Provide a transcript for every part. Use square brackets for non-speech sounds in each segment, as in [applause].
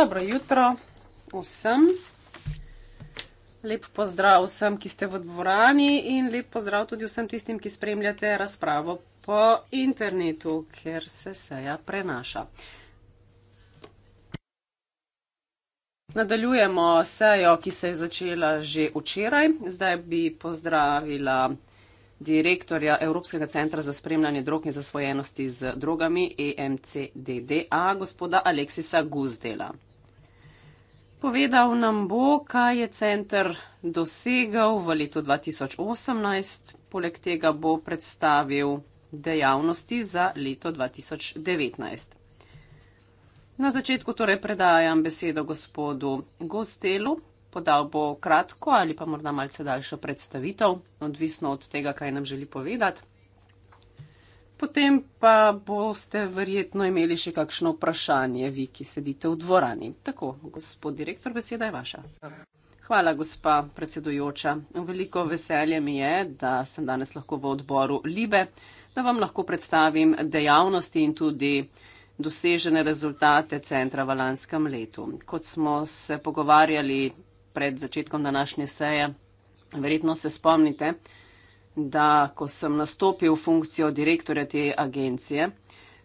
Dobro jutro vsem. Lep pozdrav vsem, ki ste v dvorani in lep pozdrav tudi vsem tistim, ki spremljate razpravo po internetu, ker se seja prenaša. Nadaljujemo sejo, ki se je začela že včeraj. Zdaj bi pozdravila direktorja Evropskega centra za spremljanje drog in zasvojenosti z drogami EMCDDA, gospoda Aleksisa Guzdela. Povedal nam bo, kaj je center dosegal v letu 2018, poleg tega bo predstavil dejavnosti za leto 2019. Na začetku torej predajam besedo gospodu Gostelu, Podal bo kratko ali pa morda malce daljšo predstavitev, odvisno od tega, kaj nam želi povedati. Potem pa boste verjetno imeli še kakšno vprašanje, vi, ki sedite v dvorani. Tako, gospod direktor, beseda je vaša. Hvala, gospa predsedujoča. Veliko veselje mi je, da sem danes lahko v odboru Libe, da vam lahko predstavim dejavnosti in tudi dosežene rezultate centra v lanskem letu. Kot smo se pogovarjali pred začetkom današnje seje, verjetno se spomnite, da ko sem nastopil funkcijo direktorja te agencije,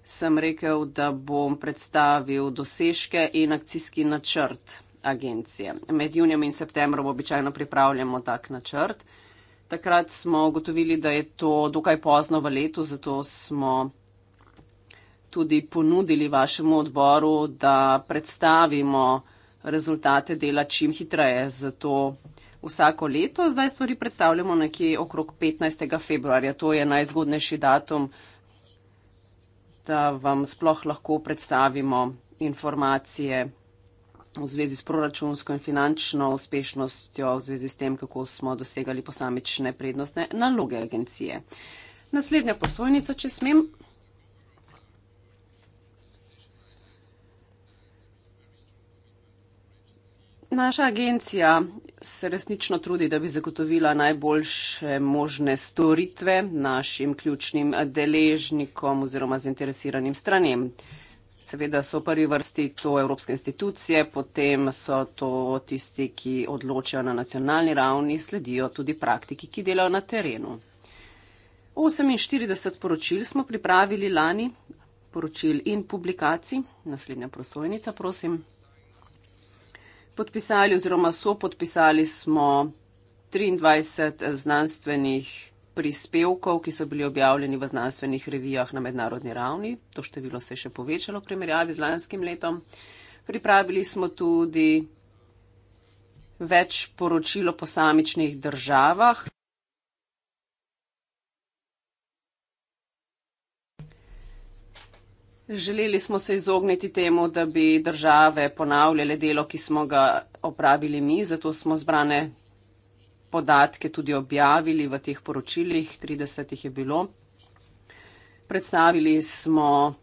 sem rekel, da bom predstavil dosežke in akcijski načrt agencije. Med junijem in septembrom običajno pripravljamo tak načrt. Takrat smo ugotovili, da je to dokaj pozno v letu, zato smo tudi ponudili vašemu odboru, da predstavimo rezultate dela čim hitreje. Zato vsako leto zdaj stvari predstavljamo nekje okrog 15. februarja. To je najzgodnejši datum, da vam sploh lahko predstavimo informacije v zvezi s proračunsko in finančno uspešnostjo, v zvezi s tem, kako smo dosegali posamične prednostne naloge agencije. Naslednja posojnica, če smem. Naša agencija se resnično trudi, da bi zagotovila najboljše možne storitve našim ključnim deležnikom oziroma zainteresiranim stranem. Seveda so v prvi vrsti to evropske institucije, potem so to tisti, ki odločajo na nacionalni ravni, sledijo tudi praktiki, ki delajo na terenu. 48 poročil smo pripravili lani, poročil in publikacij. Naslednja prosojnica, prosim podpisali oziroma so podpisali smo 23 znanstvenih prispevkov, ki so bili objavljeni v znanstvenih revijah na mednarodni ravni. To število se je še povečalo v primerjavi z lanskim letom. Pripravili smo tudi več poročilo po samičnih državah. Želeli smo se izogniti temu, da bi države ponavljale delo, ki smo ga opravili mi, zato smo zbrane podatke tudi objavili v teh poročilih, 30 jih je bilo. Predstavili smo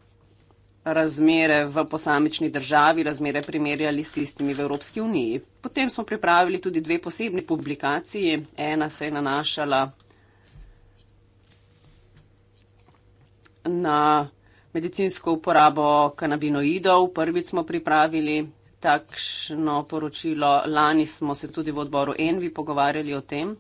razmere v posamični državi, razmere primerjali s tistimi v Evropski uniji. Potem smo pripravili tudi dve posebni publikaciji. Ena se je nanašala na medicinsko uporabo kanabinoidov. Prvič smo pripravili takšno poročilo, lani smo se tudi v odboru Envi pogovarjali o tem.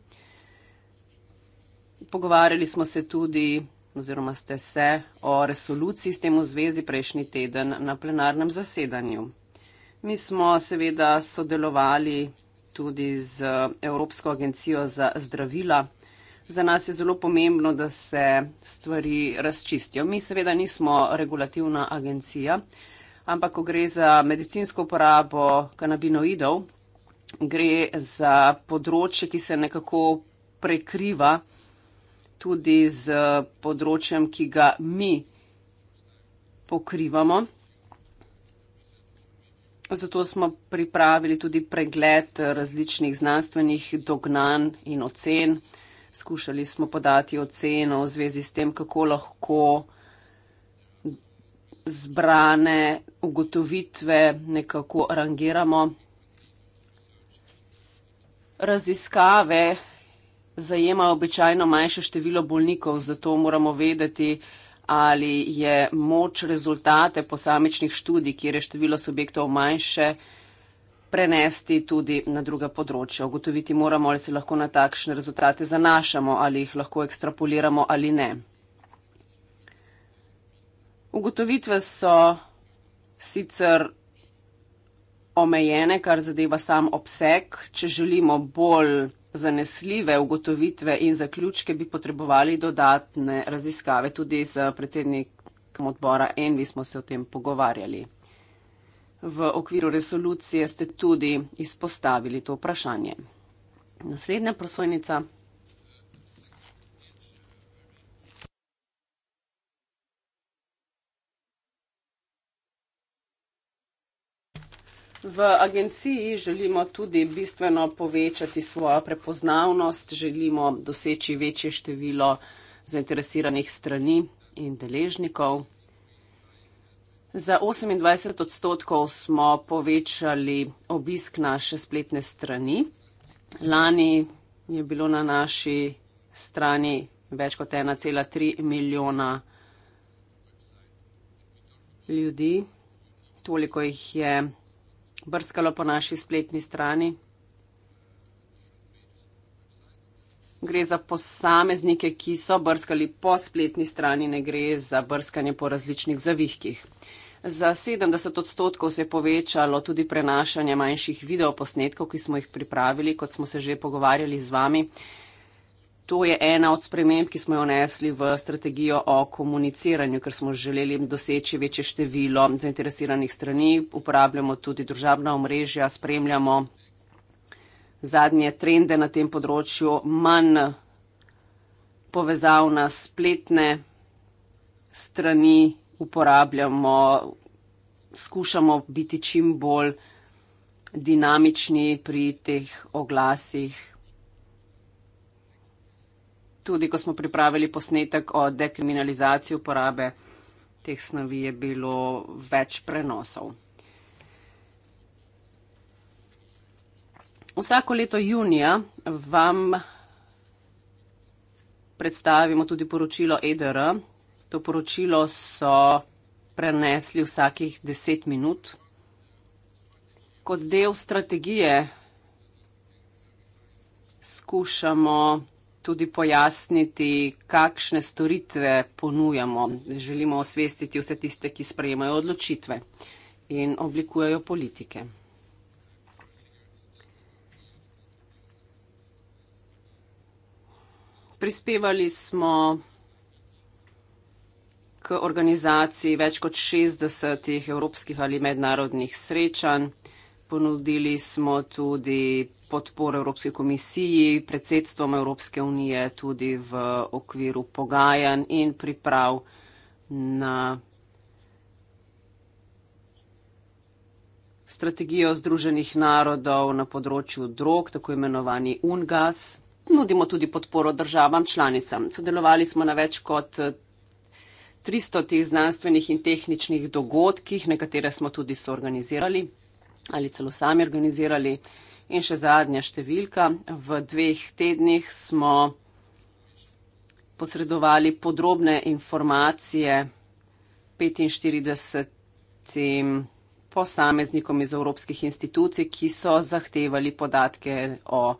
Pogovarjali smo se tudi, oziroma ste se, o resoluciji s tem v zvezi prejšnji teden na plenarnem zasedanju. Mi smo seveda sodelovali tudi z Evropsko agencijo za zdravila Za nas je zelo pomembno, da se stvari razčistijo. Mi seveda nismo regulativna agencija, ampak ko gre za medicinsko uporabo kanabinoidov, gre za področje, ki se nekako prekriva tudi z področjem, ki ga mi pokrivamo. Zato smo pripravili tudi pregled različnih znanstvenih dognanj in ocen. Skušali smo podati oceno v zvezi s tem, kako lahko zbrane ugotovitve nekako rangiramo. Raziskave zajemajo običajno manjše število bolnikov, zato moramo vedeti, ali je moč rezultate posamičnih študij, kjer je število subjektov manjše, prenesti tudi na druga področja. Ogotoviti moramo, ali se lahko na takšne rezultate zanašamo, ali jih lahko ekstrapoliramo ali ne. Ugotovitve so sicer omejene, kar zadeva sam obseg. Če želimo bolj zanesljive ugotovitve in zaključke, bi potrebovali dodatne raziskave. Tudi z predsednikom odbora Envi smo se o tem pogovarjali. V okviru resolucije ste tudi izpostavili to vprašanje. Naslednja prosojnica. V agenciji želimo tudi bistveno povečati svojo prepoznavnost, želimo doseči večje število zainteresiranih strani in deležnikov. Za 28 odstotkov smo povečali obisk naše spletne strani. Lani je bilo na naši strani več kot 1,3 milijona ljudi. Toliko jih je brskalo po naši spletni strani. Gre za posameznike, ki so brskali po spletni strani, ne gre za brskanje po različnih zavihkih. Za 70 odstotkov se je povečalo tudi prenašanje manjših videoposnetkov, ki smo jih pripravili, kot smo se že pogovarjali z vami. To je ena od sprememb, ki smo jo nesli v strategijo o komuniciranju, ker smo želeli doseči večje število zainteresiranih strani. Uporabljamo tudi družabna omrežja, spremljamo zadnje trende na tem področju, manj povezav na spletne strani uporabljamo, skušamo biti čim bolj dinamični pri teh oglasih. Tudi ko smo pripravili posnetek o dekriminalizaciji uporabe teh snovi, je bilo več prenosov. Vsako leto junija vam predstavimo tudi poročilo EDR, To poročilo so prenesli vsakih deset minut. Kot del strategije skušamo tudi pojasniti, kakšne storitve ponujamo. Želimo osvestiti vse tiste, ki sprejemajo odločitve in oblikujejo politike. Prispevali smo k organizaciji več kot 60 evropskih ali mednarodnih srečanj. Ponudili smo tudi podporo Evropske komisiji, predsedstvom Evropske unije tudi v okviru pogajanj in priprav na strategijo Združenih narodov na področju drog, tako imenovani UNGAS. Nudimo tudi podporo državam članicam. Sodelovali smo na več kot 300 teh znanstvenih in tehničnih dogodkih, nekatere smo tudi soorganizirali ali celo sami organizirali. In še zadnja številka. V dveh tednih smo posredovali podrobne informacije 45 posameznikom iz evropskih institucij, ki so zahtevali podatke o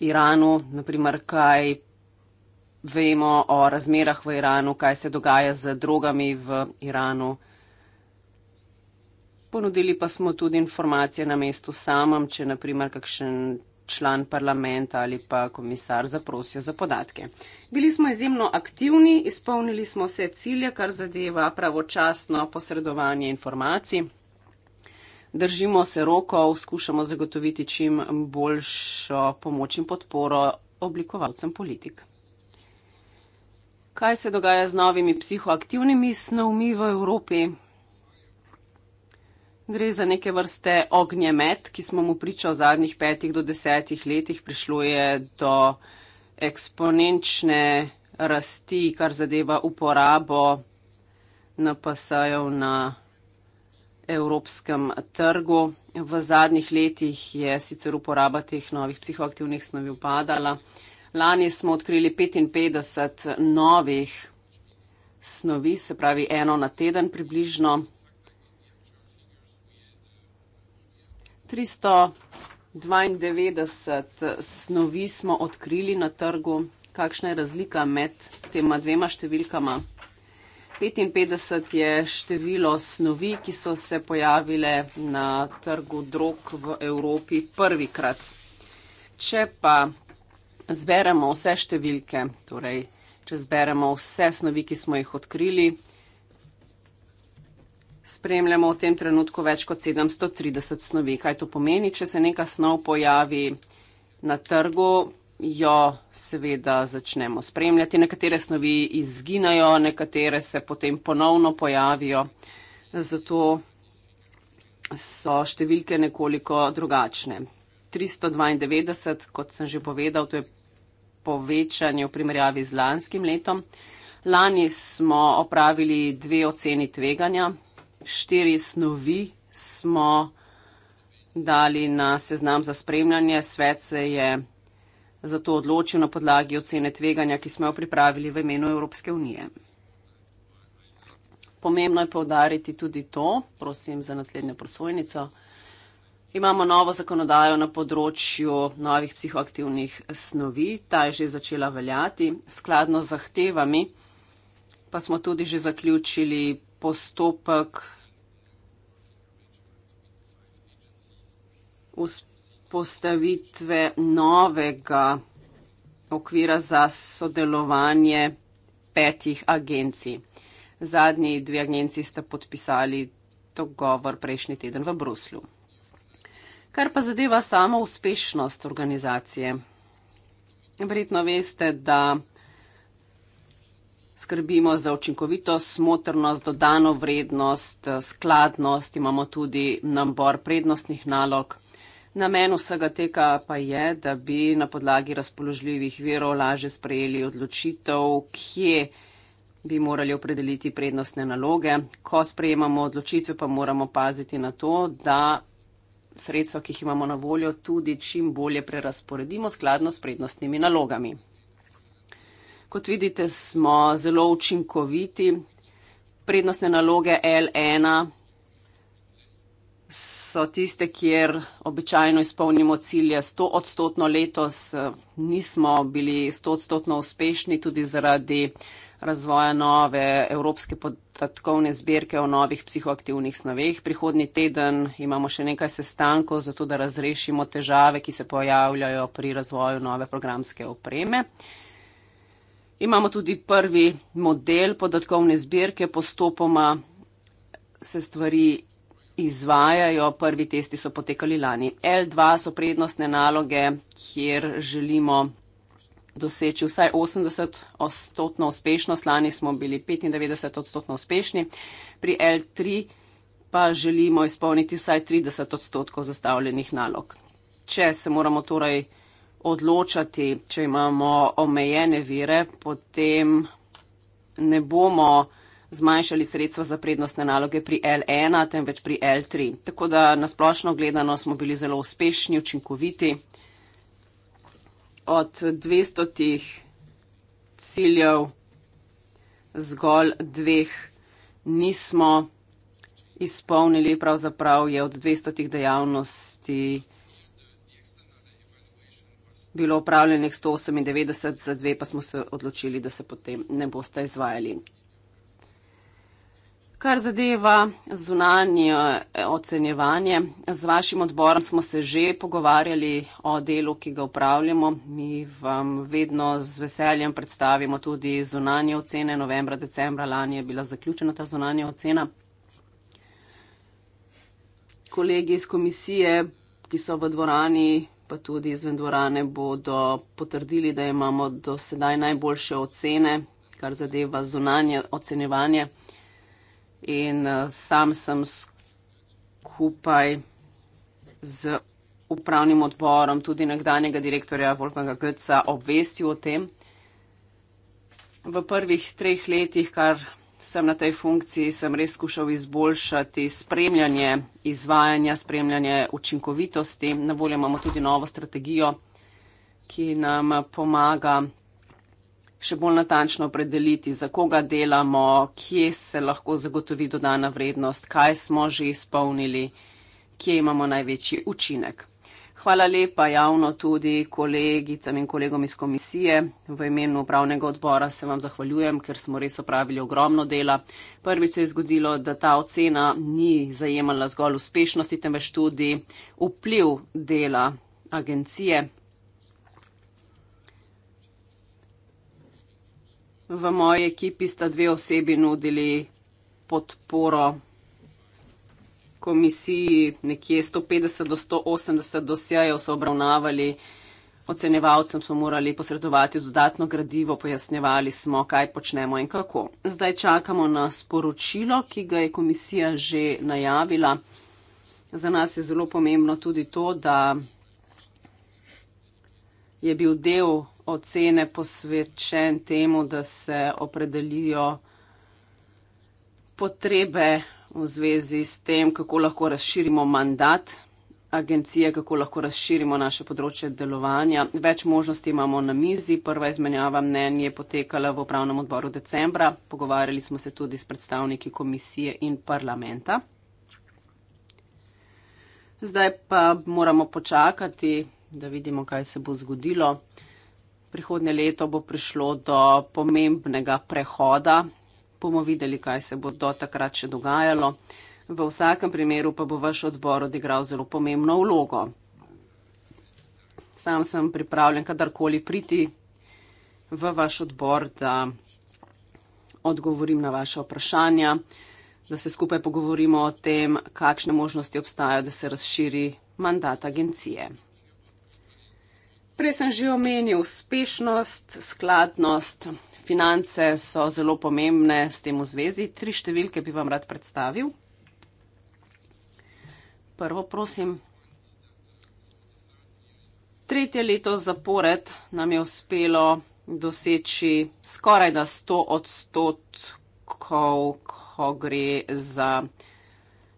Iranu, naprimer, kaj vemo o razmerah v Iranu, kaj se dogaja z drogami v Iranu. Ponudili pa smo tudi informacije na mestu samem, če naprimer kakšen član parlamenta ali pa komisar zaprosijo za podatke. Bili smo izjemno aktivni, izpolnili smo vse cilje, kar zadeva pravočasno posredovanje informacij. Držimo se rokov, skušamo zagotoviti čim boljšo pomoč in podporo oblikovalcem politik kaj se dogaja z novimi psihoaktivnimi snovmi v Evropi. Gre za neke vrste ognjemet, ki smo mu priča v zadnjih petih do desetih letih. Prišlo je do eksponenčne rasti, kar zadeva uporabo NPS-jev na evropskem trgu. V zadnjih letih je sicer uporaba teh novih psihoaktivnih snovi upadala. Lani smo odkrili 55 novih snovi, se pravi eno na teden približno. 392 snovi smo odkrili na trgu. Kakšna je razlika med tema dvema številkama? 55 je število snovi, ki so se pojavile na trgu drog v Evropi prvikrat. Če pa zberemo vse številke, torej, če zberemo vse snovi, ki smo jih odkrili, spremljamo v tem trenutku več kot 730 snovi. Kaj to pomeni? Če se neka snov pojavi na trgu, jo seveda začnemo spremljati. Nekatere snovi izginajo, nekatere se potem ponovno pojavijo. Zato so številke nekoliko drugačne. 392, kot sem že povedal, to je povečanje v primerjavi z lanskim letom. Lani smo opravili dve oceni tveganja, štiri snovi smo dali na seznam za spremljanje. Svet se je zato odločil na podlagi ocene tveganja, ki smo jo pripravili v imenu Evropske unije. Pomembno je povdariti tudi to, prosim za naslednjo prosojnico. Imamo novo zakonodajo na področju novih psihoaktivnih snovi, ta je že začela veljati. Skladno z zahtevami pa smo tudi že zaključili postopek, Postavitve novega okvira za sodelovanje petih agencij. Zadnji dve agenciji sta podpisali dogovor prejšnji teden v Bruslju kar pa zadeva samo uspešnost organizacije. Verjetno veste, da skrbimo za učinkovitost, smotrnost, dodano vrednost, skladnost, imamo tudi nabor prednostnih nalog. Namen vsega tega pa je, da bi na podlagi razpoložljivih verov laže sprejeli odločitev, kje bi morali opredeliti prednostne naloge. Ko sprejemamo odločitve, pa moramo paziti na to, da sredstva, ki jih imamo na voljo, tudi čim bolje prerasporedimo skladno s prednostnimi nalogami. Kot vidite, smo zelo učinkoviti. Prednostne naloge L1 so tiste, kjer običajno izpolnimo cilje 100 odstotno letos. Nismo bili 100 odstotno uspešni tudi zaradi razvoja nove evropske podatkovne zbirke o novih psihoaktivnih snoveh. Prihodni teden imamo še nekaj sestankov, zato da razrešimo težave, ki se pojavljajo pri razvoju nove programske opreme. Imamo tudi prvi model podatkovne zbirke, postopoma se stvari izvajajo, prvi testi so potekali lani. L2 so prednostne naloge, kjer želimo doseči vsaj 80 odstotno uspešnost. Lani smo bili 95 odstotno uspešni, pri L3 pa želimo izpolniti vsaj 30 odstotkov zastavljenih nalog. Če se moramo torej odločati, če imamo omejene vire, potem ne bomo zmanjšali sredstva za prednostne naloge pri L1, temveč pri L3. Tako da nasplošno gledano smo bili zelo uspešni, učinkoviti od 200 ciljev zgolj dveh nismo izpolnili, pravzaprav je od 200 dejavnosti bilo upravljenih 198, za dve pa smo se odločili, da se potem ne boste izvajali. Kar zadeva zunanje eh, ocenjevanje, z vašim odborom smo se že pogovarjali o delu, ki ga upravljamo. Mi vam vedno z veseljem predstavimo tudi zunanje ocene. Novembra, decembra lani je bila zaključena ta zunanja ocena. Kolegi iz komisije, ki so v dvorani, pa tudi izven dvorane, bodo potrdili, da imamo do sedaj najboljše ocene, kar zadeva zunanje ocenjevanje in uh, sam sem skupaj z upravnim odborom tudi nekdanjega direktorja Volkanga Götca obvestil o tem. V prvih treh letih, kar sem na tej funkciji, sem res skušal izboljšati spremljanje izvajanja, spremljanje učinkovitosti. Na voljo imamo tudi novo strategijo, ki nam pomaga še bolj natančno opredeliti, za koga delamo, kje se lahko zagotovi dodana vrednost, kaj smo že izpolnili, kje imamo največji učinek. Hvala lepa javno tudi kolegicam in kolegom iz komisije. V imenu upravnega odbora se vam zahvaljujem, ker smo res opravili ogromno dela. Prvič se je zgodilo, da ta ocena ni zajemala zgolj uspešnosti, temveč tudi vpliv dela agencije V moji ekipi sta dve osebi nudili podporo komisiji, nekje 150 do 180 dosjejev so obravnavali. Ocenevalcem smo morali posredovati dodatno gradivo, pojasnjevali smo, kaj počnemo in kako. Zdaj čakamo na sporočilo, ki ga je komisija že najavila. Za nas je zelo pomembno tudi to, da je bil del ocene posvečen temu, da se opredelijo potrebe v zvezi s tem, kako lahko razširimo mandat agencije, kako lahko razširimo naše področje delovanja. Več možnosti imamo na mizi. Prva izmenjava mnen je potekala v upravnem odboru decembra. Pogovarjali smo se tudi s predstavniki komisije in parlamenta. Zdaj pa moramo počakati, da vidimo, kaj se bo zgodilo prihodnje leto bo prišlo do pomembnega prehoda. Bomo videli, kaj se bo do takrat še dogajalo. V vsakem primeru pa bo vaš odbor odigral zelo pomembno vlogo. Sam sem pripravljen kadarkoli priti v vaš odbor, da odgovorim na vaše vprašanja, da se skupaj pogovorimo o tem, kakšne možnosti obstajajo, da se razširi mandat agencije. Prej sem že omenil uspešnost, skladnost, finance so zelo pomembne s tem v zvezi. Tri številke bi vam rad predstavil. Prvo, prosim. Tretje leto zapored nam je uspelo doseči skoraj da 100 odstotkov, ko gre za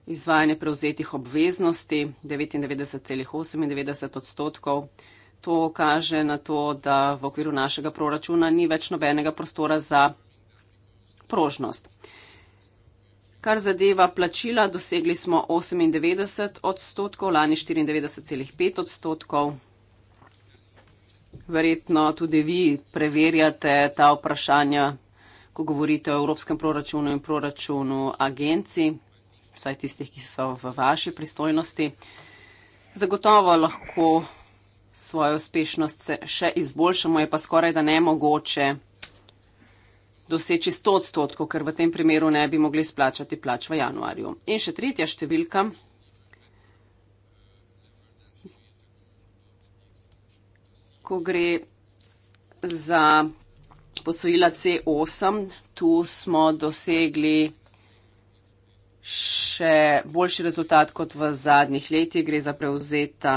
izvajanje prevzetih obveznosti, 99,98 odstotkov to kaže na to, da v okviru našega proračuna ni več nobenega prostora za prožnost. Kar zadeva plačila, dosegli smo 98 odstotkov, lani 94,5 odstotkov. Verjetno tudi vi preverjate ta vprašanja, ko govorite o evropskem proračunu in proračunu agencij, vsaj tistih, ki so v vaši pristojnosti. Zagotovo lahko svojo uspešnost še izboljšamo, je pa skoraj da ne mogoče doseči 100 odstotkov, ker v tem primeru ne bi mogli splačati plač v januarju. In še tretja številka. Ko gre za posojila C8, tu smo dosegli še boljši rezultat kot v zadnjih letih. Gre za prevzeta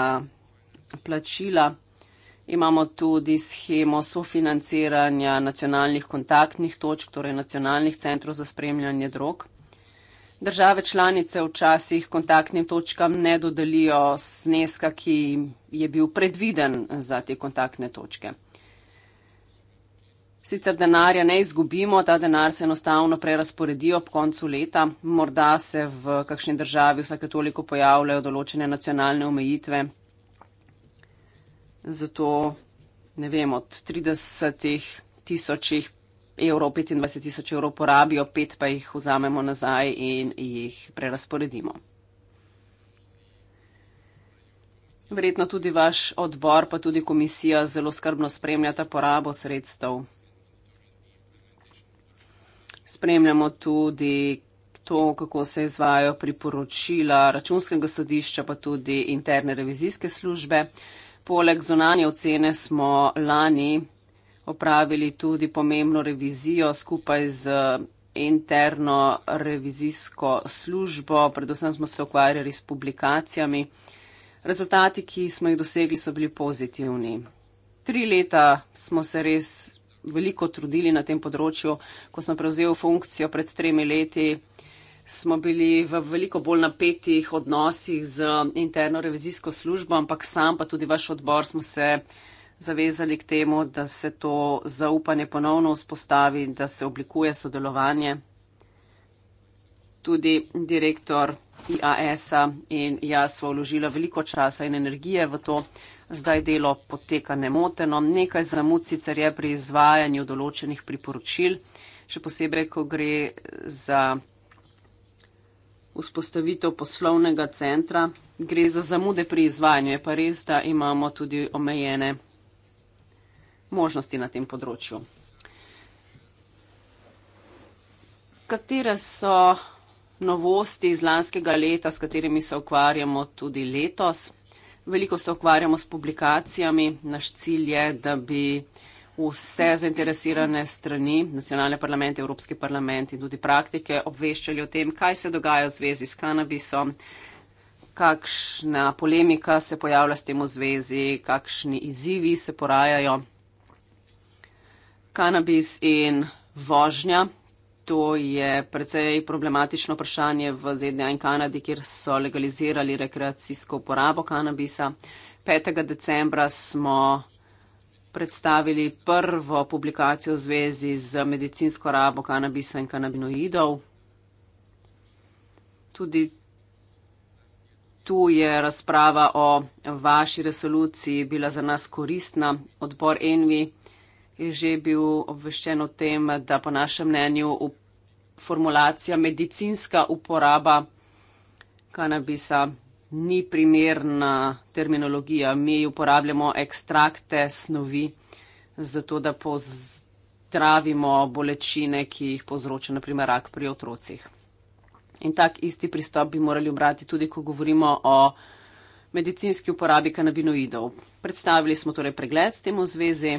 plačila. Imamo tudi schemo sofinanciranja nacionalnih kontaktnih točk, torej nacionalnih centrov za spremljanje drog. Države članice včasih kontaktnim točkam ne dodelijo zneska, ki je bil predviden za te kontaktne točke. Sicer denarja ne izgubimo, ta denar se enostavno prerasporedijo ob koncu leta, morda se v kakšni državi vsake toliko pojavljajo določene nacionalne omejitve, zato ne vem, od 30 tisočih evrov, 25 tisoč evrov porabijo, pet pa jih vzamemo nazaj in jih prerasporedimo. Verjetno tudi vaš odbor, pa tudi komisija zelo skrbno spremljata porabo sredstev. Spremljamo tudi to, kako se izvajo priporočila računskega sodišča, pa tudi interne revizijske službe. Uh, Poleg zunanje ocene smo lani opravili tudi pomembno revizijo skupaj z interno revizijsko službo. Predvsem smo se ukvarjali s publikacijami. Rezultati, ki smo jih dosegli, so bili pozitivni. Tri leta smo se res veliko trudili na tem področju, ko sem prevzel funkcijo pred tremi leti smo bili v veliko bolj napetih odnosih z interno revizijsko službo, ampak sam pa tudi vaš odbor smo se zavezali k temu, da se to zaupanje ponovno vzpostavi in da se oblikuje sodelovanje. Tudi direktor IAS-a in jaz smo vložila veliko časa in energije v to. Zdaj delo poteka nemoteno. Nekaj zamud sicer je pri izvajanju določenih priporočil, še posebej, ko gre za vzpostavitev poslovnega centra, gre za zamude pri izvajanju, je pa res, da imamo tudi omejene možnosti na tem področju. Katere so novosti iz lanskega leta, s katerimi se ukvarjamo tudi letos? Veliko se ukvarjamo s publikacijami, naš cilj je, da bi vse zainteresirane strani, nacionalne parlamente, Evropski parlament in tudi praktike, obveščali o tem, kaj se dogaja v zvezi s kanabisom, kakšna polemika se pojavlja s tem v zvezi, kakšni izzivi se porajajo. Kanabis in vožnja. To je precej problematično vprašanje v ZDA in Kanadi, kjer so legalizirali rekreacijsko uporabo kanabisa. 5. decembra smo predstavili prvo publikacijo v zvezi z medicinsko rabo kanabisa in kanabinoidov. Tudi tu je razprava o vaši resoluciji bila za nas koristna. Odbor Envi je že bil obveščen o tem, da po našem mnenju formulacija medicinska uporaba kanabisa ni primerna terminologija. Mi uporabljamo ekstrakte snovi, zato da pozdravimo bolečine, ki jih povzroča naprimer rak pri otrocih. In tak isti pristop bi morali obrati tudi, ko govorimo o medicinski uporabi kanabinoidov. Predstavili smo torej pregled s tem v zvezi.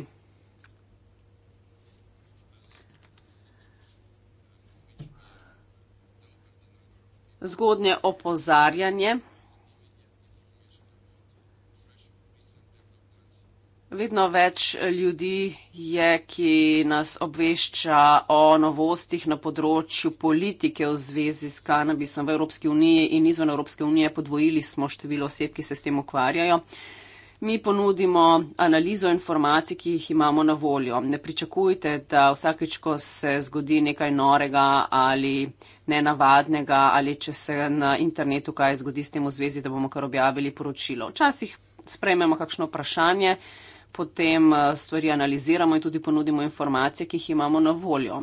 Zgodnje opozarjanje. vedno več ljudi je, ki nas obvešča o novostih na področju politike v zvezi s kanabisom v Evropski uniji in izven Evropske unije. Podvojili smo število oseb, ki se s tem ukvarjajo. Mi ponudimo analizo informacij, ki jih imamo na voljo. Ne pričakujte, da vsakeč, ko se zgodi nekaj norega ali nenavadnega ali če se na internetu kaj zgodi s tem v zvezi, da bomo kar objavili poročilo. Včasih sprejmemo kakšno vprašanje, potem eh, stvari analiziramo in tudi ponudimo informacije, ki jih imamo na voljo.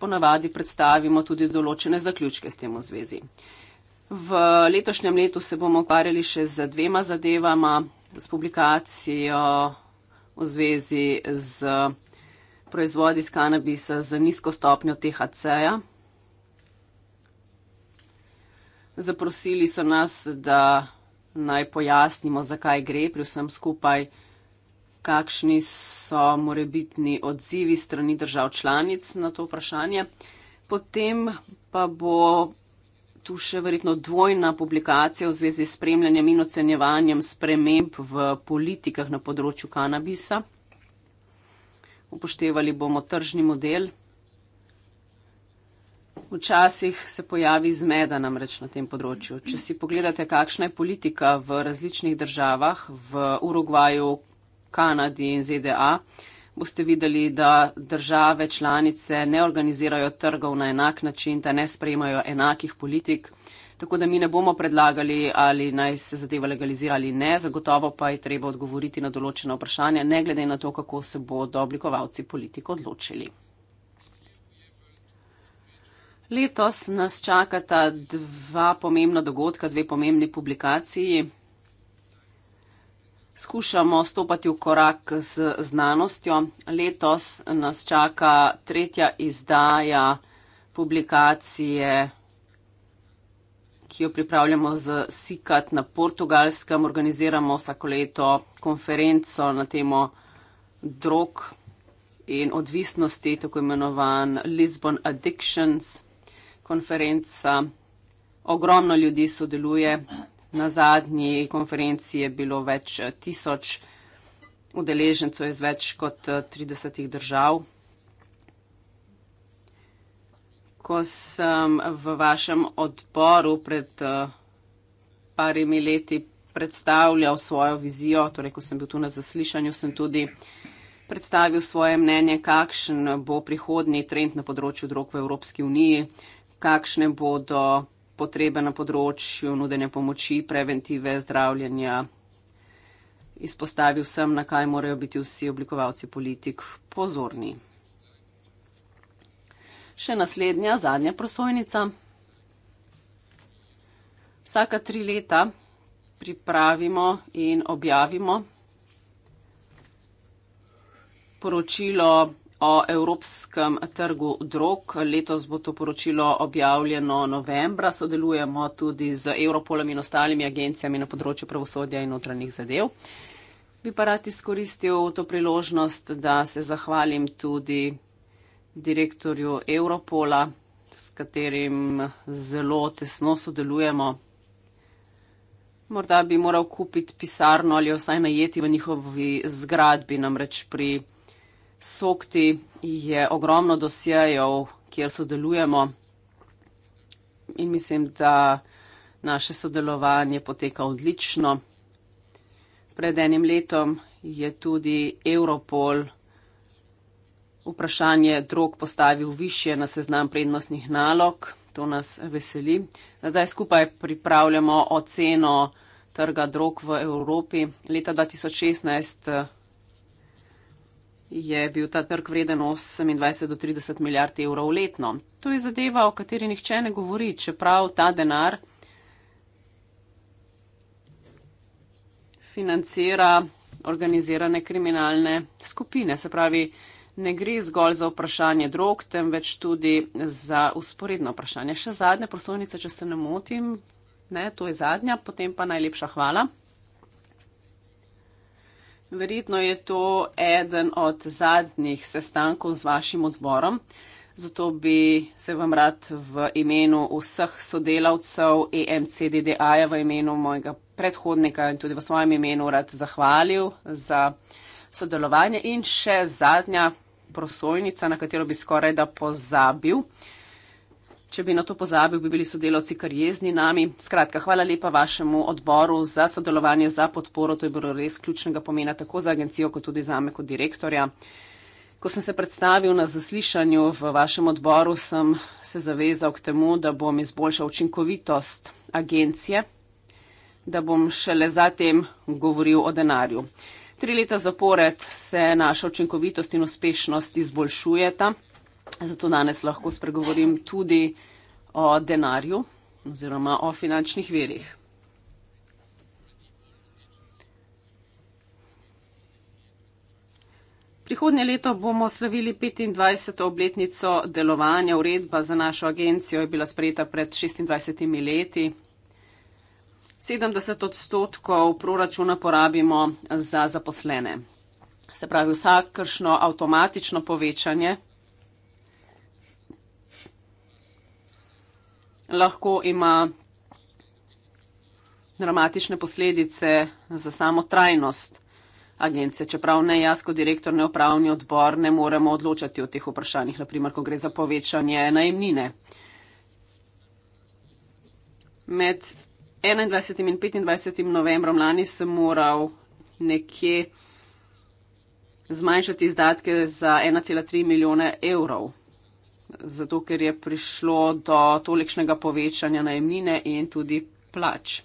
Ponavadi predstavimo tudi določene zaključke s tem v zvezi. V letošnjem letu se bomo ukvarjali še z dvema zadevama, s publikacijo v zvezi z proizvodi iz kanabisa z nizko stopnjo THC-ja. Zaprosili so nas, da naj pojasnimo, zakaj gre pri vsem skupaj, kakšni so morebitni odzivi strani držav članic na to vprašanje. Potem pa bo tu še verjetno dvojna publikacija v zvezi s spremljanjem in ocenjevanjem sprememb v politikah na področju kanabisa. Upoštevali bomo tržni model Včasih se pojavi zmeda namreč na tem področju. Če si pogledate, kakšna je politika v različnih državah, v Urugvaju, Kanadi in ZDA, boste videli, da države članice ne organizirajo trgov na enak način, da ne sprejmajo enakih politik. Tako da mi ne bomo predlagali, ali naj se zadeva legalizira ali ne, zagotovo pa je treba odgovoriti na določena vprašanja, ne glede na to, kako se bodo oblikovalci politik odločili. Letos nas čakata dva pomembna dogodka, dve pomembni publikaciji. Skušamo stopati v korak z znanostjo. Letos nas čaka tretja izdaja publikacije, ki jo pripravljamo z SIKAT na portugalskem. Organiziramo vsako leto konferenco na temo drog in odvisnosti, tako imenovan Lisbon Addictions konferenca, ogromno ljudi sodeluje. Na zadnji konferenci je bilo več eh, tisoč udeležencev iz več kot 30 eh, držav. Ko sem v vašem odboru pred eh, parimi leti predstavljal svojo vizijo, torej ko sem bil tu na zaslišanju, sem tudi predstavil svoje mnenje, kakšen bo prihodni trend na področju drog v Evropski uniji, kakšne bodo potrebe na področju nudenja pomoči, preventive, zdravljanja. Izpostavil sem, na kaj morajo biti vsi oblikovalci politik pozorni. Še naslednja, zadnja prosojnica. Vsaka tri leta pripravimo in objavimo poročilo o evropskem trgu drog. Letos bo to poročilo objavljeno novembra. Sodelujemo tudi z Europolom in ostalimi agencijami na področju pravosodja in notranjih zadev. Bi pa rad izkoristil to priložnost, da se zahvalim tudi direktorju Europola, s katerim zelo tesno sodelujemo. Morda bi moral kupiti pisarno ali vsaj najeti v njihovi zgradbi, namreč pri. Sokti je ogromno dosjejev, kjer sodelujemo in mislim, da naše sodelovanje poteka odlično. Pred enim letom je tudi Europol vprašanje drog postavil više na seznam prednostnih nalog. To nas veseli. Zdaj skupaj pripravljamo oceno trga drog v Evropi. Leta 2016 je bil ta trg vreden 28 do 30 milijard evrov letno. To je zadeva, o kateri nihče ne govori, čeprav ta denar financira organizirane kriminalne skupine. Se pravi, ne gre zgolj za vprašanje drog, temveč tudi za usporedno vprašanje. Še zadnje prosovnice, če se ne motim. Ne, to je zadnja, potem pa najlepša hvala. Verjetno je to eden od zadnjih sestankov z vašim odborom, zato bi se vam rad v imenu vseh sodelavcev EMCDDA-ja, v imenu mojega predhodnika in tudi v svojem imenu rad zahvalil za sodelovanje. In še zadnja prosojnica, na katero bi skoraj da pozabil. Če bi na to pozabil, bi bili sodelavci kar jezni nami. Skratka, hvala lepa vašemu odboru za sodelovanje, za podporo. To je bilo res ključnega pomena tako za agencijo, kot tudi za me kot direktorja. Ko sem se predstavil na zaslišanju v vašem odboru, sem se zavezal k temu, da bom izboljšal učinkovitost agencije, da bom šele zatem govoril o denarju. Tri leta zapored se naša učinkovitost in uspešnost izboljšujeta. Zato danes lahko spregovorim tudi o denarju oziroma o finančnih verjih. Prihodnje leto bomo slavili 25. obletnico delovanja. Uredba za našo agencijo je bila sprejeta pred 26 leti. 70 odstotkov proračuna porabimo za zaposlene. Se pravi, vsakršno avtomatično povečanje lahko ima dramatične posledice za samo trajnost agencije. Čeprav ne jaz, kot direktor, ne upravni odbor, ne moremo odločati o teh vprašanjih, naprimer, ko gre za povečanje najemnine. Med 21. in 25. novembrom lani sem moral nekje zmanjšati izdatke za 1,3 milijona evrov zato ker je prišlo do tolikšnega povečanja najemnine in tudi plač.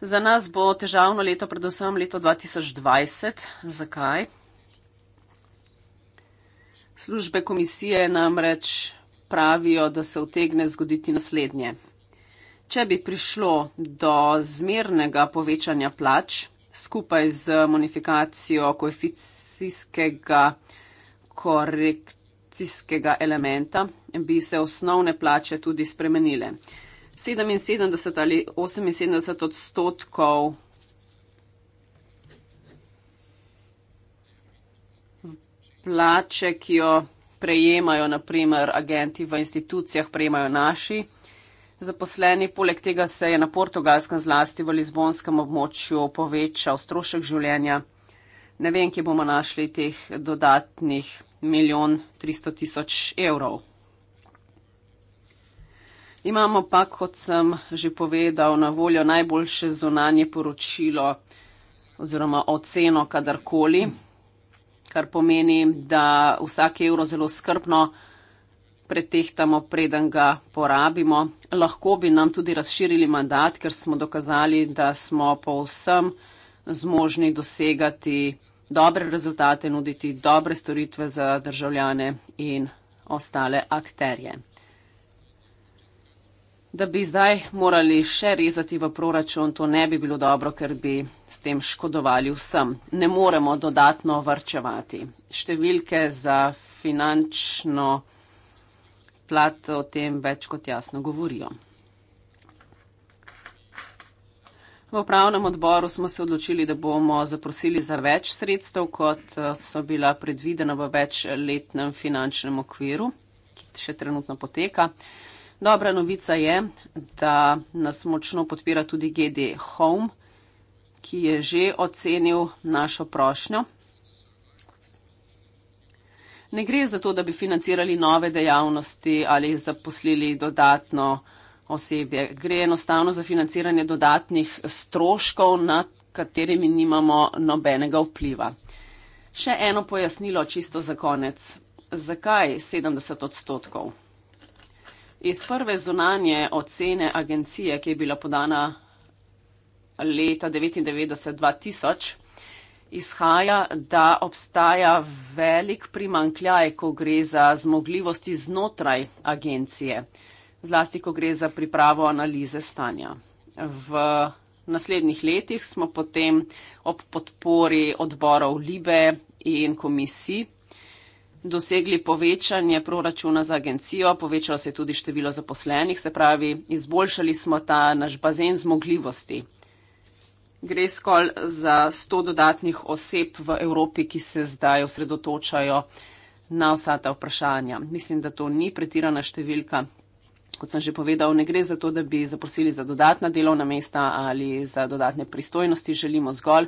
Za nas bo težavno leto, predvsem leto 2020. Zakaj? Službe komisije namreč pravijo, da se utegne zgoditi naslednje. Če bi prišlo do zmernega povečanja plač skupaj z monifikacijo koeficijskega korektora, inflacijskega elementa, bi se osnovne plače tudi spremenile. 77 ali 78 odstotkov plače, ki jo prejemajo naprimer agenti v institucijah, prejemajo naši zaposleni. Poleg tega se je na portugalskem zlasti v lizbonskem območju povečal strošek življenja. Ne vem, kje bomo našli teh dodatnih milijon 300 tisoč evrov. Imamo pa, kot sem že povedal, na voljo najboljše zunanje poročilo oziroma oceno kadarkoli, kar pomeni, da vsak evro zelo skrpno pretehtamo, preden ga porabimo. Lahko bi nam tudi razširili mandat, ker smo dokazali, da smo povsem zmožni dosegati dobre rezultate, nuditi dobre storitve za državljane in ostale akterje. Da bi zdaj morali še rezati v proračun, to ne bi bilo dobro, ker bi s tem škodovali vsem. Ne moremo dodatno vrčevati. Številke za finančno plat o tem več kot jasno govorijo. V upravnem odboru smo se odločili, da bomo zaprosili za več sredstev, kot eh, so bila predvidena v večletnem finančnem okviru, ki še trenutno poteka. Dobra novica je, da nas močno podpira tudi GD Home, ki je že ocenil našo prošnjo. Ne gre za to, da bi financirali nove dejavnosti ali zaposlili dodatno osebje. Gre enostavno za financiranje dodatnih stroškov, nad katerimi nimamo nobenega vpliva. Še eno pojasnilo, čisto za konec. Zakaj 70 odstotkov? Iz prve zunanje ocene agencije, ki je bila podana leta 1999-2000, izhaja, da obstaja velik primankljaj, ko gre za zmogljivosti znotraj agencije zlasti, ko gre za pripravo analize stanja. V naslednjih letih smo potem ob podpori odborov Libe in komisij dosegli povečanje proračuna za agencijo, povečalo se je tudi število zaposlenih, se pravi, izboljšali smo ta naš bazen zmogljivosti. Gre skolj za 100 dodatnih oseb v Evropi, ki se zdaj osredotočajo na vsa ta vprašanja. Mislim, da to ni pretirana številka, kot sem že povedal, ne gre za to, da bi zaprosili za dodatna delovna mesta ali za dodatne pristojnosti, želimo zgolj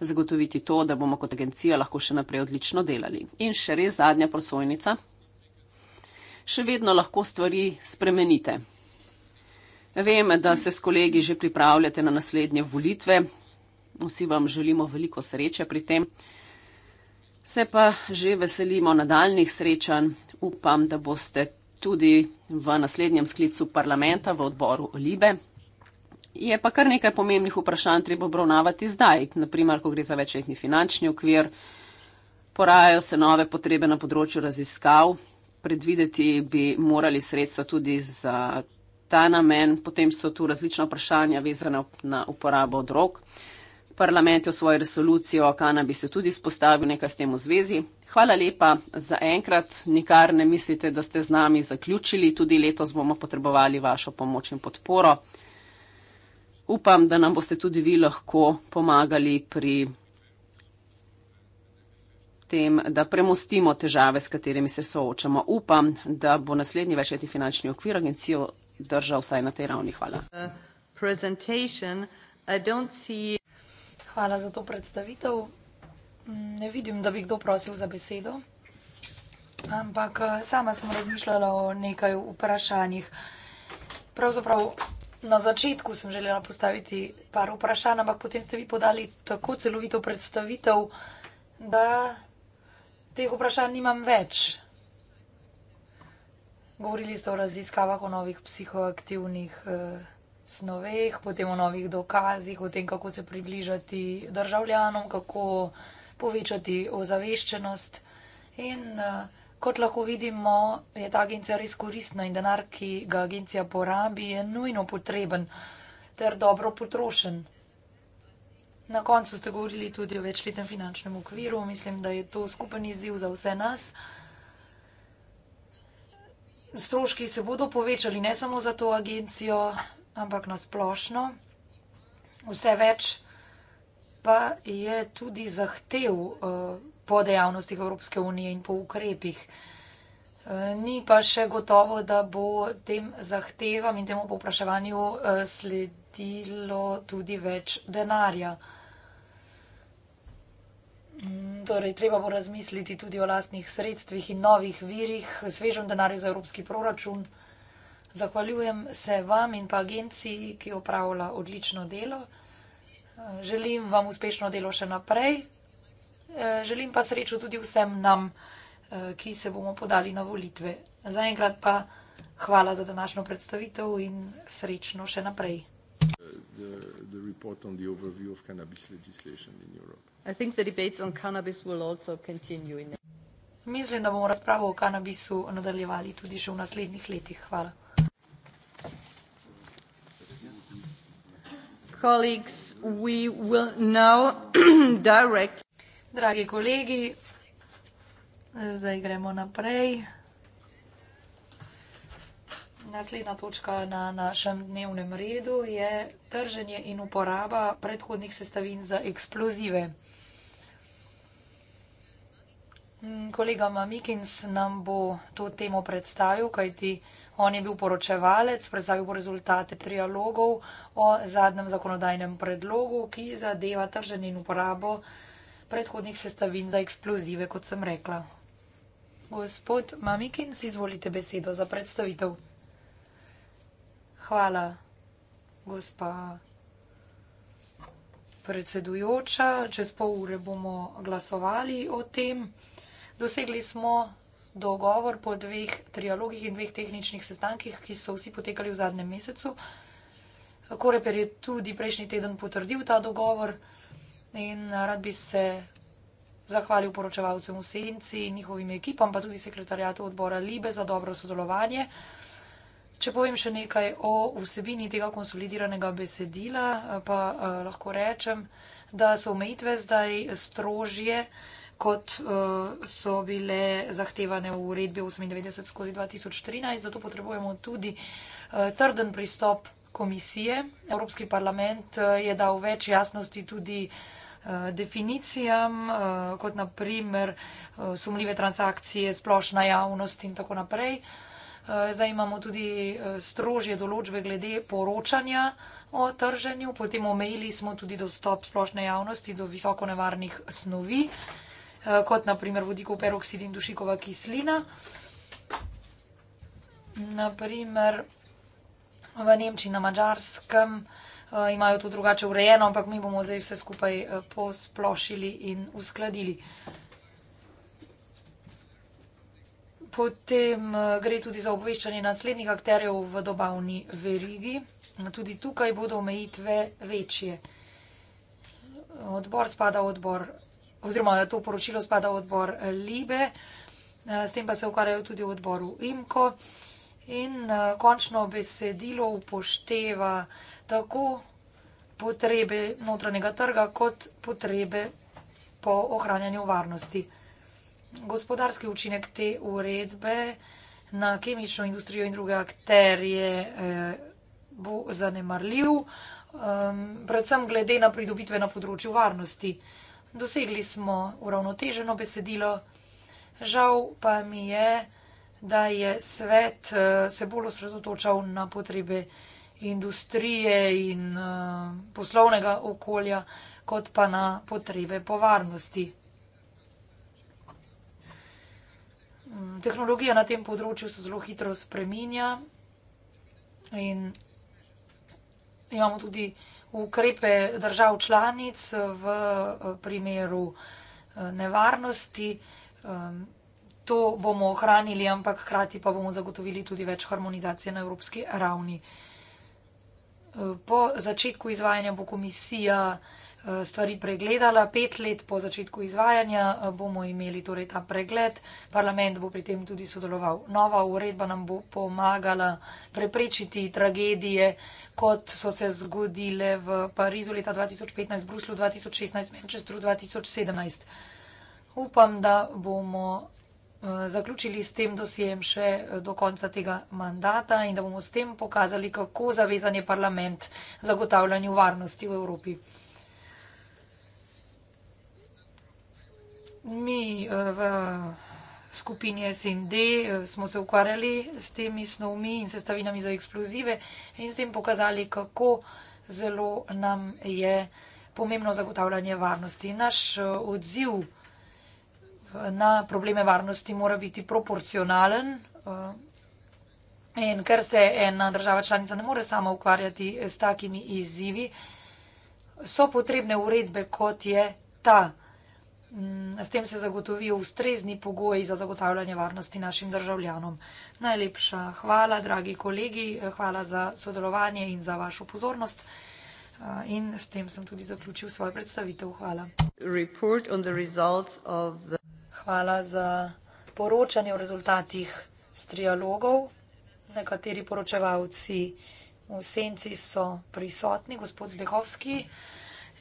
zagotoviti to, da bomo kot agencija lahko še naprej odlično delali. In še res zadnja prosojnica. Še vedno lahko stvari spremenite. Vem, da se s kolegi že pripravljate na naslednje volitve. Vsi vam želimo veliko sreče pri tem. Se pa že veselimo nadaljnih srečanj. Upam, da boste tudi v naslednjem sklicu parlamenta, v odboru Libe. Je pa kar nekaj pomembnih vprašanj treba obravnavati zdaj, naprimer, ko gre za večletni finančni okvir, porajajo se nove potrebe na področju raziskav, predvideti bi morali sredstva tudi za ta namen, potem so tu različna vprašanja vezana na uporabo drog parlament je v svoji resoluciji o kanabisu tudi spostavil nekaj s tem v zvezi. Hvala lepa za enkrat, nikar ne mislite, da ste z nami zaključili, tudi letos bomo potrebovali vašo pomoč in podporo. Upam, da nam boste tudi vi lahko pomagali pri tem, da premostimo težave, s katerimi se soočamo. Upam, da bo naslednji večletni finančni okvir agencijo držal vsaj na tej ravni. Hvala. Uh, Hvala za to predstavitev. Mm, ne vidim, da bi kdo prosil za besedo, ampak eh, sama sem razmišljala o nekaj vprašanjih. Pravzaprav na začetku sem želela postaviti par vprašanj, ampak potem ste vi podali tako celovito predstavitev, da teh vprašanj nimam več. Govorili ste o raziskavah o novih psihoaktivnih eh, snoveh, potem o novih dokazih, o tem, kako se približati državljanom, kako povečati ozaveščenost. In uh, kot lahko vidimo, je ta agencija res koristna in denar, ki ga agencija porabi, je nujno potreben ter dobro potrošen. Na koncu ste govorili tudi o večletnem finančnem okviru. Mislim, da je to skupen izziv za vse nas. Stroški se bodo povečali ne samo za to agencijo, ampak na splošno. Vse več pa je tudi zahtev eh, po dejavnostih Evropske unije in po ukrepih. Eh, ni pa še gotovo, da bo tem zahtevam in temu popraševanju eh, sledilo tudi več denarja. Mm, torej, treba bo razmisliti tudi o lastnih sredstvih in novih virih, svežem denarju za evropski proračun. Zahvaljujem se vam in pa agenciji, ki opravlja odlično delo. Želim vam uspešno delo še naprej. Eh, želim pa srečo tudi vsem nam, eh, ki se bomo podali na volitve. Zaenkrat pa hvala za današnjo predstavitev in srečno še naprej. Mislim, da bomo razpravo o kanabisu nadaljevali tudi še v naslednjih letih. Hvala. Colleagues, we will now [clears throat] direct... Dragi kolegi, zdaj gremo naprej. Naslednja točka na našem dnevnem redu je trženje in uporaba predhodnih sestavin za eksplozive. Kolega Mamikins nam bo to temo predstavil, kajti vsega, On je bil poročevalec, predstavil bo rezultate trialogov o zadnjem zakonodajnem predlogu, ki zadeva trženje in uporabo predhodnih sestavin za eksplozive, kot sem rekla. Gospod Mamikin, si izvolite besedo za predstavitev. Hvala, gospa predsedujoča. Čez pol ure bomo glasovali o tem. Dosegli smo dogovor po dveh trialogih in dveh tehničnih sestankih, ki so vsi potekali v zadnjem mesecu. Koreper je tudi prejšnji teden potrdil ta dogovor in eh, rad bi se zahvalil poročevalcem v senci in njihovim ekipam, pa tudi sekretarjatu odbora Libe za dobro sodelovanje. Če povem še nekaj o vsebini tega konsolidiranega besedila, eh, pa eh, lahko rečem, da so omejitve zdaj strožje kot uh, so bile zahtevane v uredbi 98 skozi 2013. Zato potrebujemo tudi uh, trden pristop komisije. Evropski parlament uh, je dal več jasnosti tudi definicijam, kot naprimer sumljive transakcije, splošna javnost in tako naprej. Zdaj imamo tudi strožje določbe glede poročanja o trženju, potem omejili smo tudi dostop splošne javnosti do visoko nevarnih snovi. Eh, kot naprimer vodikov peroksid in dušikova kislina. Naprimer v Nemčiji, na Mačarskem eh, imajo to drugače urejeno, ampak mi bomo zdaj vse skupaj eh, posplošili in uskladili. Potem gre tudi za obveščanje naslednjih akterjev v dobavni verigi. Tudi tukaj bodo omejitve večje. Odbor spada v odbor oziroma da to poročilo spada v odbor Libe, eh, s tem pa se ukvarjajo tudi v odboru Imko. In eh, končno besedilo upošteva tako potrebe notranjega trga, kot potrebe po ohranjanju varnosti. Gospodarski učinek te uredbe na kemično industrijo in druge akterje eh, bo zanemarljiv, ehm, predvsem glede na pridobitve na področju varnosti dosegli smo uravnoteženo besedilo. Žal pa mi je, da je svet eh, se bolj osredotočal na potrebe industrije in eh, poslovnega okolja, kot pa na potrebe po varnosti. Mm, tehnologija na tem področju se zelo hitro spreminja in imamo tudi ukrepe držav članic v eh, primeru eh, nevarnosti. To bomo ohranili, ampak hkrati pa bomo zagotovili tudi več harmonizacije na evropski ravni. Eh, po začetku izvajanja bo komisija Eh, stvari pregledala. Pet let po začetku izvajanja eh, bomo imeli torej ta pregled. Parlament bo pri tem tudi sodeloval. Nova uredba nam bo pomagala preprečiti tragedije, kot so se zgodile v Parizu leta 2015, Bruslju 2016, Manchesteru 2017. Upam, da bomo eh, zaključili s tem dosjem še do konca tega mandata in da bomo s tem pokazali, kako zavezan je parlament zagotavljanju varnosti v Evropi. mi eh, v skupini SND eh, smo se ukvarjali s temi snovmi in sestavinami za eksplozive in s tem pokazali, kako zelo nam je pomembno zagotavljanje varnosti. Naš eh, odziv na probleme varnosti mora biti proporcionalen. In ker se ena država članica ne more sama ukvarjati s takimi izzivi, so potrebne uredbe, kot je ta. Mm, s tem se zagotovijo ustrezni pogoji za zagotavljanje varnosti našim državljanom. Najlepša hvala, dragi kolegi, hvala za sodelovanje in za vašo pozornost. In s tem sem tudi zaključil svojo predstavitev. Hvala. The... Hvala za poročanje o rezultatih strialogov. Nekateri poročevalci v senci so prisotni, gospod Zdehovski.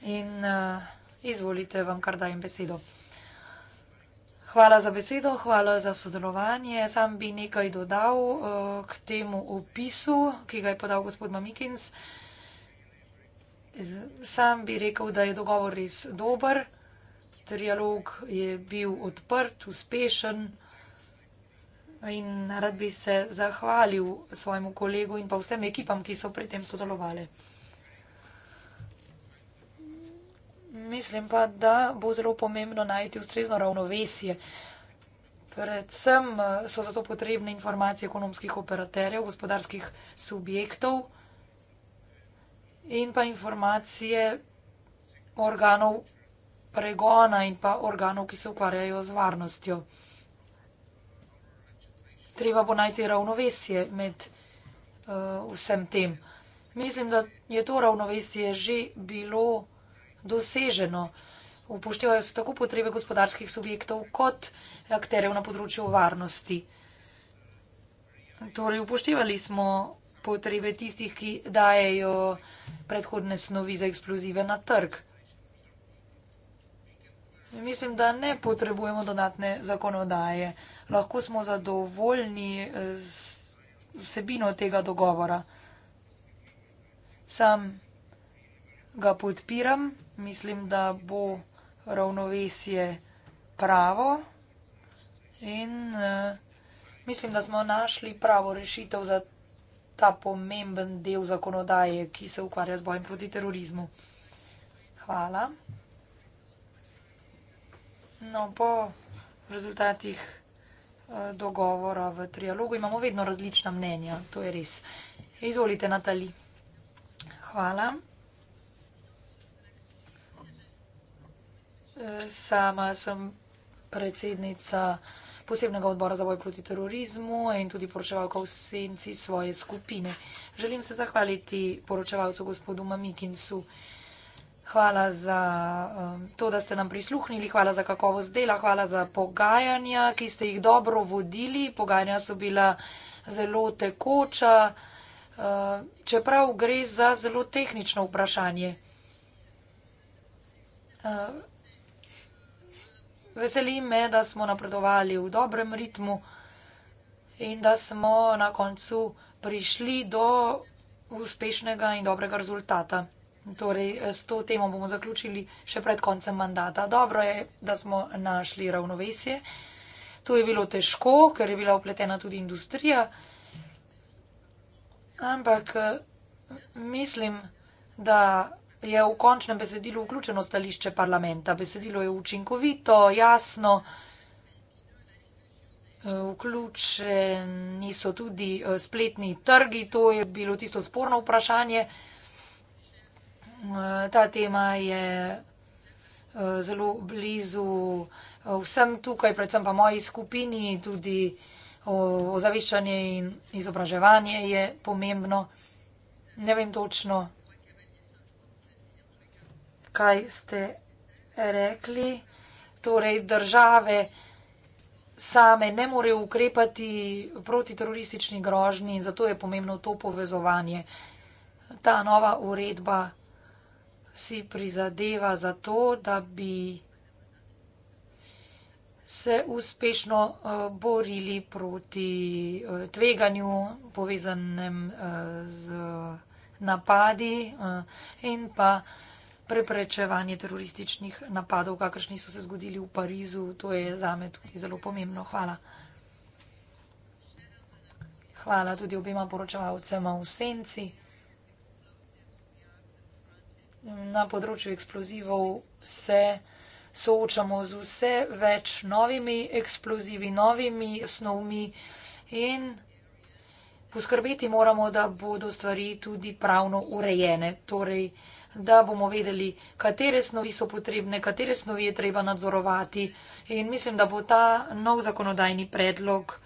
In, uh, Izvolite, vam kar dajem besedo. Hvala za besedo, hvala za sodelovanje. Sam bi nekaj dodal eh, k temu opisu, ki ga je podal gospod Mamikins. Sam bi rekel, da je dogovor res dober, trialog je bil odprt, uspešen in rad bi se zahvalil svojemu kolegu in pa vsem ekipam, ki so pri tem sodelovali. mislim pa, da bo zelo pomembno najti ustrezno ravnovesje. Predvsem eh, so zato potrebne informacije ekonomskih operaterjev, gospodarskih subjektov in pa informacije organov pregona in pa organov, ki se ukvarjajo z varnostjo. Treba bo najti ravnovesje med uh, vsem tem. Mislim, da je to ravnovesje že bilo doseženo. Upoštevajo se tako potrebe gospodarskih subjektov kot akterjev na področju varnosti. Torej, upoštevali smo potrebe tistih, ki dajejo predhodne snovi za eksplozive na trg. Mislim, da ne potrebujemo dodatne zakonodaje. Lahko smo zadovoljni s eh, vsebino tega dogovora. Sam ga podpiram mislim, da bo ravnovesje pravo. In uh, mislim, da smo našli pravo rešitev za ta pomemben del zakonodaje, ki se ukvarja z bojem proti terorizmu. Hvala. No, po rezultatih eh, dogovora v trialogu imamo vedno različna mnenja, to je res. Izvolite, Natali. Hvala. Sama sem predsednica posebnega odbora za boj proti terorizmu in tudi poročevalka v senci svoje skupine. Želim se zahvaliti poročevalcu gospodu Mamikinsu. Hvala za um, to, da ste nam prisluhnili, hvala za kakovost dela, hvala za pogajanja, ki ste jih dobro vodili. Pogajanja so bila zelo tekoča, uh, čeprav gre za zelo tehnično vprašanje. Uh, Veseli me, da smo napredovali v dobrem ritmu in da smo na koncu prišli do uspešnega in dobrega rezultata. Torej, s to temo bomo zaključili še pred koncem mandata. Dobro je, da smo našli ravnovesje. To je bilo težko, ker je bila upletena tudi industrija. Ampak eh, mislim, da je v končnem besedilu vključeno stališče parlamenta. Besedilo je učinkovito, jasno, vključeni so tudi eh, spletni trgi, to je bilo tisto sporno vprašanje. Eh, ta tema je eh, zelo blizu vsem tukaj, predvsem pa moji skupini, tudi ozaveščanje in izobraževanje je pomembno. Ne vem točno, kako kaj ste rekli. Torej, države same ne morejo ukrepati proti teroristični grožnji, zato je pomembno to povezovanje. Ta nova uredba si prizadeva za to, da bi se uspešno eh, borili proti eh, tveganju, povezanem eh, z napadi in pa preprečevanje terorističnih napadov, kakršni so se zgodili v Parizu. To je zame tudi zelo pomembno. Hvala. Hvala tudi obema poročevalcema v senci. Na področju eksplozivov se soočamo z vse več novimi eksplozivi, novimi snovmi in poskrbeti moramo, da bodo stvari tudi pravno urejene. Torej, da bomo vedeli, katere snovi so potrebne, katere snovi je treba nadzorovati. In mislim, da bo ta nov zakonodajni predlog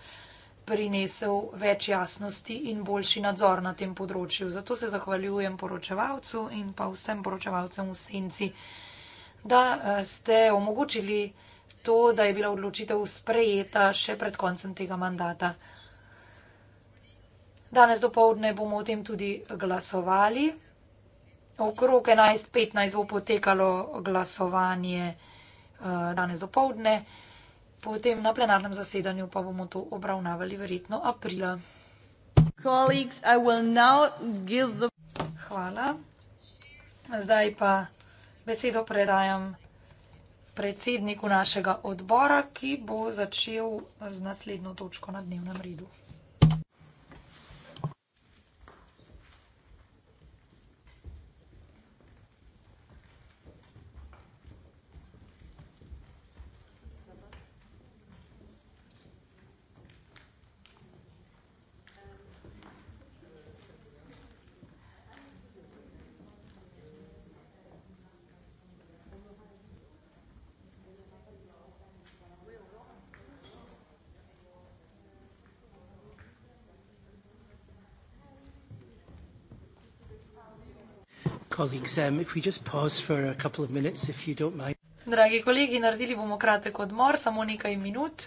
prinesel več jasnosti in boljši nadzor na tem področju. Zato se zahvaljujem poročevalcu in pa vsem poročevalcem v senci, da eh, ste omogočili to, da je bila odločitev sprejeta še pred koncem tega mandata. Danes do povdne bomo o tem tudi glasovali okrog 11.15 bo potekalo glasovanje eh, danes do povdne, potem na plenarnem zasedanju pa bomo to obravnavali verjetno aprila. Hvala. Zdaj pa besedo predajam predsedniku našega odbora, ki bo začel z naslednjo točko na dnevnem redu. Um, Dragi kolegi, naredili bomo kratek odmor, samo nekaj minut,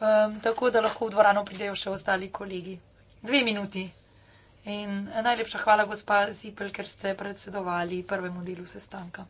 um, tako da lahko v dvorano pridejo še ostali kolegi. Dve minuti. In najlepša hvala, gospa Zipel, ker ste predsedovali prvemu delu sestanka.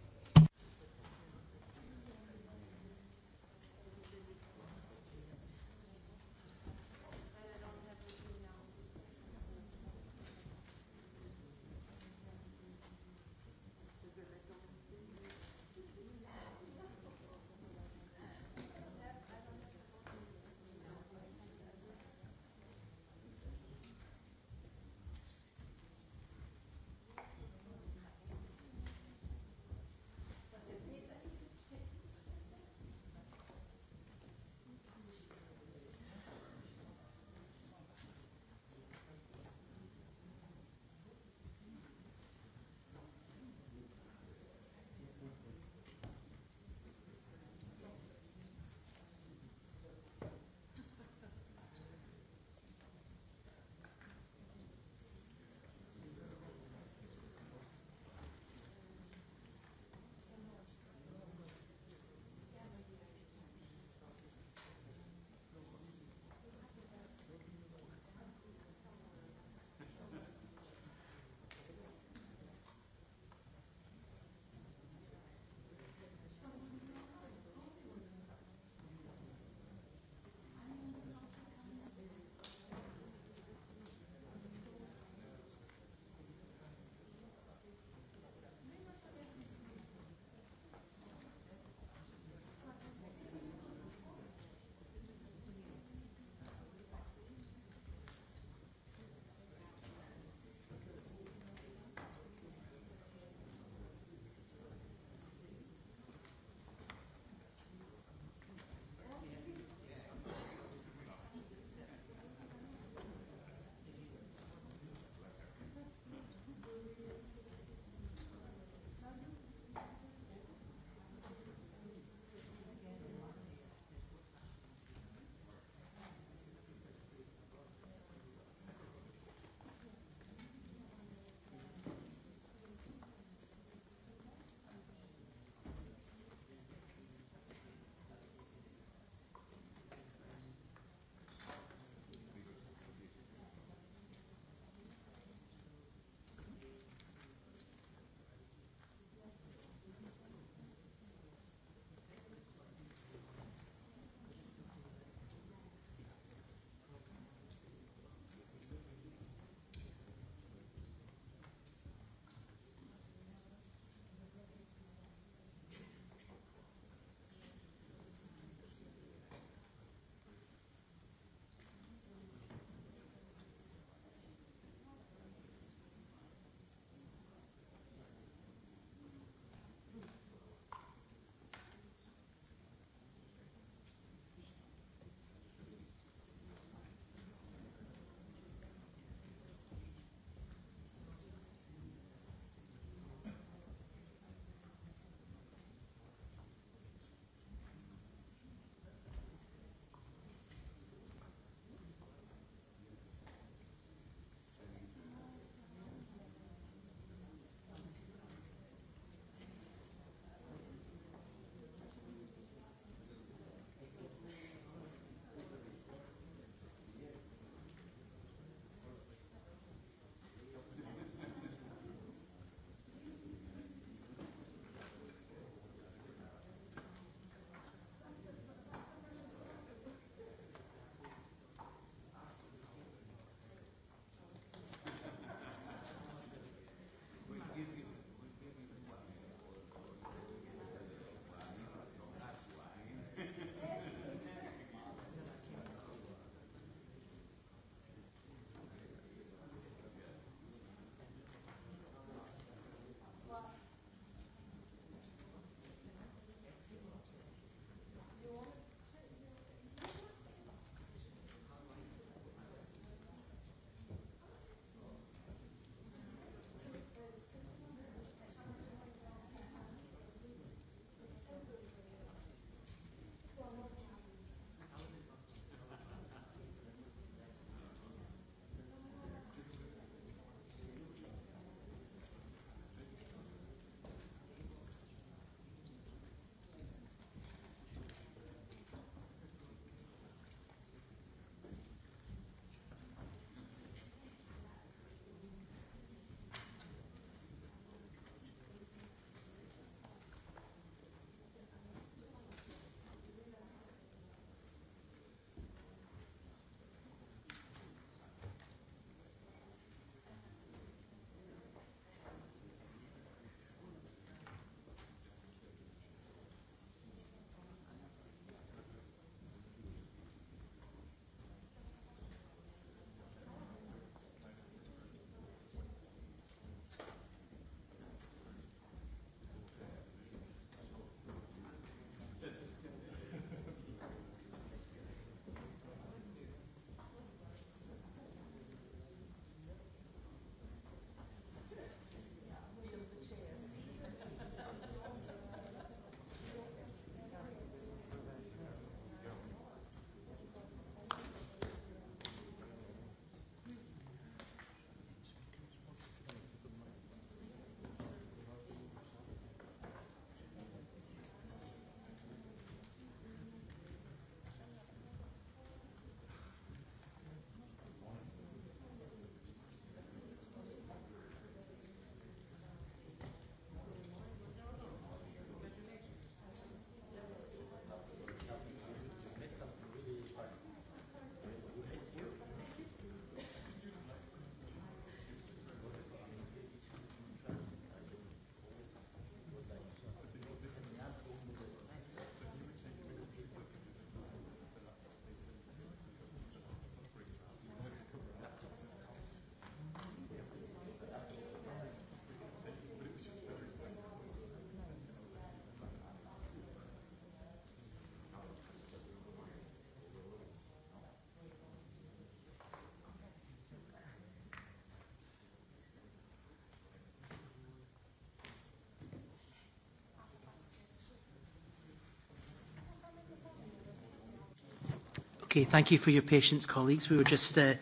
Okay, thank you for your patience, colleagues. We were just uh,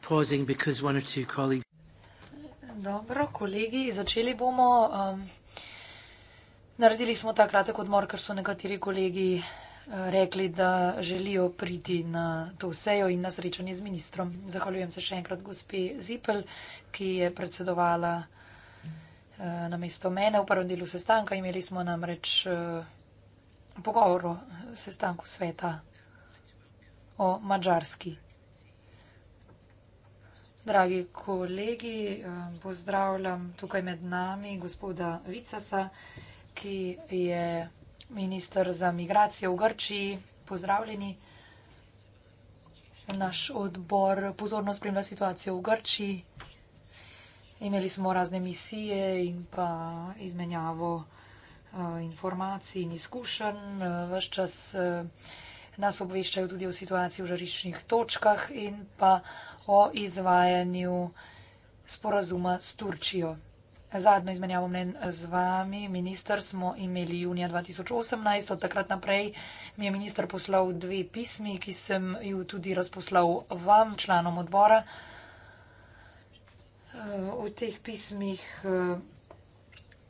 pausing because one or two colleagues. Dobro, kolegi, začeli bomo. Um, naredili smo ta kratek odmor, ker so nekateri kolegi uh, rekli, da želijo priti na to sejo in na srečanje z ministrom. Zahvaljujem se še enkrat gospe Zipel, ki je predsedovala uh, na mesto mene v prvem delu sestanka. Imeli smo namreč uh, pogovor o sestanku sveta o Mačarski. Dragi kolegi, eh, pozdravljam tukaj med nami gospoda Vicasa, ki je minister za migracijo v Grčiji. Pozdravljeni. Naš odbor pozorno spremlja situacijo v Grčiji. Imeli smo razne misije in pa izmenjavo eh, informacij in izkušenj. Ves čas izkušenj eh, nas obveščajo tudi o situaciji v žariščnih točkah in pa o izvajanju sporazuma s Turčijo. Zadnjo izmenjavo mnen z vami, minister, smo imeli junija 2018. Od takrat naprej mi je minister poslal dve pismi, ki sem ju tudi razposlal vam, članom odbora. V teh pismih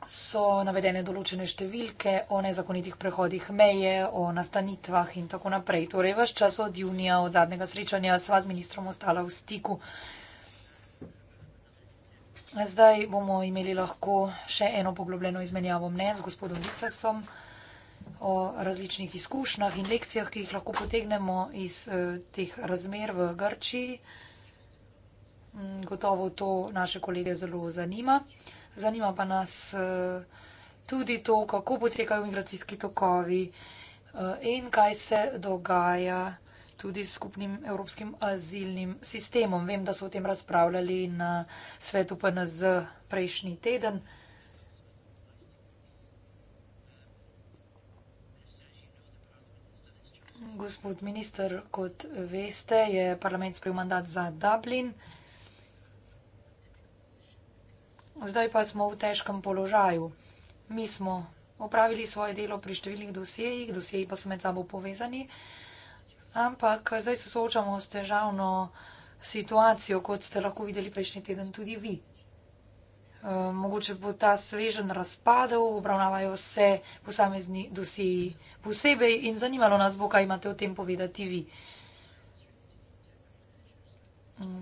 so navedene določene številke o nezakonitih prehodih meje, o nastanitvah in tako naprej. Torej, vaš čas od junija, od zadnjega srečanja, sva z ministrom ostala v stiku. Zdaj bomo imeli lahko še eno poglobljeno izmenjavo mnen z gospodom Vicesom o različnih izkušnjah in lekcijah, ki jih lahko potegnemo iz eh, teh razmer v Grčiji. Mm, gotovo to naše kolege zelo zanima zanima pa nas eh, tudi to, kako potekajo migracijski tokovi eh, in kaj se dogaja tudi s skupnim evropskim azilnim sistemom. Vem, da so o tem razpravljali na svetu PNZ prejšnji teden. Gospod minister, kot veste, je parlament sprejel mandat za Dublin. Zdaj pa smo v težkem položaju. Mi smo opravili svoje delo pri številnih dosejih, dosejih pa so med sabo povezani, ampak zdaj se soočamo s težavno situacijo, kot ste lahko videli prejšnji teden tudi vi. Eh, mogoče bo ta svežen razpadel, obravnavajo se posamezni dosiji posebej in zanimalo nas bo, kaj imate o tem povedati vi.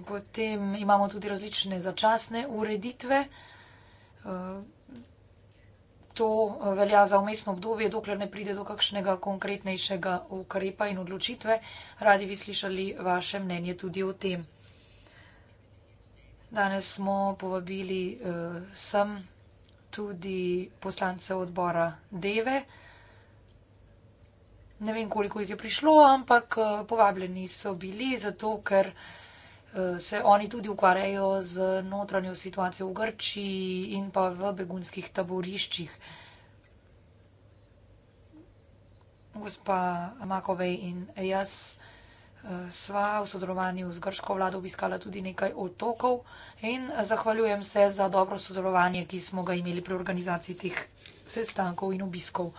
Potem imamo tudi različne začasne ureditve, ki so vse, To eh, velja za umestno obdobje, dokler ne pride do kakšnega konkretnejšega ukrepa in odločitve. Radi bi slišali vaše mnenje tudi o tem. Danes smo povabili eh, sem tudi poslance odbora Deve. Ne vem, koliko jih je prišlo, ampak eh, povabljeni so bili, zato ker... Eh, se oni tudi ukvarjajo z notranjo situacijo v Grčiji in pa v begunskih taboriščih. Gospa Makovej in jaz eh, sva v sodelovanju z grško vlado obiskala tudi nekaj otokov in zahvaljujem se za dobro sodelovanje, ki smo ga imeli pri organizaciji teh sestankov in obiskov.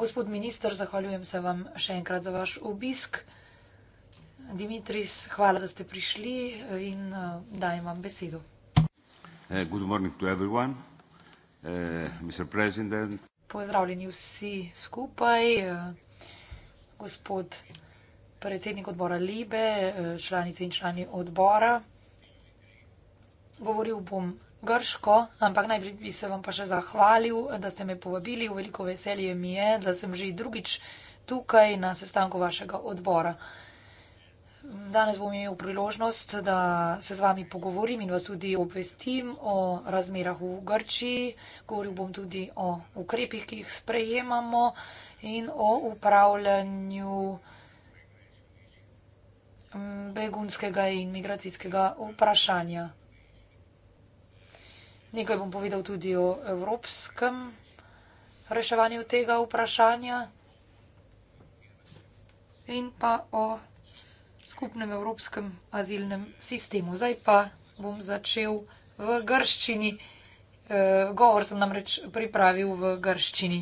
Gospod minister, zahvaljujem se vam še enkrat za vaš obisk. Dimitris, hvala, da ste prišli eh, in uh, dajem vam besedo. Eh, good morning to everyone, uh, Mr. President. Pozdravljeni vsi skupaj, gospod predsednik odbora Libe, članice in člani odbora. Govoril bom grško, ampak najprej bi se vam pa še zahvalil, da ste me povabili. V veliko veselje mi je, da sem že drugič tukaj na sestanku vašega odbora. Uh, Danes bom imel priložnost, da se z vami pogovorim in vas tudi obvestim o razmerah v Grčiji. Govoril bom tudi o ukrepih, ki jih sprejemamo in o upravljanju begunskega in migracijskega vprašanja. Nekaj bom povedal tudi o evropskem reševanju tega vprašanja in pa o skupnem evropskem azilnem sistemu. Zdaj pa bom začel v grščini. E, govor sem namreč pripravil v grščini.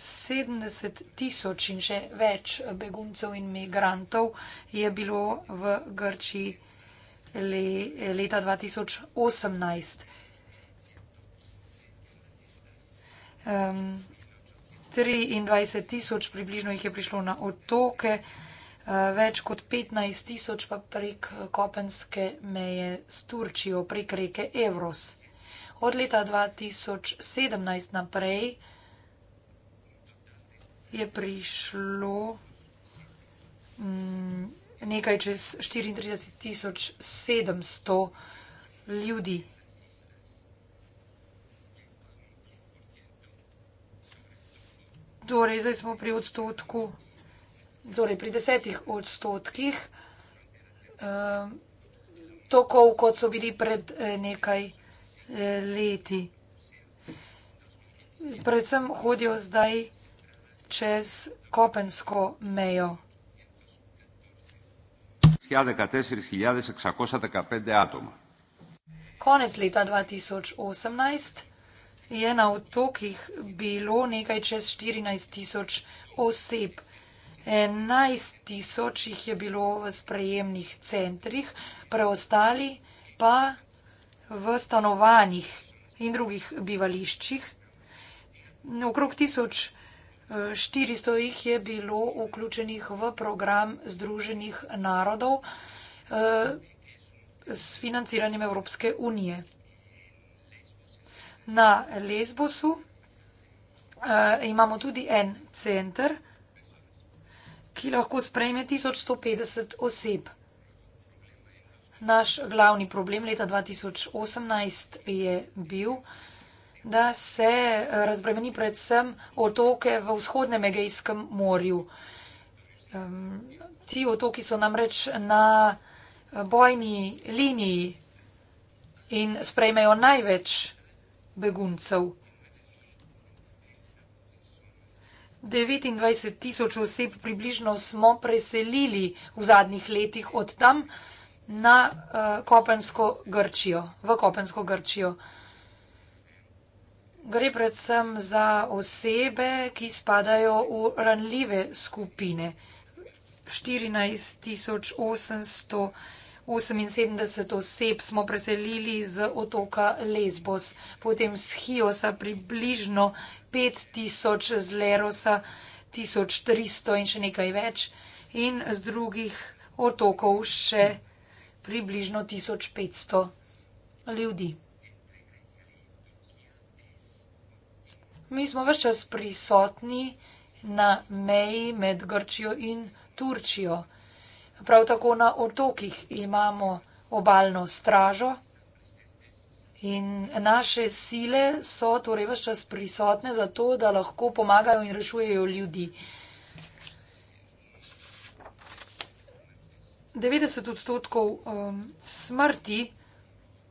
Sedemdeset tisoč in še več beguncev in migrantov je bilo v Grči le, leta 2018. 23 tisoč približno jih je prišlo na otoke, eh, več kot 15 tisoč pa prek eh, kopenske meje s Turčijo, prek reke Evros. Od leta 2017 naprej je prišlo mm, nekaj čez 34 tisoč 700 ljudi. Torej, zdaj smo pri odstotku, torej pri desetih odstotkih, eh, tako kot so bili pred eh, nekaj eh, leti. Predvsem hodijo zdaj čez kopensko mejo. 14.615 atoma. Konec leta 2018 je na otokih bilo nekaj čez 14 tisoč oseb. 11 tisoč jih je bilo v sprejemnih centrih, preostali pa v stanovanjih in drugih bivališčih. Okrog 1400 eh, jih je bilo vključenih v program Združenih narodov eh, s financiranjem Evropske unije na Lesbosu. Uh, imamo tudi en center, ki lahko sprejme 1150 oseb. Naš glavni problem leta 2018 je bil, da se eh, razbremeni predvsem otoke v vzhodnem Egejskem morju. Um, ti otoki so namreč na eh, bojni liniji in sprejmejo največ beguncev. 29 tisoč oseb približno smo preselili v zadnjih letih od tam na eh, Kopensko Grčijo, v Kopensko Grčijo. Gre predvsem za osebe, ki spadajo v ranljive skupine. 14 tisoč 800 78 oseb smo preselili z otoka Lesbos, potem z Hiosa približno 5000, z Lerosa 1300 in še nekaj več in z drugih otokov še približno 1500 ljudi. Mi smo vse čas prisotni na meji med Grčijo in Turčijo. Prav tako na otokih imamo obalno stražo in naše sile so torej vse čas prisotne za to, da lahko pomagajo in rešujejo ljudi. 90 odstotkov um, smrti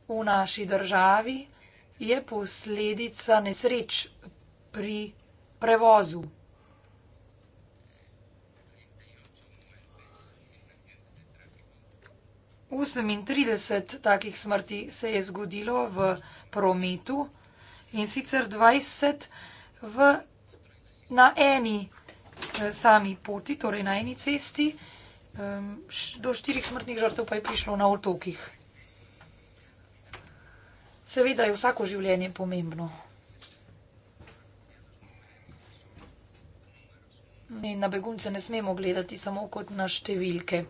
v naši državi je posledica nesreč pri prevozu. 38 takih smrti se je zgodilo v prometu in sicer 20 v, na eni eh, sami poti, torej na eni cesti, do štirih smrtnih žrtev pa je prišlo na otokih. Seveda je vsako življenje pomembno. In na begunce ne smemo gledati samo kot na številke.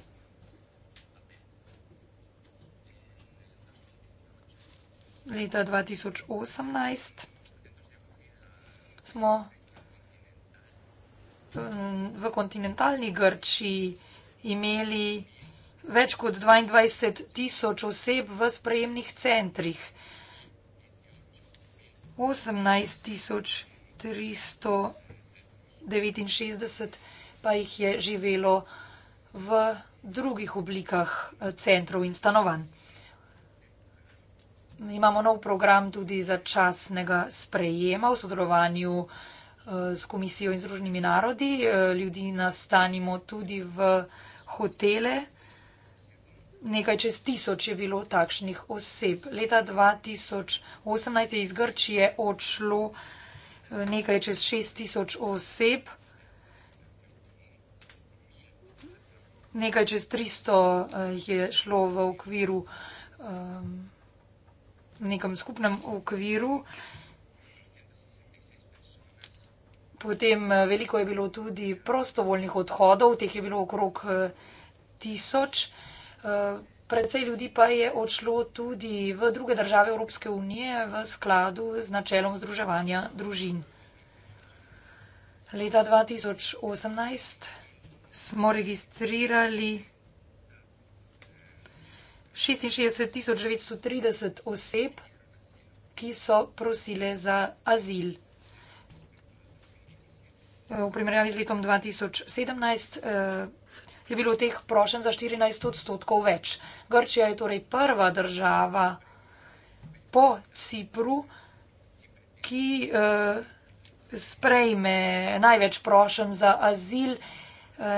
leta 2018 smo um, v kontinentalni Grčiji imeli več kot 22 tisoč oseb v sprejemnih centrih. 18 tisoč 369 pa jih je živelo v drugih oblikah eh, centrov in stanovanj imamo nov program tudi začasnega sprejema v sodelovanju z eh, Komisijo in Združenimi narodi. Eh, ljudi nastanimo tudi v hotele. Nekaj čez tisoč je bilo takšnih oseb. Leta 2018 je iz Grčije odšlo eh, nekaj čez šest tisoč oseb, nekaj čez tristo jih je šlo v okviru um, nekem skupnem okviru. Potem eh, veliko je bilo tudi prostovoljnih odhodov, teh je bilo okrog eh, tisoč. Eh, Predvsej ljudi pa je odšlo tudi v druge države Evropske unije v skladu z načelom združevanja družin. Leta 2018 smo registrirali 960 oseb, ki so prosile za azil. V primerjavi z letom 2017 eh, je bilo teh prošen za 14 odstotkov več. Grčija je torej prva država po Cipru, ki eh, sprejme največ prošen za azil eh,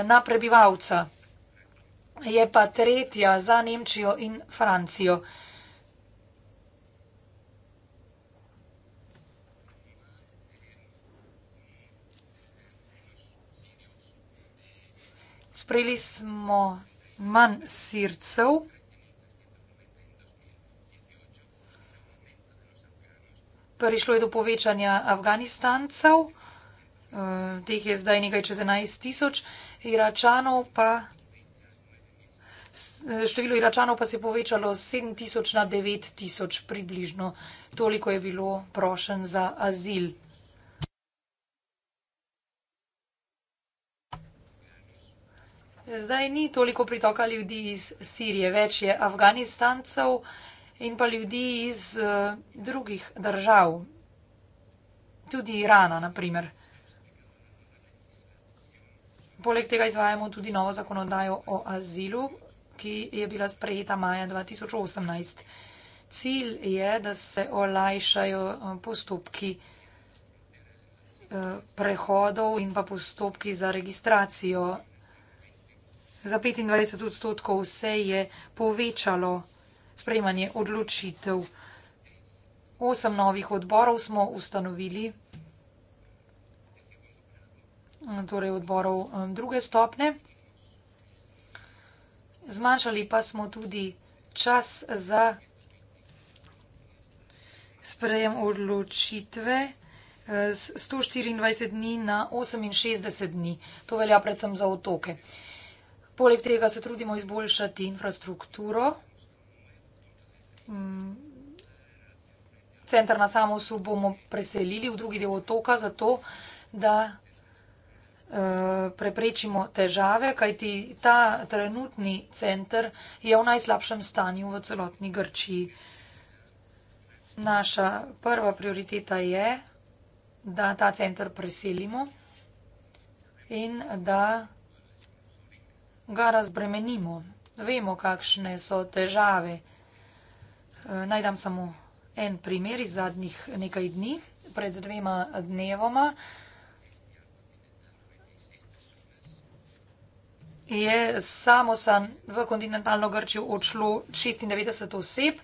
na prebivalca je pa tretja za Nemčijo in Francijo. Sprejeli smo manj sircev. Prišlo je do povečanja Afganistancev, eh, teh je zdaj nekaj čez 11 tisoč, Iračanov pa število iračanov pa se je povečalo z 7000 na 9000 približno. Toliko je bilo prošen za azil. Zdaj ni toliko pritoka ljudi iz Sirije, več je Afganistancev in pa ljudi iz uh, drugih držav, tudi Irana, naprimer. Poleg tega izvajamo tudi novo zakonodajo o azilu, ki je bila sprejeta maja 2018. Cilj je, da se olajšajo eh, postopki eh, prehodov in pa postopki za registracijo. Za 25 odstotkov vse je povečalo sprejemanje odločitev. Osem novih odborov smo ustanovili, eh, torej odborov druge stopne zmanjšali pa smo tudi čas za sprejem odločitve eh, s 124 dni na 68 dni. To velja predvsem za otoke. Poleg tega se trudimo izboljšati infrastrukturo. Mm, center na Samosu bomo preselili v drugi del otoka, zato da Eh, preprečimo težave, kajti ta trenutni center je v najslabšem stanju v celotni Grčiji. Naša prva prioriteta je, da ta center preselimo in da ga razbremenimo. Vemo, kakšne so težave. Eh, naj dam samo en primer iz zadnjih nekaj dni, pred dvema dnevoma. je samo san v kontinentalno Grčijo odšlo 96 oseb,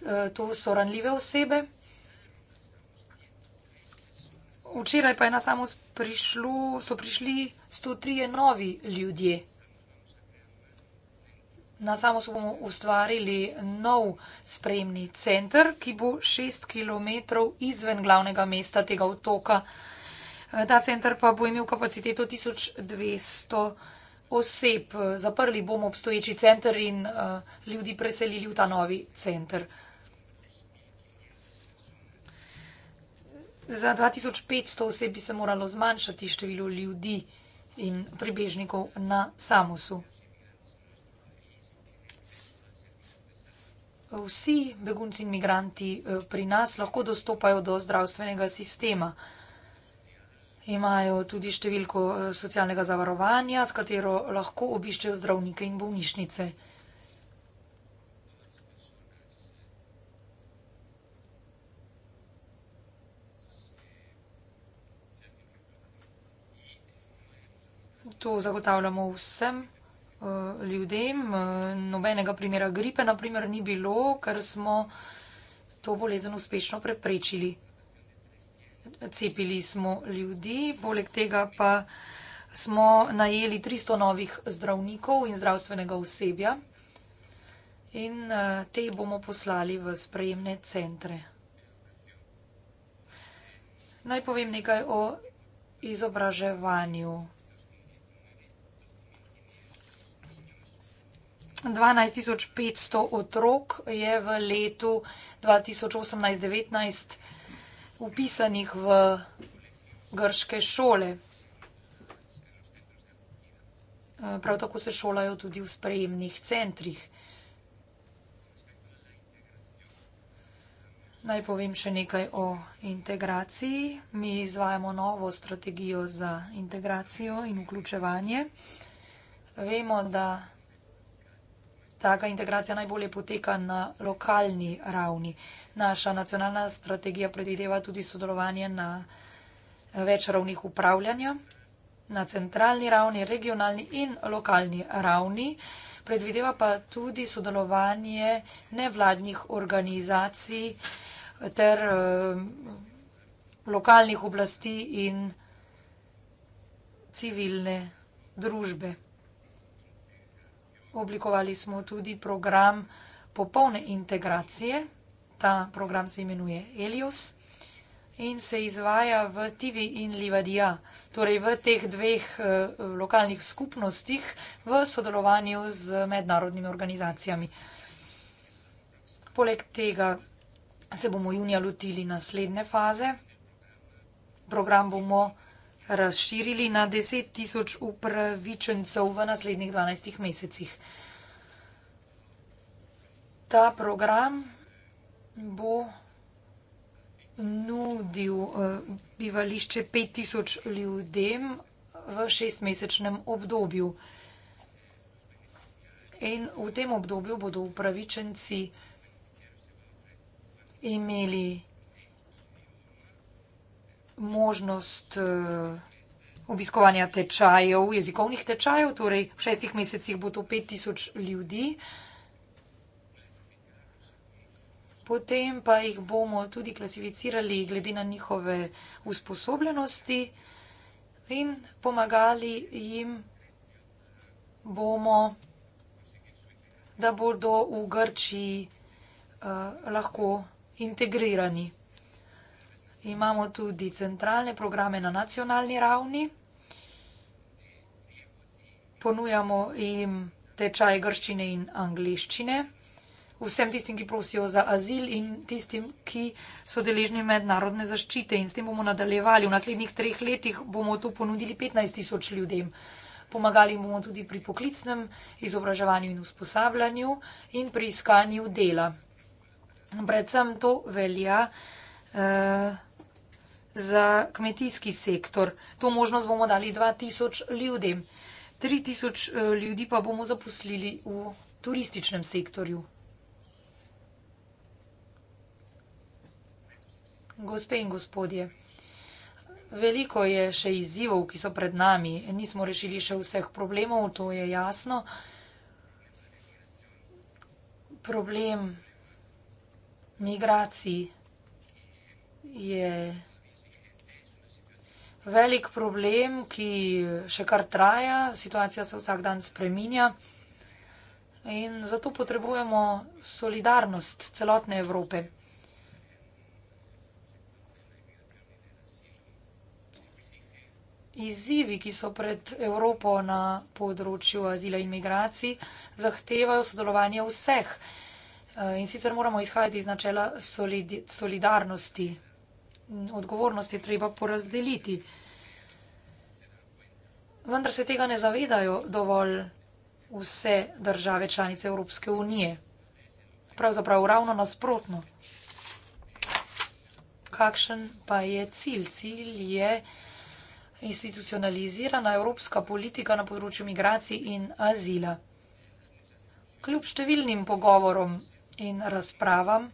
e, to so ranljive osebe. Včeraj pa je na samo prišlo, so prišli 103 novi ljudje. Na samo so bomo ustvarili nov spremni center, ki bo 6 km izven glavnega mesta tega otoka. E, ta center pa bo imel kapaciteto 1200 ljudi oseb, zaprli bomo obstoječi center in eh, ljudi preselili v ta novi center. Za 2500 oseb bi se moralo zmanjšati število ljudi in pribežnikov na Samosu. Vsi begunci in migranti eh, pri nas lahko dostopajo do zdravstvenega sistema. Vsi begunci in migranti pri nas lahko dostopajo do zdravstvenega sistema imajo tudi številko eh, socialnega zavarovanja, s katero lahko obiščejo zdravnike in bolnišnice. To zagotavljamo vsem eh, ljudem. Eh, nobenega primera gripe naprimer ni bilo, ker smo to bolezen uspešno preprečili cepili smo ljudi, poleg tega pa smo najeli 300 novih zdravnikov in zdravstvenega osebja in eh, te bomo poslali v sprejemne centre. Naj povem nekaj o izobraževanju. 12.500 otrok je v letu 2018-2019 vsega upisanih v grške šole. Eh, prav tako se šolajo tudi v sprejemnih centrih. Naj povem še nekaj o integraciji. Mi izvajamo novo strategijo za integracijo in vključevanje. Vemo, da taka integracija najbolje poteka na lokalni ravni. Naša nacionalna strategija predvideva tudi sodelovanje na eh, več ravnih upravljanja, na centralni ravni, regionalni in lokalni ravni. Predvideva pa tudi sodelovanje nevladnih organizacij eh, ter eh, lokalnih oblasti in civilne družbe oblikovali smo tudi program popolne integracije. Ta program se imenuje Elios in se izvaja v Tivi in Livadija, torej v teh dveh eh, lokalnih skupnostih v sodelovanju z mednarodnimi organizacijami. Poleg tega se bomo junija lotili naslednje faze. Program bomo razširili na 10 tisoč upravičencev v naslednjih 12 mesecih. Ta program bo nudil eh, bivališče 5 tisoč ljudem v šestmesečnem obdobju. In v tem obdobju bodo upravičenci imeli možnost eh, obiskovanja tečajev, jezikovnih tečajev, torej v šestih mesecih bo to 5000 ljudi. Potem pa jih bomo tudi klasificirali glede na njihove usposobljenosti in pomagali jim bomo, da bodo v Grčiji uh, lahko integrirani. Imamo tudi centralne programe na nacionalni ravni. Ponujamo jim tečaje grščine in angliščine vsem tistim, ki prosijo za azil in tistim, ki so deležni mednarodne zaščite. In s tem bomo nadaljevali. V naslednjih treh letih bomo to ponudili 15 tisoč ljudem. Pomagali bomo tudi pri poklicnem izobraževanju in usposabljanju in pri iskanju dela. Predvsem to velja. Uh, za kmetijski sektor. To možnost bomo dali 2000 ljudem. 3000 eh, ljudi pa bomo zaposlili v turističnem sektorju. Gospe in gospodje, veliko je še izzivov, ki so pred nami. Nismo rešili še vseh problemov, to je jasno. Problem migracij je velik problem, ki še kar traja, situacija se vsak dan spreminja in zato potrebujemo solidarnost celotne Evrope. Izzivi, ki so pred Evropo na področju azila in migracij, zahtevajo sodelovanje vseh. Eh, in sicer moramo izhajati iz načela solidarnosti odgovornost je treba porazdeliti. Vendar se tega ne zavedajo dovolj vse države članice Evropske unije. Pravzaprav ravno nasprotno. Kakšen pa je cilj? Cilj je institucionalizirana evropska politika na področju migracij in azila. Kljub številnim pogovorom in razpravam,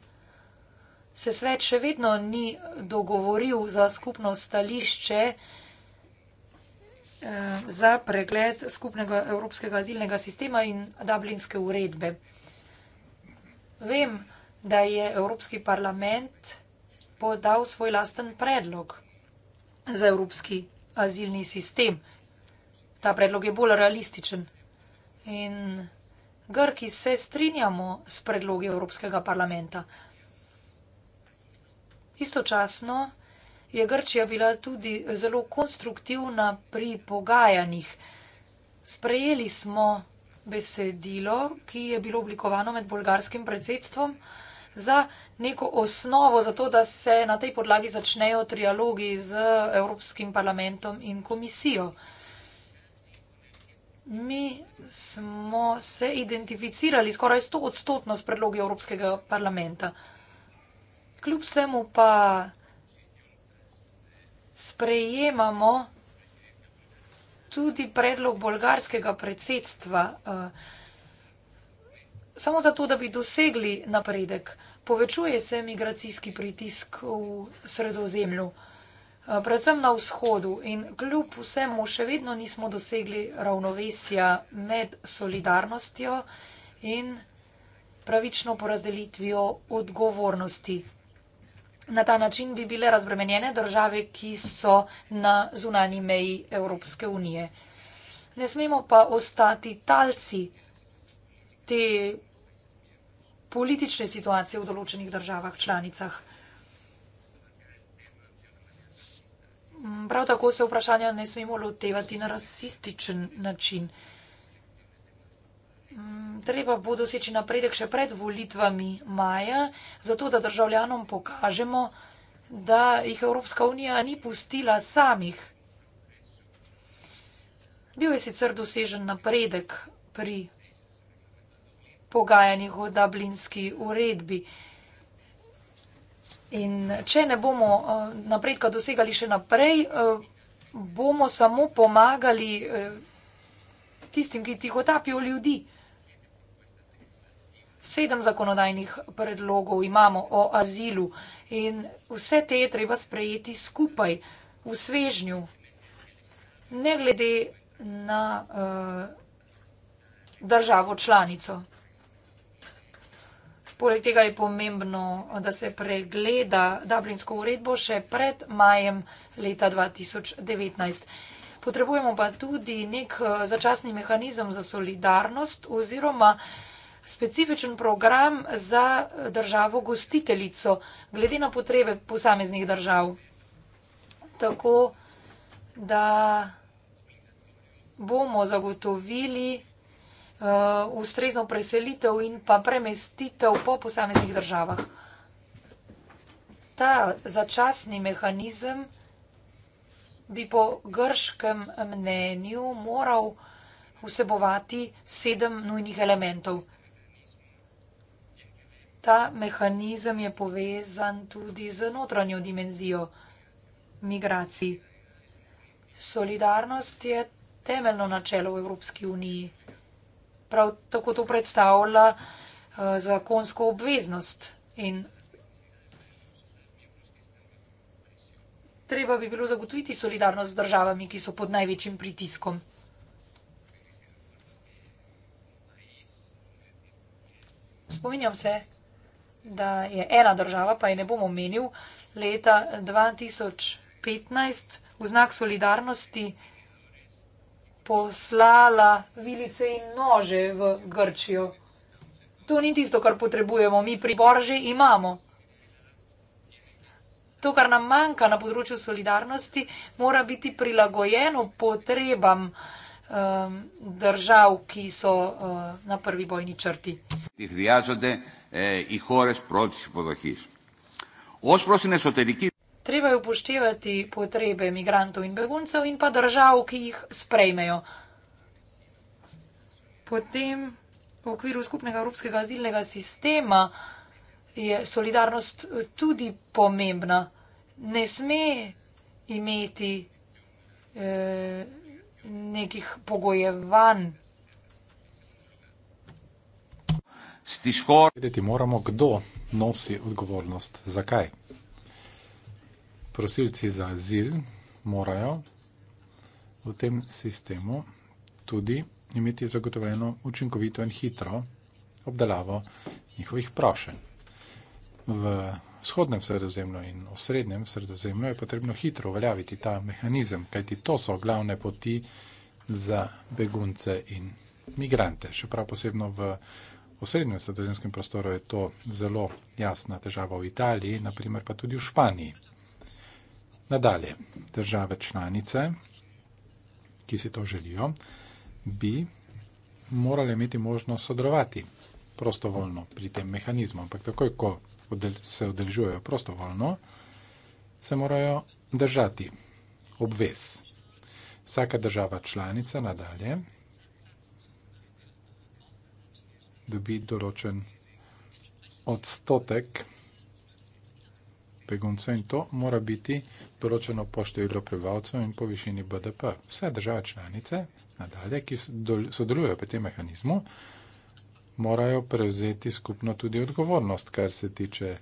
se svet še vedno ni dogovoril za skupno stališče eh, za pregled skupnega evropskega azilnega sistema in dublinske uredbe. Vem, da je Evropski parlament podal svoj lasten predlog za evropski azilni sistem. Ta predlog je bolj realističen. In Grki se strinjamo s predlogi Evropskega parlamenta. Istočasno je Grčija bila tudi zelo konstruktivna pri pogajanjih. Sprejeli smo besedilo, ki je bilo oblikovano med bolgarskim predsedstvom za neko osnovo za to, da se na tej podlagi začnejo trialogi z Evropskim parlamentom in komisijo. Mi smo se identificirali skoraj 100 odstotno s predlogi Evropskega parlamenta kljub vsemu pa sprejemamo tudi predlog bolgarskega predsedstva, eh, samo zato, da bi dosegli napredek. Povečuje se migracijski pritisk v sredozemlju, eh, predvsem na vzhodu in kljub vsemu še vedno nismo dosegli ravnovesja med solidarnostjo in pravično porazdelitvijo odgovornosti. Na ta način bi bile razbremenjene države, ki so na zunani meji Evropske unije. Ne smemo pa ostati talci te politične situacije v določenih državah, članicah. Prav tako se vprašanja ne smemo lotevati na rasističen način. Mm, treba bo doseči napredek še pred volitvami maja, zato da državljanom pokažemo, da jih Evropska unija ni pustila samih. Bil je sicer dosežen napredek pri pogajanjih o dablinski uredbi. In če ne bomo eh, napredka dosegali še naprej, eh, bomo samo pomagali eh, tistim, ki tih otapijo ljudi sedem zakonodajnih predlogov imamo o azilu in vse te je treba sprejeti skupaj v svežnju, ne glede na eh, državo članico. Poleg tega je pomembno, da se pregleda Dublinsko uredbo še pred majem leta 2019. Potrebujemo pa tudi nek eh, začasni mehanizem za solidarnost oziroma vsega, specifičen program za državo gostiteljico, glede na potrebe posameznih držav. Tako, da bomo zagotovili uh, ustrezno preselitev in pa premestitev po posameznih državah. Ta začasni mehanizem bi po grškem mnenju moral vsebovati sedem nujnih elementov ta mehanizem je povezan tudi z notranjo dimenzijo migracij. Solidarnost je temeljno načelo v Evropski uniji. Prav tako to predstavlja uh, zakonsko obveznost in treba bi bilo zagotoviti solidarnost z državami, ki so pod največjim pritiskom. Spominjam se, da je ena država, pa je ne bom omenil, leta 2015 v znak solidarnosti poslala vilice in nože v Grčijo. To ni tisto, kar potrebujemo, mi pri Borže imamo. To, kar nam manjka na področju solidarnosti, mora biti prilagojeno potrebam um, držav, ki so uh, na prvi bojni črti οι χώρες πρώτης υποδοχής. Ως προς την εσωτερική... Треба ја упоштевати потребе мигрантов и бегунцев и па држав ки их спремеја. Потем, в оквиру скупнега европскега азилнега система je solidarnost eh, tudi pomembna. Ne sme imeti eh, nekih pogojevanj stiskor. Vedeti moramo, kdo nosi odgovornost, zakaj. Prosilci za azil morajo v tem sistemu tudi imeti zagotovljeno učinkovito in hitro obdelavo njihovih prošenj. V vzhodnem sredozemlju in osrednjem sredozemlju je potrebno hitro uveljaviti ta mehanizem, kajti to so glavne poti za begunce in migrante, še prav posebno v osrednjem sredozemskem prostoru je to zelo jasna težava v Italiji, naprimer pa tudi v Španiji. Nadalje, države članice, ki si to želijo, bi morale imeti možnost sodelovati prostovoljno pri tem mehanizmu, ampak takoj, ko se odeležujejo prostovoljno, se morajo držati obvez. Vsaka država članica nadalje dobi določen odstotek beguncev in to mora biti določeno po številu prebivalcev in po višini BDP. Vse države članice nadalje, ki sodelujejo pri tem mehanizmu, morajo prevzeti skupno tudi odgovornost, kar se tiče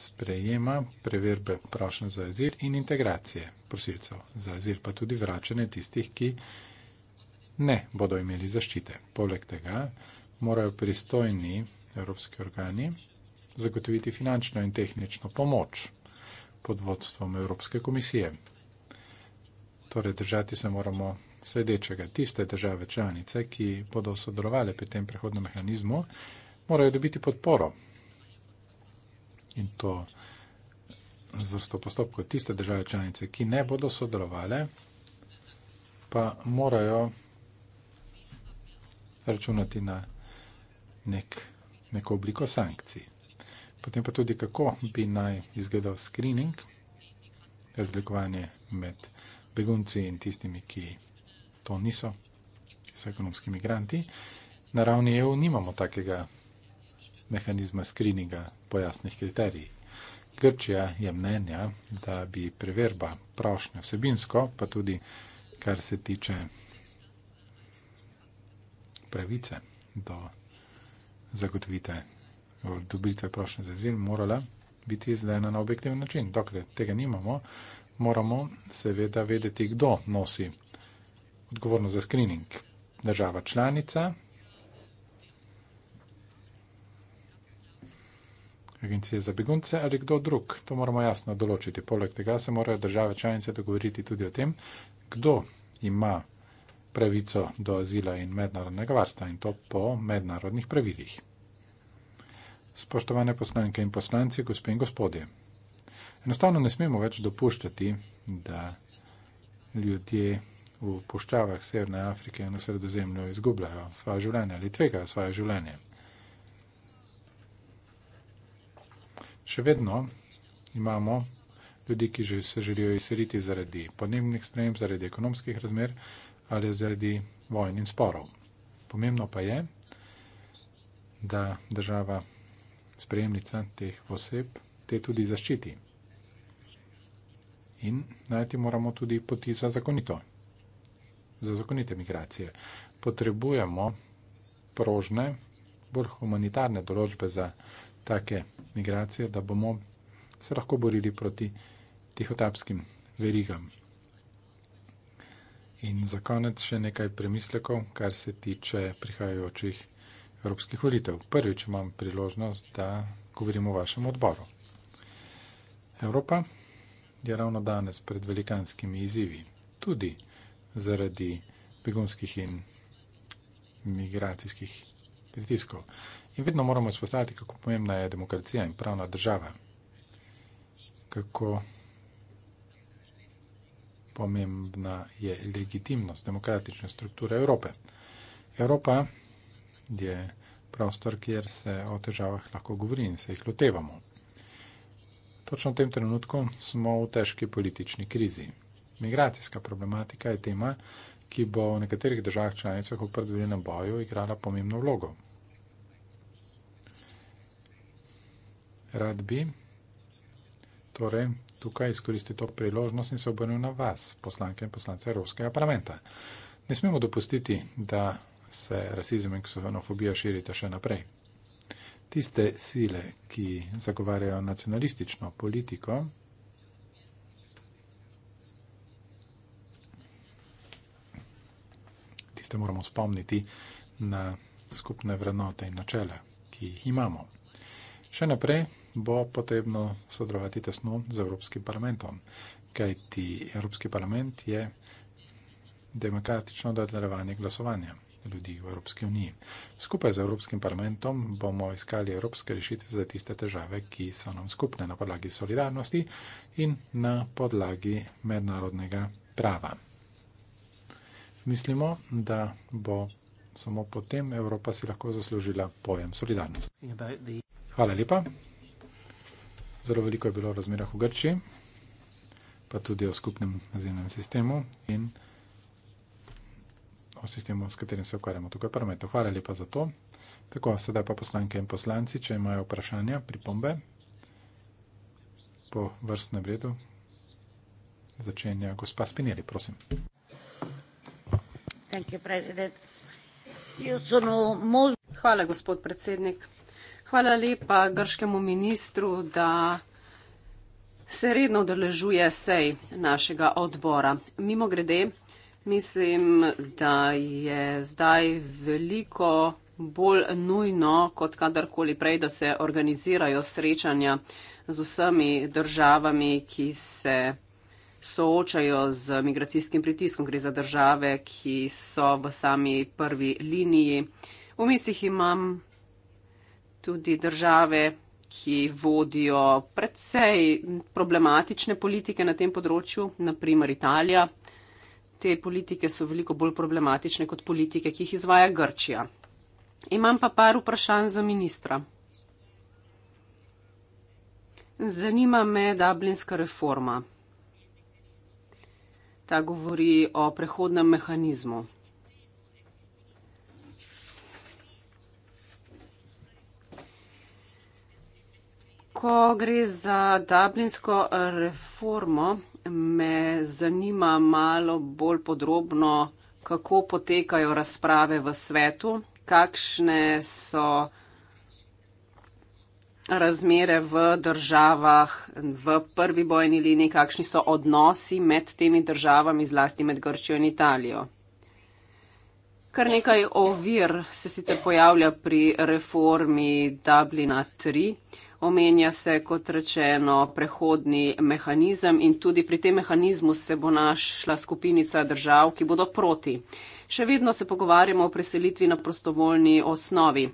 sprejema, preverbe prošnje za azil in integracije prosilcev za azil, pa tudi vračanje tistih, ki ne bodo imeli zaščite. Poleg tega morajo pristojni evropski organi zagotoviti finančno in tehnično pomoč pod vodstvom Evropske komisije. Torej, držati se moramo sledečega. Tiste države članice, ki bodo sodelovali pri tem prehodnem mehanizmu, morajo dobiti podporo. In to z vrsto postopkov. Tiste države članice, ki ne bodo sodelovali, pa morajo računati na nek, neko obliko sankcij. Potem pa tudi, kako bi naj izgledal screening, razlikovanje med begunci in tistimi, ki to niso, ki so ekonomski migranti. Na ravni EU nimamo takega mehanizma screeninga po jasnih kriterijih. Grčija je mnenja, da bi preverba prošnja vsebinsko, pa tudi kar se tiče pravice do zagotovite, dobite prošnje za zil, morala biti izdajena na objektiven način. Dokler tega nimamo, moramo seveda vedeti, kdo nosi odgovornost za screening. Država članica, agencije za begunce ali kdo drug. To moramo jasno določiti. Poleg tega se morajo države članice dogovoriti tudi o tem, kdo ima pravico do azila in mednarodnega varstva in to po mednarodnih pravilih. Spoštovane poslanke in poslanci, gospe in gospodje, enostavno ne smemo več dopuščati, da ljudje v puščavah Severne Afrike in v sredozemlju izgubljajo svoje življenje ali tvegajo svoje življenje. Še vedno imamo ljudi, ki že se želijo izseliti zaradi podnebnih sprememb, zaradi ekonomskih razmer ali je zaradi vojn in sporov. Pomembno pa je, da država spremljica teh oseb te tudi zaščiti. In najti moramo tudi poti za zakonito, za zakonite migracije. Potrebujemo prožne, bolj humanitarne določbe za take migracije, da bomo se lahko borili proti tihotapskim verigam. In za konec še nekaj premislekov, kar se tiče prihajajočih evropskih volitev. Prvič imam priložnost, da govorim o vašem odboru. Evropa je ravno danes pred velikanskimi izzivi, tudi zaradi begunskih in migracijskih pritiskov. In vedno moramo izpostaviti, kako pomembna je demokracija in pravna država. Kako pomembna je legitimnost demokratične strukture Evrope. Evropa je prostor, kjer se o težavah lahko govori in se jih lotevamo. Točno v tem trenutku smo v težki politični krizi. Migracijska problematika je tema, ki bo v nekaterih državah članicah v predvoljenem boju igrala pomembno vlogo. Rad bi torej tukaj izkoristi to priložnost in se obrnil na vas, poslanke in poslance Evropskega parlamenta. Ne smemo dopustiti, da se rasizem in ksofenofobija širita še naprej. Tiste sile, ki zagovarjajo nacionalistično politiko, tiste moramo spomniti na skupne vrednote in načele, ki jih imamo. Še naprej bo potrebno sodelovati tesno z Evropskim parlamentom, kajti Evropski parlament je demokratično dodelovanje glasovanja ljudi v Evropski uniji. Skupaj z Evropskim parlamentom bomo iskali evropske rešitve za tiste težave, ki so nam skupne na podlagi solidarnosti in na podlagi mednarodnega prava. Mislimo, da bo samo potem Evropa si lahko zaslužila pojem solidarnost. Hvala lepa. Zelo veliko je bilo o razmerah v Grči, pa tudi o skupnem nazivnem sistemu in o sistemu, s katerim se ukvarjamo tukaj parametru. Hvala lepa za to. Tako, sedaj pa poslanke in poslanci, če imajo vprašanja, pripombe, po vrstnem redu začenja gospa Spinelli, prosim. Hvala, gospod predsednik. Hvala lepa grškemu ministru, da se redno odeležuje sej našega odbora. Mimo grede, mislim, da je zdaj veliko bolj nujno kot kadarkoli prej, da se organizirajo srečanja z vsemi državami, ki se soočajo z migracijskim pritiskom. Gre za države, ki so v sami prvi liniji. V mislih imam tudi države, ki vodijo predvsej problematične politike na tem področju, naprimer Italija. Te politike so veliko bolj problematične kot politike, ki jih izvaja Grčija. Imam pa par vprašanj za ministra. Zanima me Dublinska reforma. Ta govori o prehodnem mehanizmu. ko gre za dublinsko reformo, me zanima malo bolj podrobno, kako potekajo razprave v svetu, kakšne so razmere v državah v prvi bojni liniji, kakšni so odnosi med temi državami, zlasti med Grčijo in Italijo. Kar nekaj ovir se sicer pojavlja pri reformi Dublina 3 omenja se, kot rečeno, prehodni mehanizem in tudi pri tem mehanizmu se bo našla skupinica držav, ki bodo proti. Še vedno se pogovarjamo o preselitvi na prostovoljni osnovi.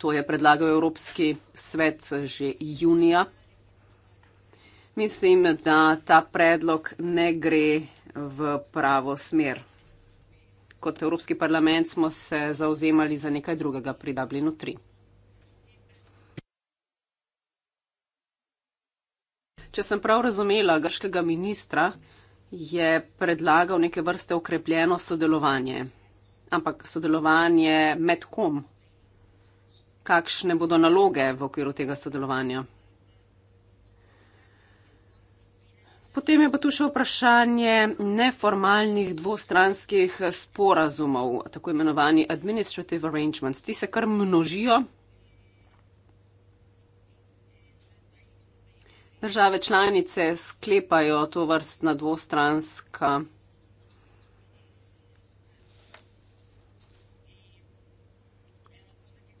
To je predlagal Evropski svet že junija. Mislim, da ta predlog ne gre v pravo smer. Kot Evropski parlament smo se zauzemali za nekaj drugega pri Dublinu 3. Če sem prav razumela, grškega ministra je predlagal neke vrste okrepljeno sodelovanje, ampak sodelovanje med kom. Kakšne bodo naloge v okviru tega sodelovanja? Potem je pa tu še vprašanje neformalnih dvostranskih sporazumov, tako imenovani administrative arrangements. Ti se kar množijo, države članice sklepajo to vrstna dvostranska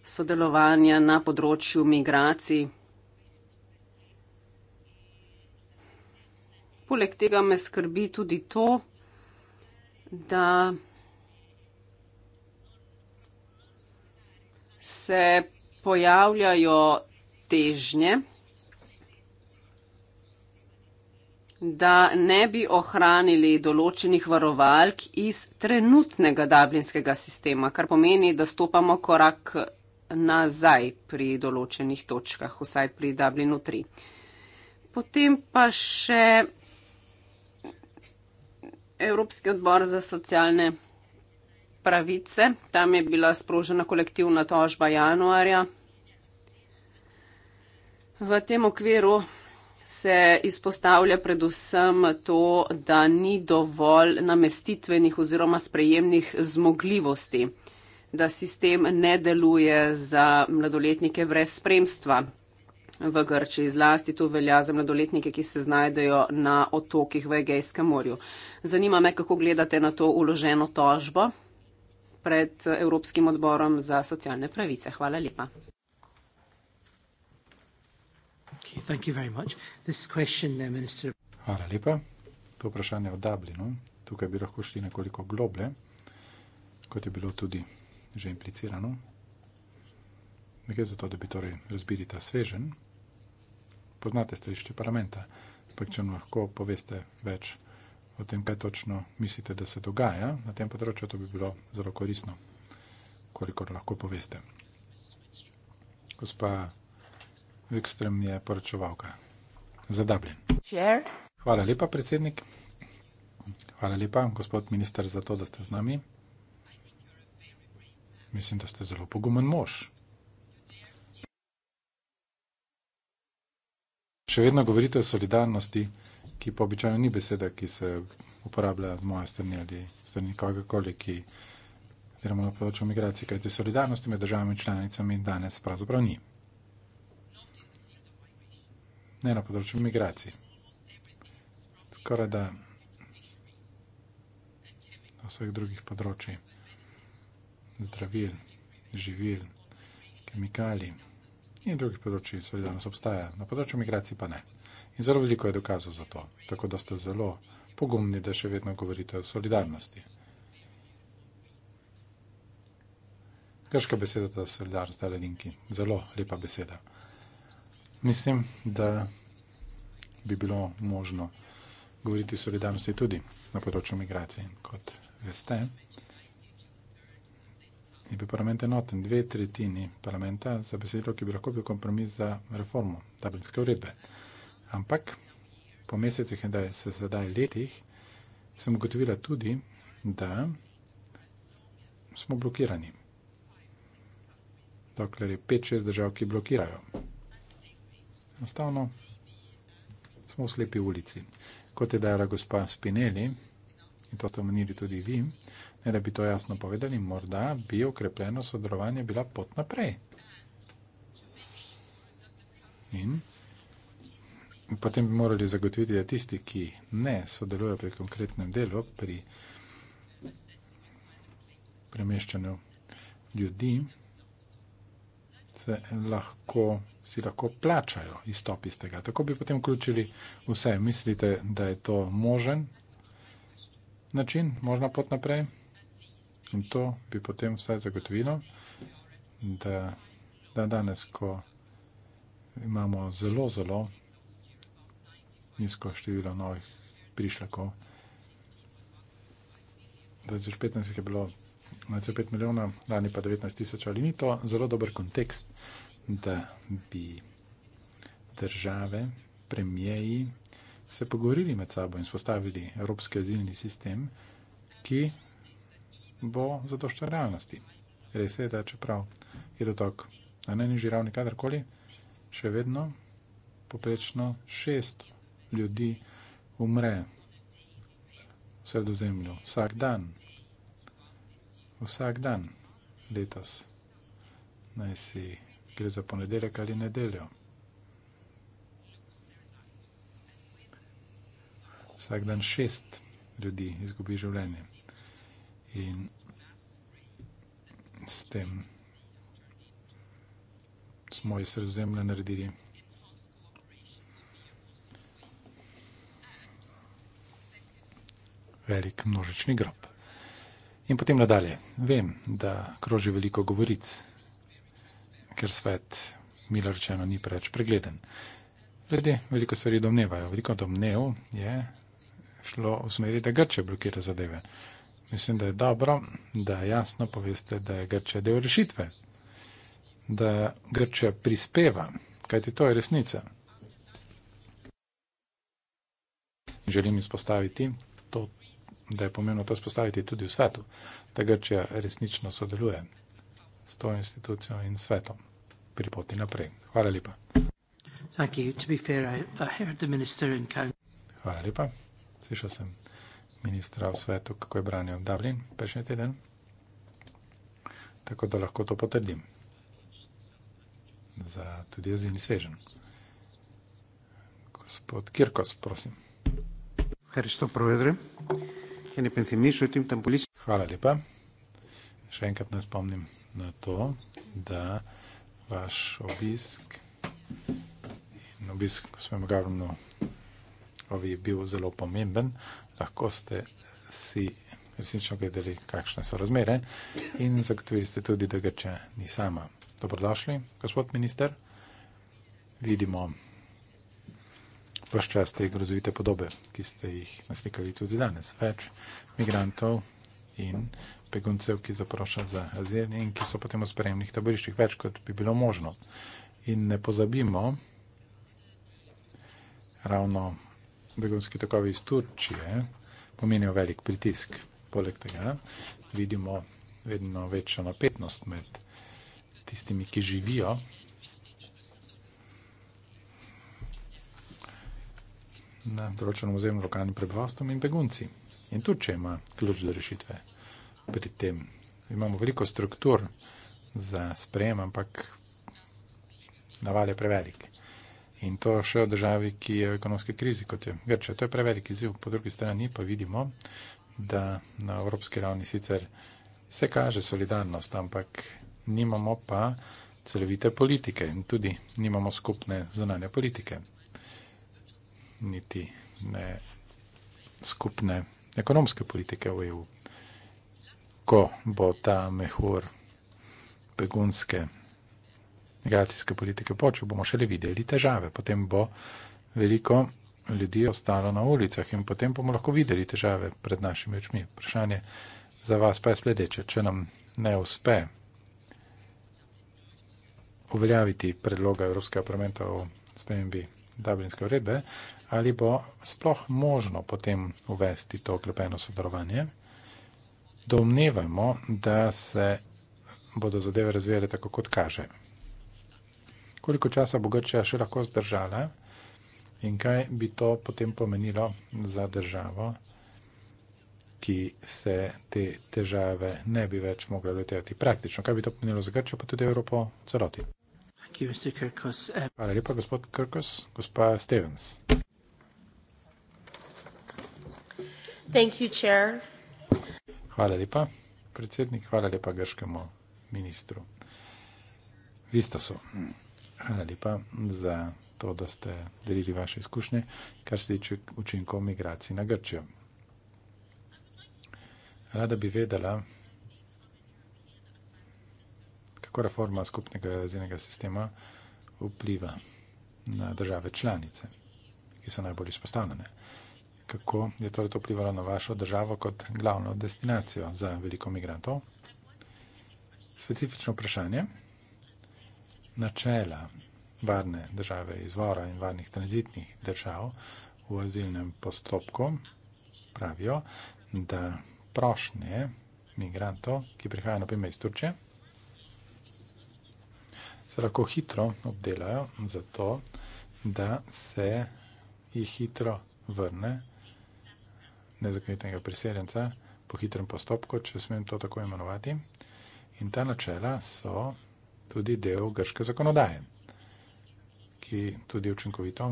sodelovanja na področju migracij. Poleg tega me skrbi tudi to, da se pojavljajo težnje, da ne bi ohranili določenih varovalk iz trenutnega dublinskega sistema, kar pomeni, da stopamo korak nazaj pri določenih točkah, vsaj pri Dublinu 3. Potem pa še Evropski odbor za socialne pravice, tam je bila sprožena kolektivna tožba januarja. V tem okviru se izpostavlja predvsem to, da ni dovolj namestitvenih oziroma sprejemnih zmogljivosti, da sistem ne deluje za mladoletnike brez spremstva v Grčiji. Zlasti to velja za mladoletnike, ki se znajdejo na otokih v Egejskem morju. Zanima me, kako gledate na to uloženo tožbo pred Evropskim odborom za socialne pravice. Hvala lepa. Uh, Hvala lepa. To vprašanje o Dublinu. Tukaj bi lahko šli nekoliko globlje, kot je bilo tudi že implicirano. Nekaj za to, da bi torej razbili ta svežen. Poznate stališče parlamenta, ampak če lahko poveste več o tem, kaj točno mislite, da se dogaja na tem področju, to bi bilo zelo koristno, kolikor lahko poveste. Gospa Vekstrem je poročevalka za Dublin. Chair. Hvala lepa, predsednik. Hvala lepa, gospod minister, za to, da ste z nami. Mislim, da ste zelo pogumen mož. Še vedno govorite o solidarnosti, ki pa običajno ni beseda, ki se uporablja z moje strani ali strani kogarkoli, ki delamo na področju migracije, kajti solidarnosti med državami članicami danes pravzaprav ni ne na področju migracij. Skoraj da na vseh drugih področji zdravil, živil, kemikali in drugih področji seveda nas obstaja, na področju migracij pa ne. In zelo veliko je dokazov za to, tako da ste zelo pogumni, da še vedno govorite o solidarnosti. Grška beseda, ta solidarnost, ta linki. Zelo lepa beseda. Mislim, da bi bilo možno govoriti o solidarnosti tudi na področju migracije. Kot veste, je bil parlament enoten, dve tretjini parlamenta za besedilo, ki bi lahko bil kompromis za reformo tablinske uredbe. Ampak po mesecih in da se sedaj letih sem ugotovila tudi, da smo blokirani. Dokler je 5-6 držav, ki blokirajo enostavno smo v slepi ulici. Kot je dala gospa Spinelli, in to ste omenili tudi vi, ne da bi to jasno povedali, morda bi okrepljeno sodelovanje bila pot naprej. In potem bi morali zagotoviti, da tisti, ki ne sodelujo pri konkretnem delu, pri premeščanju ljudi, se lahko si lahko plačajo izstop iz tega. Tako bi potem vključili vse. Mislite, da je to možen način, možna pot naprej? In to bi potem vse zagotovilo, da, da danes, ko imamo zelo, zelo nizko število novih prišlekov, 2015 je bilo 25 milijona, lani pa 19 tisoč, ali ni to zelo dober kontekst? da bi države, premijeji se pogovorili med sabo in spostavili evropski azilni sistem, ki bo zadoščal realnosti. Res je, da čeprav je dotok na najnižji ravni kadarkoli, še vedno poprečno šest ljudi umre v sredozemlju vsak dan. Vsak dan letos naj si gre za ponedeljek ali nedeljo. Vsak dan šest ljudi izgubi življenje. In s tem smo iz sredozemlja naredili velik množični grob. In potem nadalje. Vem, da kroži veliko govoric, ker svet, milo rečeno, ni preveč pregleden. Ljudje veliko stvari domnevajo. Veliko domnev je šlo v smeri, da Grče blokira zadeve. Mislim, da je dobro, da jasno poveste, da je Grče del rešitve, da Grče prispeva, kajti to je resnica. Želim izpostaviti to, da je pomembno to izpostaviti tudi v svetu, da Grčija resnično sodeluje s to institucijo in svetom pri poti naprej. Hvala lepa. Fair, I, I Hvala lepa. Slišal sem ministra v svetu, kako je branil Dublin prejšnji teden. Tako da lahko to potrdim. Za tudi jaz in svežen. Gospod Kirkos, prosim. Hvala lepa. Še enkrat nas spomnim, na to, da vaš obisk in obisk gospodina Gavrno je bil zelo pomemben, lahko ste si resnično gledali, kakšne so razmere in zagotovili ste tudi, da Grče ni sama. Dobrodošli, gospod minister. Vidimo vaš čas te grozovite podobe, ki ste jih naslikali tudi danes. Več migrantov in migrantov beguncev, ki zaprašajo za azil in ki so potem v spremnih taboriščih, več kot bi bilo možno. In ne pozabimo, ravno begunski tokovi iz Turčije pomenijo velik pritisk. Poleg tega vidimo vedno večjo napetnost med tistimi, ki živijo. Na določenem ozemlju lokalnim prebivalstvom in begunci. In tu če ima ključ do rešitve pri tem. Imamo veliko struktur za sprejem, ampak naval je prevelik. In to še v državi, ki je v ekonomski krizi, kot je Grče. To je prevelik izziv. Po drugi strani pa vidimo, da na evropski ravni sicer se kaže solidarnost, ampak nimamo pa celovite politike in tudi nimamo skupne zunanje politike, niti ne skupne ekonomske politike v EU ko bo ta mehur begunske migracijske politike počel, bomo šele videli težave. Potem bo veliko ljudi ostalo na ulicah in potem bomo lahko videli težave pred našimi očmi. Vprašanje za vas pa je sledeče. Če nam ne uspe uveljaviti predloga Evropskega parlamenta o spremembi Dublinske uredbe, ali bo sploh možno potem uvesti to okrepeno sodelovanje? domnevamo, da se bodo zadeve razvijale tako, kot kaže. Koliko časa bo Grčija še lahko zdržala in kaj bi to potem pomenilo za državo, ki se te težave ne bi več mogla letevati praktično? Kaj bi to pomenilo za Grčijo, pa tudi Evropo celoti? Eh, Hvala lepa, gospod Kirkos. Gospa Stevens. Thank you, Chair. Hvala lepa, predsednik, hvala lepa grškemu ministru Vistasu. Hvala lepa za to, da ste delili vaše izkušnje, kar se tiče učinkov migracij na Grčijo. Rada bi vedela, kako reforma skupnega jezinega sistema vpliva na države članice, ki so najbolj izpostavljene kako je torej to vplivalo na vašo državo kot glavno destinacijo za veliko migrantov. Specifično vprašanje. Načela varne države izvora in varnih tranzitnih držav v azilnem postopku pravijo, da prošnje migrantov, ki prihajajo na primer iz Turčije, se lahko hitro obdelajo zato, da se jih hitro vrne vrne nezakonitega priseljenca po hitrem postopku, če smem to tako imenovati. In ta načela so tudi del grške zakonodaje, ki tudi učinkovito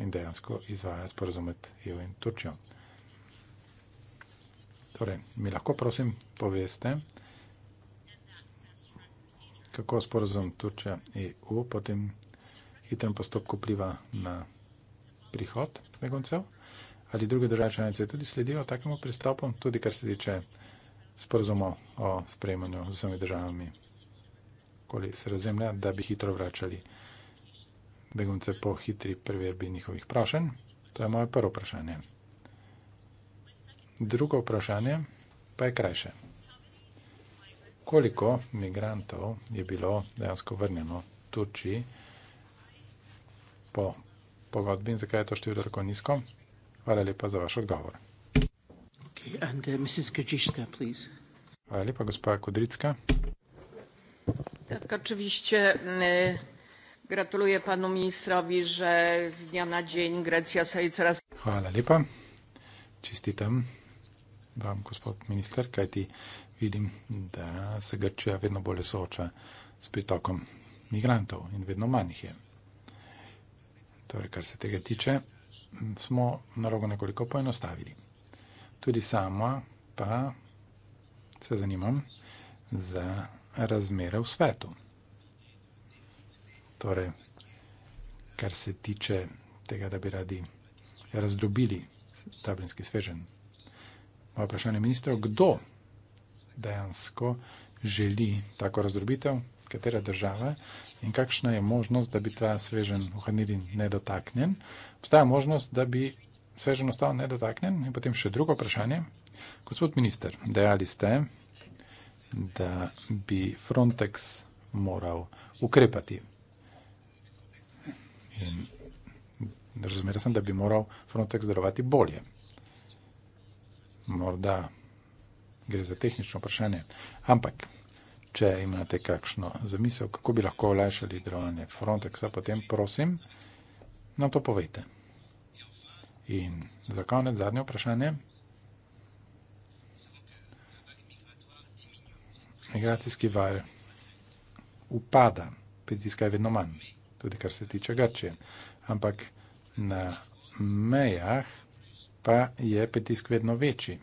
in dejansko izvaja sporozum med EU in Turčijo. Torej, mi lahko prosim poveste, kako sporozum Turčja EU potem hitrem postopku pliva na prihod beguncev ali druge države članice tudi sledijo takemu pristopu, tudi kar se tiče sporozuma o sprejemanju z vsemi državami, koli se razumlja, da bi hitro vračali begunce po hitri preverbi njihovih prošenj. To je moje prvo vprašanje. Drugo vprašanje pa je krajše. Koliko migrantov je bilo dejansko vrnjeno Turčiji po pogodbi in zakaj je to število tako nizko? Hvala lepa za vaš odgovor. Okay, and, uh, Hvala lepa, gospa Kodricka. Tak, oczywiście mm, e, gratuluję panu ministrowi, że z dnia na dzień Grecja staje coraz. Hvala lepa. Čisti tam vam, gospod minister, kajti vidim, da se Grčija vedno bolj sooča s pritokom migrantov in vedno manj jih je. Torej, kar se tega tiče, smo nalogo nekoliko poenostavili. Tudi sama pa se zanimam za razmere v svetu. Torej, kar se tiče tega, da bi radi razdrobili tablinski svežen. Moje vprašanje ministra, kdo dejansko želi tako razdrobitev, katera država in kakšna je možnost, da bi ta svežen ohranili nedotaknjen, obstaja možnost, da bi svežen ostal nedotaknjen? In potem še drugo vprašanje. Gospod minister, dejali ste, da bi Frontex moral ukrepati. In razumela sem, da bi moral Frontex delovati bolje. Morda gre za tehnično vprašanje. Ampak, če imate kakšno zamisel, kako bi lahko olajšali delovanje Frontexa, potem prosim. No, to povejte. In za konec zadnje vprašanje. Migracijski val upada, pritiska je vedno manj, tudi kar se tiče Grčije. Ampak na mejah pa je pritisk vedno večji.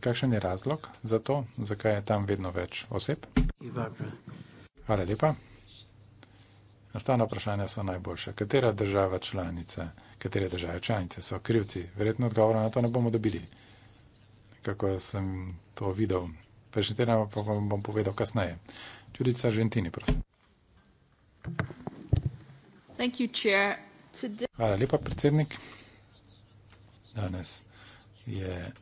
Kakšen je razlog za to, zakaj je tam vedno več oseb? Hvala lepa. Ostalo vprašanje so najboljše. Katera država članica, katere države članice so krivci? Verjetno odgovora na to ne bomo dobili. Kako sem to videl, prejšnji teden pa vam bom povedal kasneje. Čudica Argentini, prosim. You, Today... Hvala lepa, predsednik. Danes je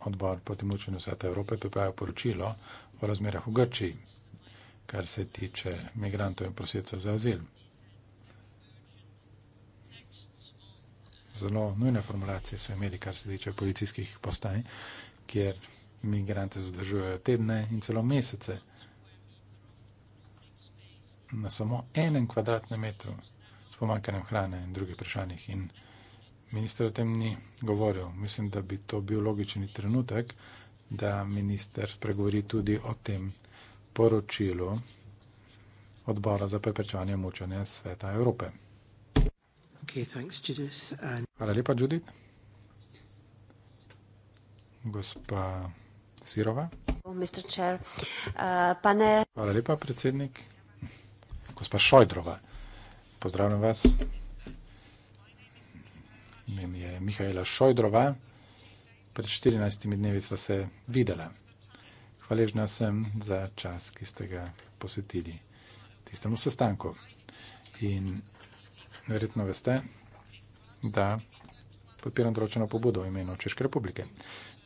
odbor proti mučenju Sveta Evrope pripravil poročilo o razmerah v Grčiji kar se tiče migrantov in prosilcev za azil. Zelo nujne formulacije so imeli, kar se tiče policijskih postaj, kjer migrante zadržujejo tedne in celo mesece na samo enem kvadratnem metru s pomankanjem hrane in drugih vprašanjih. In minister o tem ni govoril. Mislim, da bi to bil logični trenutek, da minister pregovori tudi o tem, poročilu odbora za preprečevanje mučenja sveta Evrope. Okay, thanks, And... Hvala lepa, Judith. Gospa Sirova. Oh, uh, ne... Hvala lepa, predsednik. Gospa Šojdrova, pozdravljam vas. Mim je Mihajla Šojdrova. Pred 14 dnevi sva se videla. Hvaležna sem za čas, ki ste ga posvetili tistemu sestanku. In verjetno veste, da podpiram določeno pobudo v imenu Češke republike.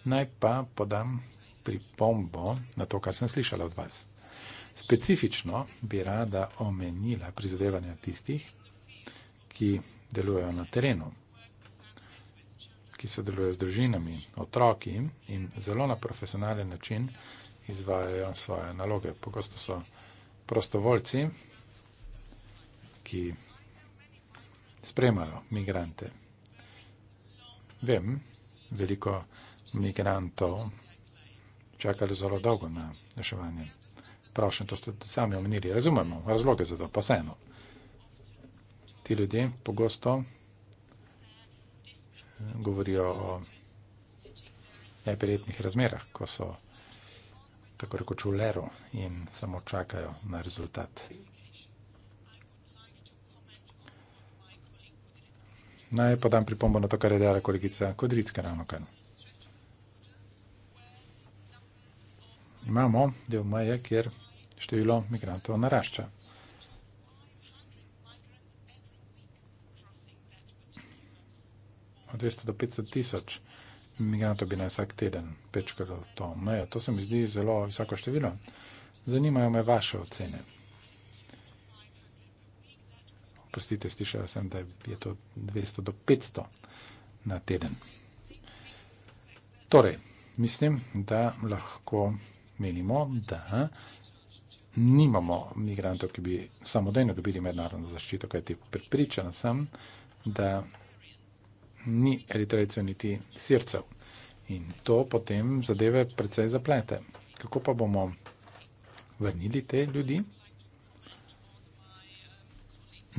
Naj pa podam pripombo na to, kar sem slišala od vas. Specifično bi rada omenila prizadevanja tistih, ki delujejo na terenu, ki sodelujejo z družinami, otroki in zelo na profesionalen način izvajajo svoje naloge. Pogosto so prostovoljci, ki spremajo migrante. Vem, veliko migrantov čakali zelo dolgo na reševanje. Pravšen, to ste sami omenili. Razumemo razloge za to, pa vseeno. Ti ljudje pogosto eh, govorijo o neprijetnih razmerah, ko so tako rekoč v leru in samo čakajo na rezultat. Naj podam pripombo na to, kar je dejala kolegica Kodricka ravno kar. Imamo del Maje, kjer število migrantov narašča. Od 200 do 500 tisoč imigrantov bi naj vsak teden prečkal to mejo. To se mi zdi zelo visoko število. Zanimajo me vaše ocene. Oprostite, slišala sem, da je to 200 do 500 na teden. Torej, mislim, da lahko menimo, da nimamo migrantov, ki bi samodejno dobili mednarodno zaščito, kajti pripričana sem, da ni eritrejcev niti sircev. In to potem zadeve precej zaplete. Kako pa bomo vrnili te ljudi?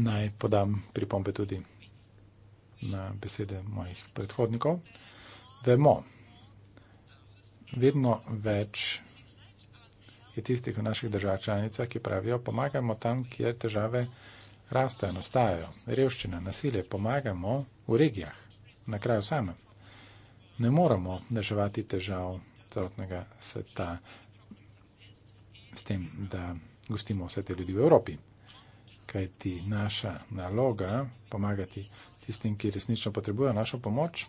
Naj podam pripombe tudi na besede mojih predhodnikov. Vemo, vedno več je tistih v naših državah članicah, ki pravijo, pomagajmo tam, kjer težave rastejo, nastajajo. Revščina, nasilje, pomagajmo v regijah na kraju samem. Ne moramo reševati težav celotnega sveta s tem, da gostimo vse te ljudi v Evropi. Kaj ti naša naloga pomagati tistim, ki resnično potrebujejo našo pomoč,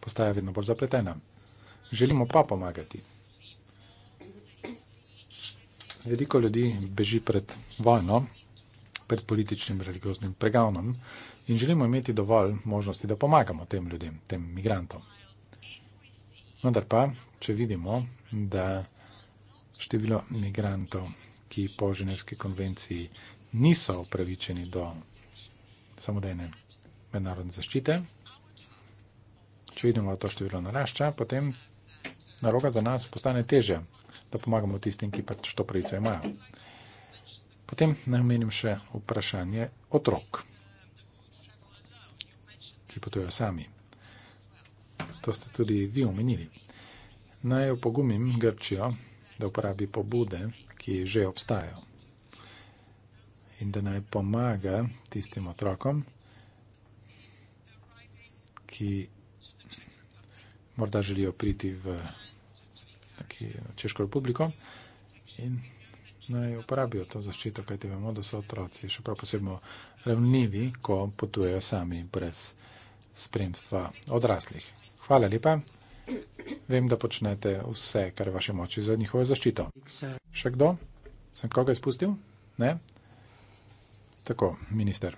postaja vedno bolj zapletena. Želimo pa pomagati. Veliko ljudi beži pred vojno, pred političnim religioznim pregavnom, in želimo imeti dovolj možnosti, da pomagamo tem ljudem, tem migrantom. Vendar pa, če vidimo, da število migrantov, ki po ženevski konvenciji niso upravičeni do samodejne mednarodne zaščite, če vidimo, da to število narašča, potem naroga za nas postane težja, da pomagamo tistim, ki pač to pravico imajo. Potem naj omenim še vprašanje otrok ki potujejo sami. To ste tudi vi omenili. Naj opogumim Grčijo, da uporabi pobude, ki že obstajajo in da naj pomaga tistim otrokom, ki morda želijo priti v Češko republiko in naj uporabijo to zaščito, kajte vemo, da so otroci še prav posebno ravnljivi, ko potujejo sami brez vsega spremstva odraslih. Hvala lepa. Vem, da počnete vse, kar je vaše moči za njihovo zaščito. Še kdo? Sem koga izpustil? Ne? Tako, minister.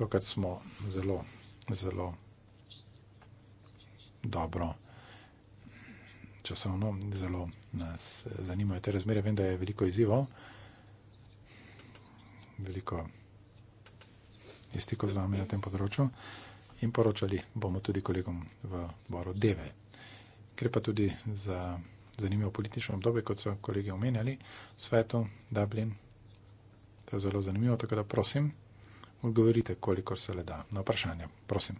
To, kar smo zelo, zelo dobro časovno, zelo nas zanimajo te razmere. Vem, da je veliko izzivo, veliko izzivo je stiko z vami na tem področju in poročali bomo tudi kolegom v Boru Deve. Gre pa tudi za zanimivo politično obdobje, kot so kolegi omenjali, svetu, Dublin. To je zelo zanimivo, tako da prosim, odgovorite, kolikor se le da na vprašanje. Prosim.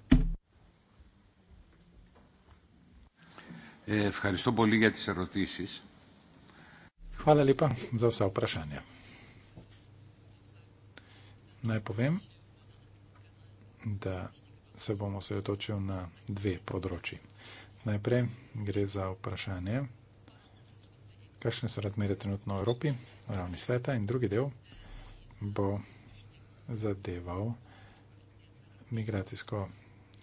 Eh, Hvala lepa za vsa vprašanja. Naj povem, da se bom osredotočil na dve področji. Najprej gre za vprašanje, kakšne so razmere trenutno v Evropi, v ravni sveta in drugi del bo zadeval migracijsko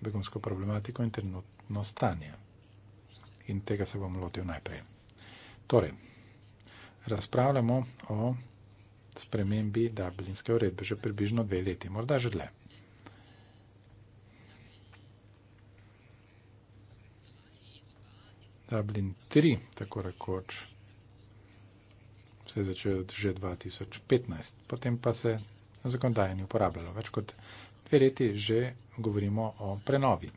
begunsko problematiko in trenutno stanje. In tega se bom lotil najprej. Torej, razpravljamo o spremembi Dublinske uredbe že približno dve leti, morda že dlje. Dublin 3, tako rekoč, se je začel že 2015, potem pa se na zakonodaji ni uporabljalo. Več kot dve leti že govorimo o prenovi.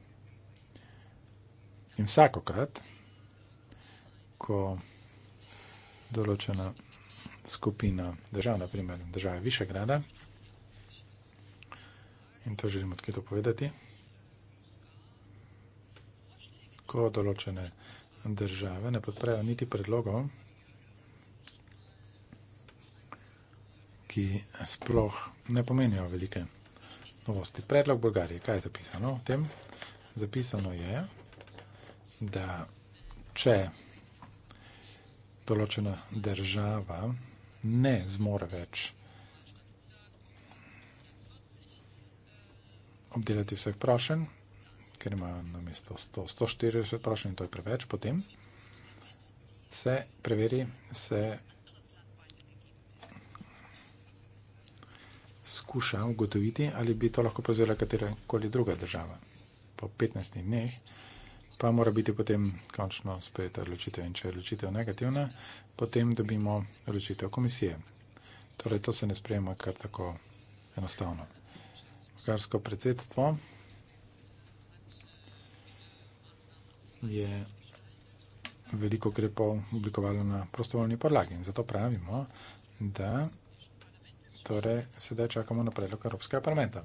In vsakokrat, ko določena skupina držav, naprimer države Višegrada, in to želim odkrito povedati, ko določene skupine, države, ne podprejo niti predlogov, ki sploh ne pomenijo velike novosti. Predlog Bolgarije, kaj je zapisano v tem? Zapisano je, da če določena država ne zmore več obdelati vseh prošenj, ker ima na mesto 100, 140 vprašanj, to je preveč, potem se preveri, se skuša ugotoviti, ali bi to lahko prevzela katerakoli druga država. Po 15 dneh pa mora biti potem končno sprejeta odločitev in če je odločitev negativna, potem dobimo odločitev komisije. Torej, to se ne sprejema kar tako enostavno. Bolgarsko predsedstvo. je veliko ukrepov oblikovalo na prostovoljni podlagi. In zato pravimo, da torej sedaj čakamo na predlog Evropskega parlamenta.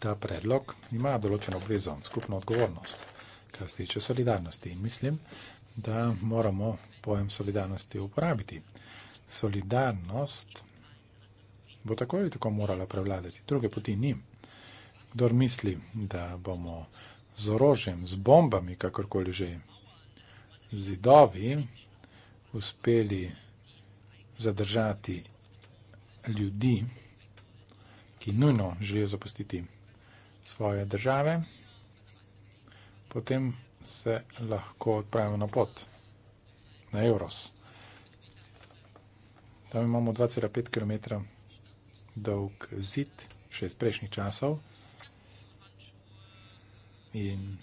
Ta predlog ima določeno obvezo, skupno odgovornost, kar se tiče solidarnosti. In mislim, da moramo pojem solidarnosti uporabiti. Solidarnost bo tako ali tako morala prevladati. Druge poti ni. Kdor misli, da bomo z orožjem, z bombami, kakorkoli že. Zidovi uspeli zadržati ljudi, ki nujno želijo zapustiti svoje države, potem se lahko odpravimo na pot, na Euros. Tam imamo 2,5 km dolg zid, še iz prejšnjih časov in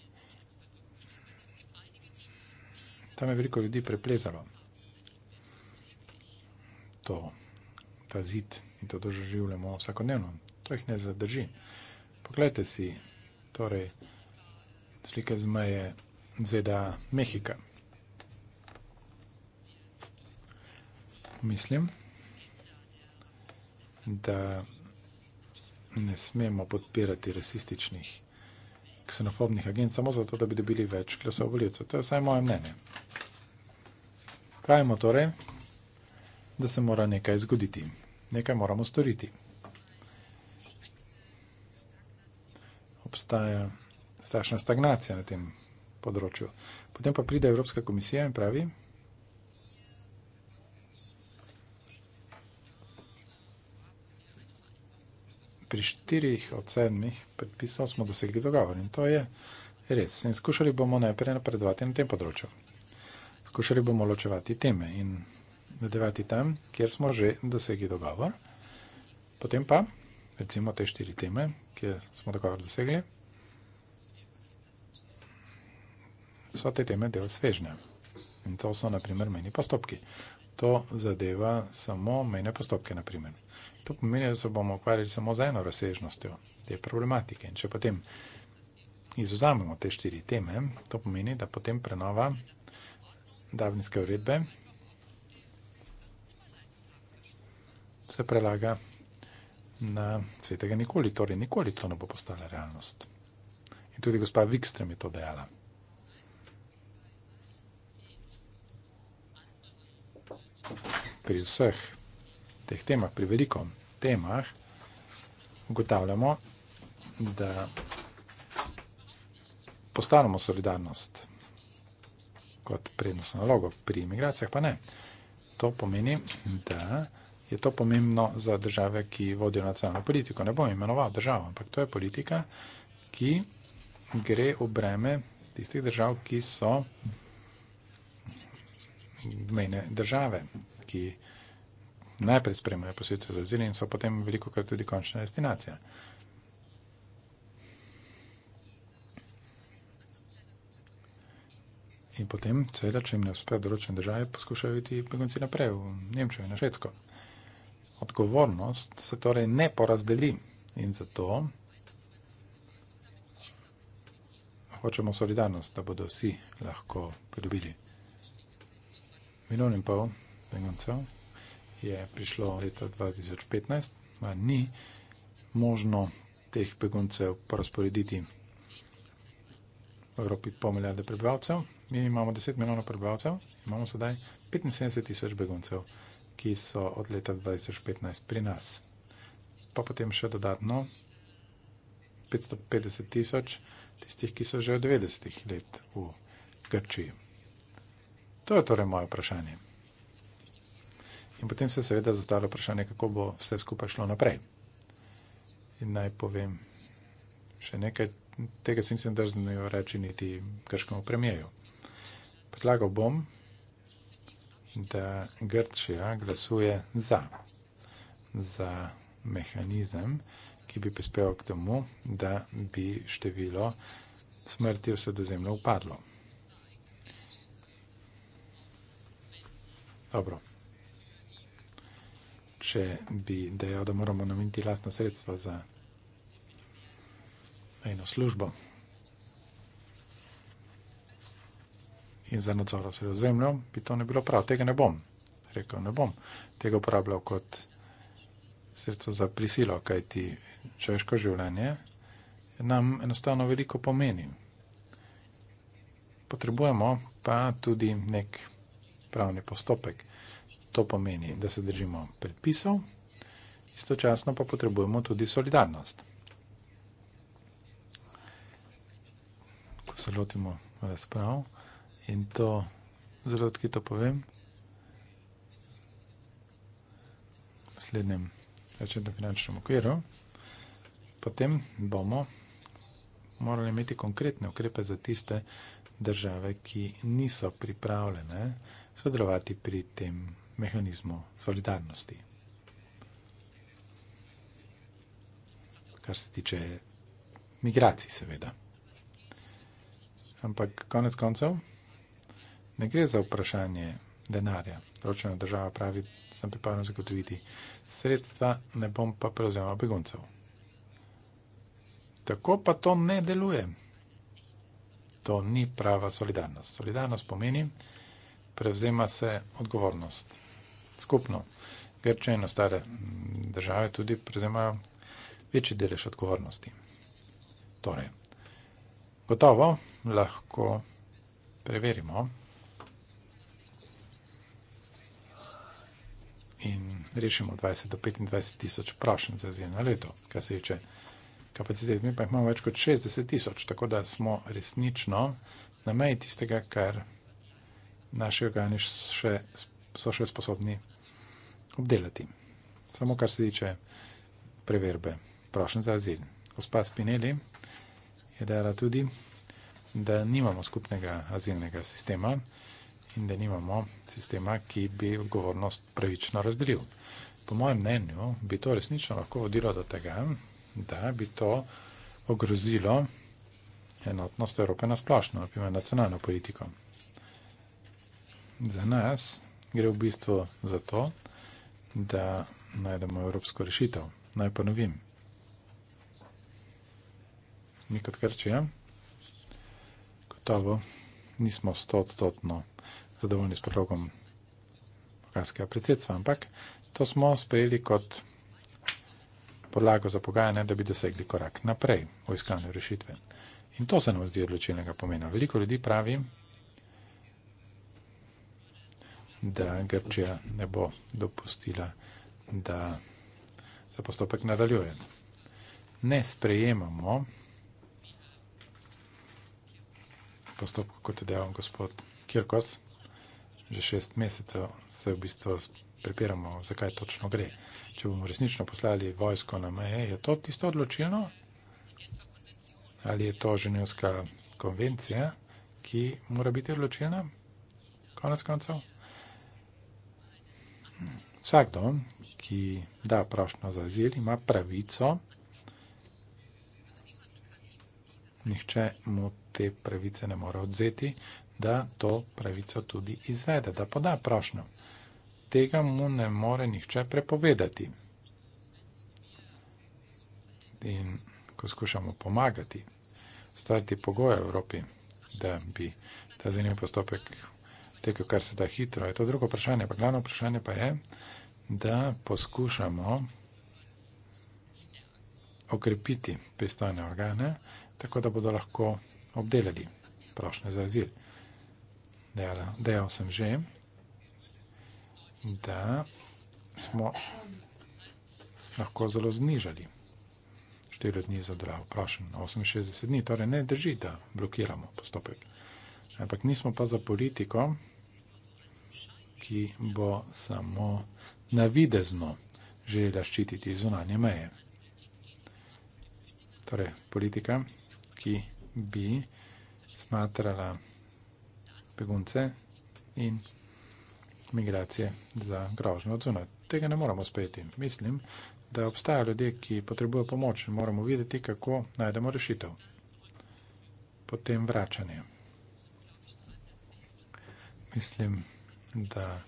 tam je veliko ljudi preplezalo to, ta zid in to doživljamo vsakodnevno. To jih ne zadrži. Poglejte si, torej, slike zmeje ZDA Mehika. Mislim, da ne smemo podpirati rasističnih ksenofobnih agent samo zato, da bi dobili več glasov voljivcev. To je vsaj moje mnenje. Kajmo torej, da se mora nekaj zgoditi. Nekaj moramo storiti. Obstaja strašna stagnacija na tem področju. Potem pa pride Evropska komisija in pravi, pri štirih od sedmih predpisov smo dosegli dogovor in to je res. In skušali bomo najprej napredovati na tem področju. Skušali bomo ločevati teme in nadevati tam, kjer smo že dosegli dogovor. Potem pa, recimo te štiri teme, kjer smo dogovor dosegli, so te teme del svežnja. In to so, naprimer, meni postopki. To zadeva samo mejne postopke, naprimer. To pomeni, da se bomo ukvarjali samo z eno razsežnostjo te problematike. In če potem izuzamemo te štiri teme, to pomeni, da potem prenova davnjske uredbe se prelaga na svetega nikoli. Torej, nikoli to ne bo postala realnost. In tudi gospa Wikström je to dejala. Pri vseh teh temah, pri veliko temah, ugotavljamo, da postanemo solidarnost kot prednostno nalogo, pri imigracijah pa ne. To pomeni, da je to pomembno za države, ki vodijo nacionalno politiko. Ne bom imenoval državo, ampak to je politika, ki gre v breme tistih držav, ki so mejne države, ki so najprej spremljajo posilce za zile in so potem veliko krat tudi končna destinacija. In potem, seveda, če jim ne uspe v določen državi, poskušajo iti begunci naprej v Nemčijo in na Švedsko. Odgovornost se torej ne porazdeli in zato hočemo solidarnost, da bodo vsi lahko pridobili milijon in pol beguncev je prišlo leta 2015, pa ni možno teh beguncev porazporediti v Evropi pol milijarde prebivalcev. Mi imamo 10 milijonov prebivalcev, imamo sedaj 75 tisoč beguncev, ki so od leta 2015 pri nas. Pa potem še dodatno 550 tisoč tistih, ki so že od 90 let v Grčiji. To je torej moje vprašanje. In potem se seveda zastavlja vprašanje, kako bo vse skupaj šlo naprej. In naj povem še nekaj, tega se nisem drznil reči niti grškemu premijeju. Predlagal bom, da Grčija glasuje za, za mehanizem, ki bi prispeval k temu, da bi število smrti v sredozemlju upadlo. Dobro če bi dejal, da moramo nameniti lastna sredstva za eno službo in za nadzor sredozemljo, bi to ne bilo prav. Tega ne bom rekel, ne bom tega uporabljal kot sredstvo za prisilo, kajti človeško življenje nam enostavno veliko pomeni. Potrebujemo pa tudi nek pravni postopek. To pomeni, da se držimo predpisov, istočasno pa potrebujemo tudi solidarnost. Ko se lotimo razprav in to zelo odkrito povem, v naslednjem začetnem finančnem okviru, potem bomo morali imeti konkretne ukrepe za tiste države, ki niso pripravljene sodelovati pri tem mehanizmu solidarnosti. Kar se tiče migracij, seveda. Ampak konec koncev ne gre za vprašanje denarja. Ročena država pravi, sem pripravljen zagotoviti sredstva, ne bom pa prevzel beguncev. Tako pa to ne deluje. To ni prava solidarnost. Solidarnost pomeni, prevzema se odgovornost skupno. Grče in ostale mm, države tudi prezemajo večji delež odgovornosti. Torej, gotovo lahko preverimo in rešimo 20 do 25 tisoč prošenj za zim na leto, kar se tiče kapacitet. Mi pa jih imamo več kot 60 tisoč, tako da smo resnično na meji tistega, kar naši organi še sprejemajo so še sposobni obdelati. Samo kar se tiče preverbe prošen za azil. Gospa Spinelli je dejala tudi, da nimamo skupnega azilnega sistema in da nimamo sistema, ki bi odgovornost pravično razdelil. Po mojem mnenju bi to resnično lahko vodilo do tega, da bi to ogrozilo enotnost Evrope na splošno, naprimer nacionalno politiko. Za nas gre v bistvu za to, da najdemo evropsko rešitev. Naj ponovim. Mi kot Grčija, gotovo nismo stotstotno zadovoljni s predlogom bolgarskega predsedstva, ampak to smo sprejeli kot podlago za pogajanje, da bi dosegli korak naprej v iskanju rešitve. In to se nam zdi odločilnega pomena. Veliko ljudi pravi, da Grčija ne bo dopustila, da se postopek nadaljuje. Ne sprejemamo postopka, kot je dejal gospod Kirkos. Že šest mesecev se v bistvu prepiramo, zakaj točno gre. Če bomo resnično poslali vojsko na meje, je to tisto odločilno? Ali je to ženevska konvencija, ki mora biti odločilna? Konec koncev. Vsakdo, ki da prošnjo za azil, ima pravico, nihče mu te pravice ne more odzeti, da to pravico tudi izvede, da poda prošnjo. Tega mu ne more nihče prepovedati. In ko skušamo pomagati, stvariti pogoje v Evropi, da bi ta zanimiv postopek tekel kar se da hitro. Je to drugo vprašanje, pa glavno vprašanje pa je, da poskušamo okrepiti pristojne organe, tako da bodo lahko obdelali prošnje za azil. Dejala, dejal sem že, da smo lahko zelo znižali število dni za odrav, prošen na 68 dni, torej ne drži, da blokiramo postopek. Ampak nismo pa za politiko, ki bo samo navidezno želela ščititi zunanje meje. Torej, politika, ki bi smatrala begunce in migracije za grožno odzunaj. Tega ne moramo sprejeti. Mislim, da obstajajo ljudje, ki potrebujejo pomoč in moramo videti, kako najdemo rešitev. Potem vračanje. Mislim, da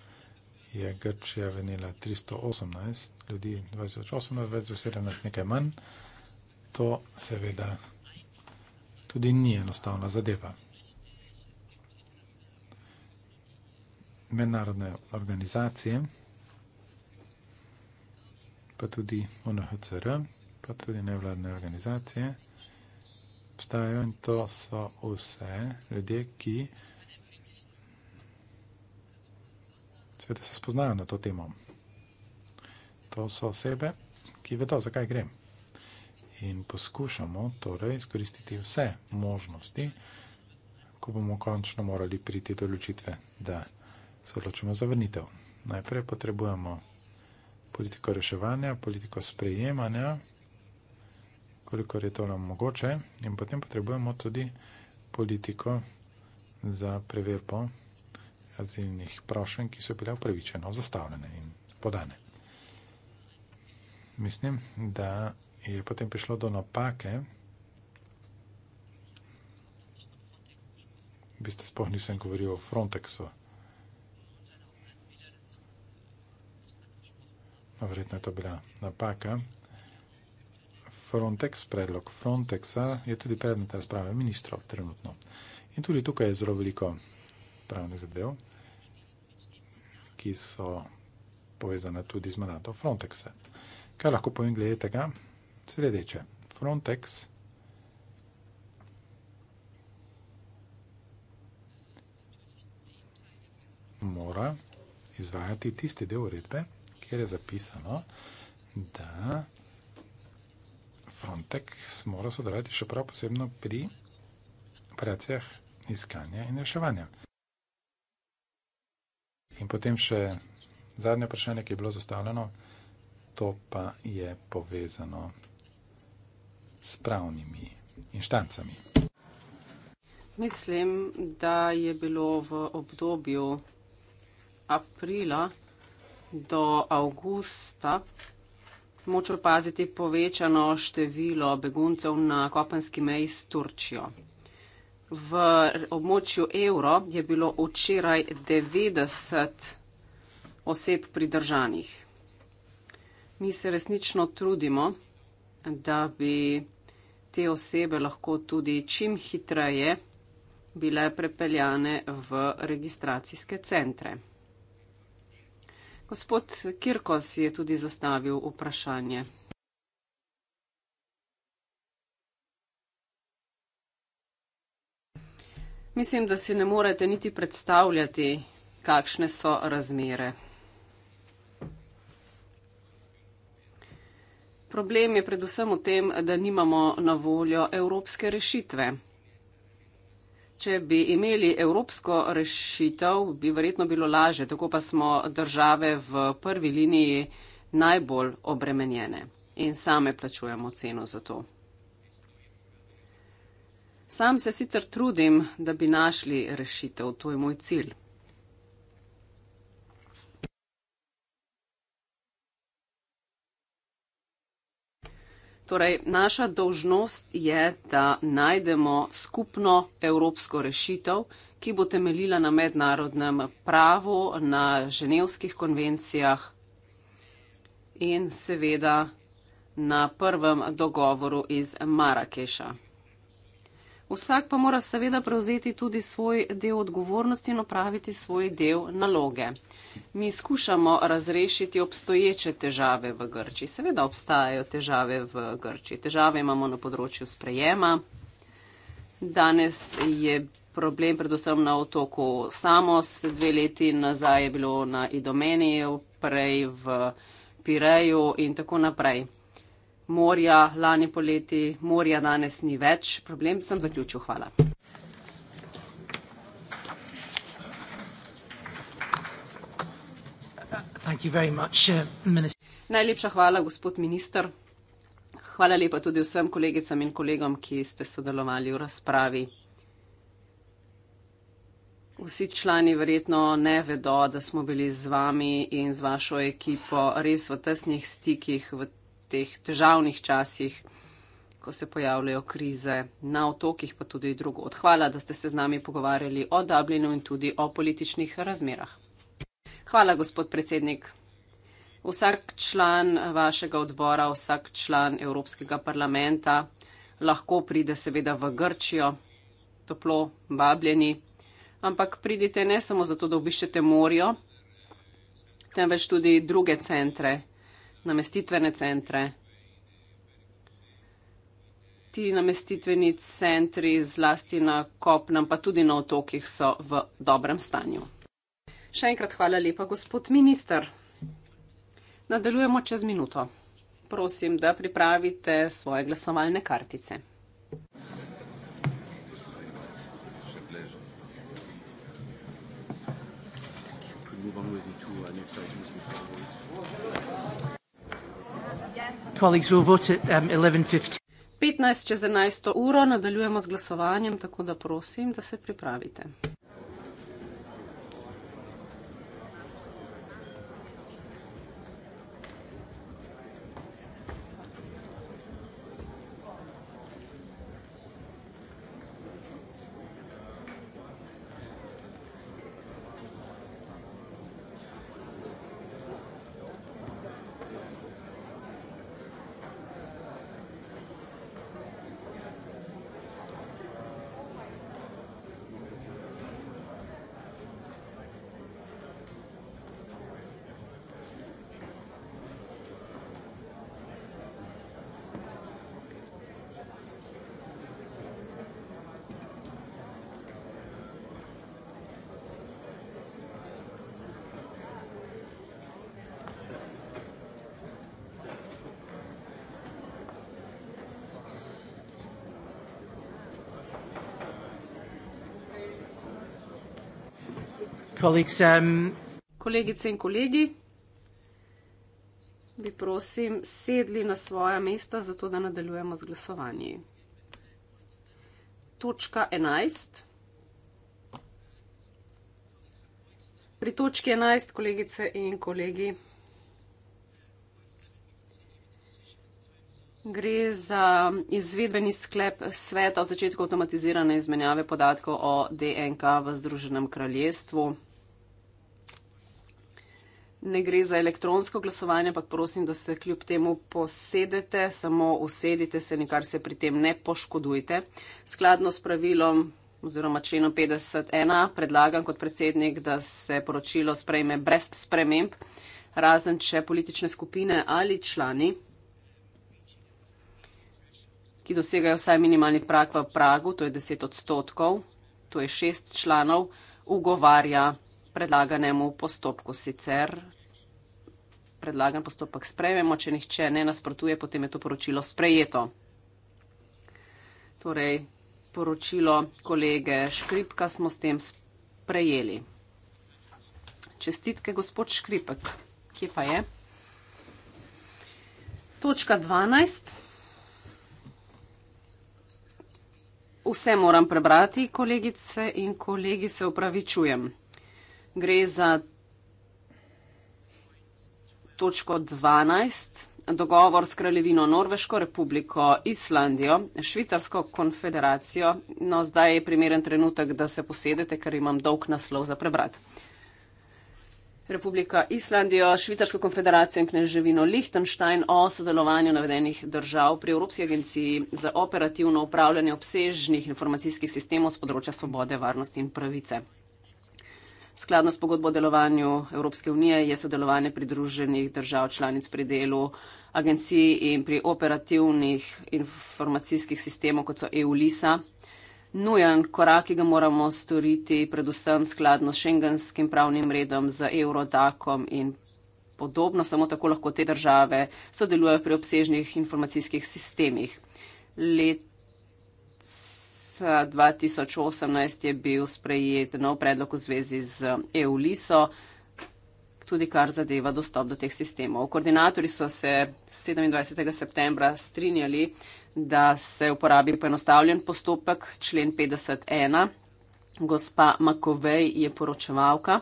je Grčija venila 318 ljudi, 2018, 2017 nekaj manj, to seveda tudi ni enostavna zadeva. Mednarodne organizacije, pa tudi UNHCR, pa tudi nevladne organizacije, obstajajo in to so vse ljudje, ki seveda se spoznajo na to temo. To so osebe, ki vedo, zakaj gre. In poskušamo torej izkoristiti vse možnosti, ko bomo končno morali priti do ločitve, da se odločimo za vrnitev. Najprej potrebujemo politiko reševanja, politiko sprejemanja, kolikor je to nam mogoče, in potem potrebujemo tudi politiko za preverbo azilnih prošenj, ki so bile upravičeno zastavljene in podane. Mislim, da je potem prišlo do napake. V bistvu sploh nisem govoril o Frontexu. No, verjetno je to bila napaka. Frontex, predlog Frontexa, je tudi predmet razprave ministrov trenutno. In tudi tukaj je zelo veliko pravnih zadev, ki so povezane tudi z mandatom Frontexa. Kaj lahko povem glede tega? Sledeče. Frontex mora izvajati tisti del uredbe, kjer je zapisano, da Frontex mora sodelovati še prav posebno pri operacijah iskanja in reševanja. In potem še zadnje vprašanje, ki je bilo zastavljeno, to pa je povezano s pravnimi inštancami. Mislim, da je bilo v obdobju aprila do avgusta moč opaziti povečano število beguncev na kopenski meji s Turčijo. V območju evro je bilo včeraj 90 oseb pridržanih. Mi se resnično trudimo, da bi te osebe lahko tudi čim hitreje bile prepeljane v registracijske centre. Gospod Kirkos je tudi zastavil vprašanje. Mislim, da si ne morete niti predstavljati, kakšne so razmere. Problem je predvsem v tem, da nimamo na voljo evropske rešitve. Če bi imeli evropsko rešitev, bi verjetno bilo laže, tako pa smo države v prvi liniji najbolj obremenjene in same plačujemo ceno za to. Sam se sicer trudim, da bi našli rešitev, to je moj cilj. Torej, naša dožnost je, da najdemo skupno evropsko rešitev, ki bo temeljila na mednarodnem pravu, na ženevskih konvencijah in seveda na prvem dogovoru iz Marakeša. Vsak pa mora seveda prevzeti tudi svoj del odgovornosti in opraviti svoj del naloge. Mi skušamo razrešiti obstoječe težave v Grčiji. Seveda obstajajo težave v Grčiji. Težave imamo na področju sprejema. Danes je problem predvsem na otoku Samos. Dve leti nazaj je bilo na Idomeniju, prej v Pireju in tako naprej morja, lani poleti, morja danes ni več. Problem sem zaključil. Hvala. Uh, Najlepša hvala, gospod minister. Hvala lepa tudi vsem kolegicam in kolegom, ki ste sodelovali v razpravi. Vsi člani verjetno ne vedo, da smo bili z vami in z vašo ekipo res v tesnih stikih v teh težavnih časih, ko se pojavljajo krize na otokih, pa tudi drugod. Hvala, da ste se z nami pogovarjali o Dublinu in tudi o političnih razmerah. Hvala, gospod predsednik. Vsak član vašega odbora, vsak član Evropskega parlamenta lahko pride seveda v Grčijo, toplo vabljeni, ampak pridite ne samo zato, da obiščete morjo, temveč tudi druge centre namestitvene centre. Ti namestitveni centri, zlasti na kopnem, pa tudi na otokih, so v dobrem stanju. Še enkrat hvala lepa, gospod minister. Nadaljujemo čez minuto. Prosim, da pripravite svoje glasovalne kartice. Vamos ver se tu anexa isso. 15 um, čez 11 uro nadaljujemo z glasovanjem, tako da prosim, da se pripravite. Um, kolegice in kolegi, bi prosim sedli na svoja mesta, zato da nadaljujemo z glasovanji. Točka 11. Pri točki 11, kolegice in kolegi, gre za izvedbeni sklep sveta o začetku avtomatizirane izmenjave podatkov o DNK v Združenem kraljestvu ne gre za elektronsko glasovanje, ampak prosim, da se kljub temu posedete, samo usedite se, nikar se pri tem ne poškodujte. Skladno s pravilom oziroma členom 51a predlagam kot predsednik, da se poročilo sprejme brez sprememb, razen če politične skupine ali člani ki dosegajo vsaj minimalni prak v Pragu, to je 10 odstotkov, to je 6 članov, ugovarja predlaganemu postopku. Sicer predlagan postopek sprejmemo, če nihče ne nasprotuje, potem je to poročilo sprejeto. Torej, poročilo kolege Škripka smo s tem sprejeli. Čestitke, gospod Škripek, kje pa je? Točka 12. Vse moram prebrati, kolegice in kolegi, se upravičujem gre za točko 12, dogovor s kraljevino Norveško republiko, Islandijo, Švicarsko konfederacijo. No, zdaj je primeren trenutek, da se posedete, ker imam dolg naslov za prebrat. Republika Islandijo, Švicarsko konfederacijo in kneževino Lihtenštajn o sodelovanju navedenih držav pri Evropski agenciji za operativno upravljanje obsežnih informacijskih sistemov z področja svobode, varnosti in pravice. Skladno s pogodbo o delovanju Evropske unije je sodelovanje pridruženih držav članic pri delu agencij in pri operativnih informacijskih sistemov, kot so EULISA. Nujen korak, ki ga moramo storiti, predvsem skladno s šengenskim pravnim redom, z Eurodakom in podobno, samo tako lahko te države sodelujejo pri obsežnih informacijskih sistemih. Let 2018 je bil sprejet nov predlog v zvezi z EULISO, tudi kar zadeva dostop do teh sistemov. Koordinatori so se 27. septembra strinjali, da se uporabi poenostavljen postopek, člen 51. Gospa Makovej je poročevalka.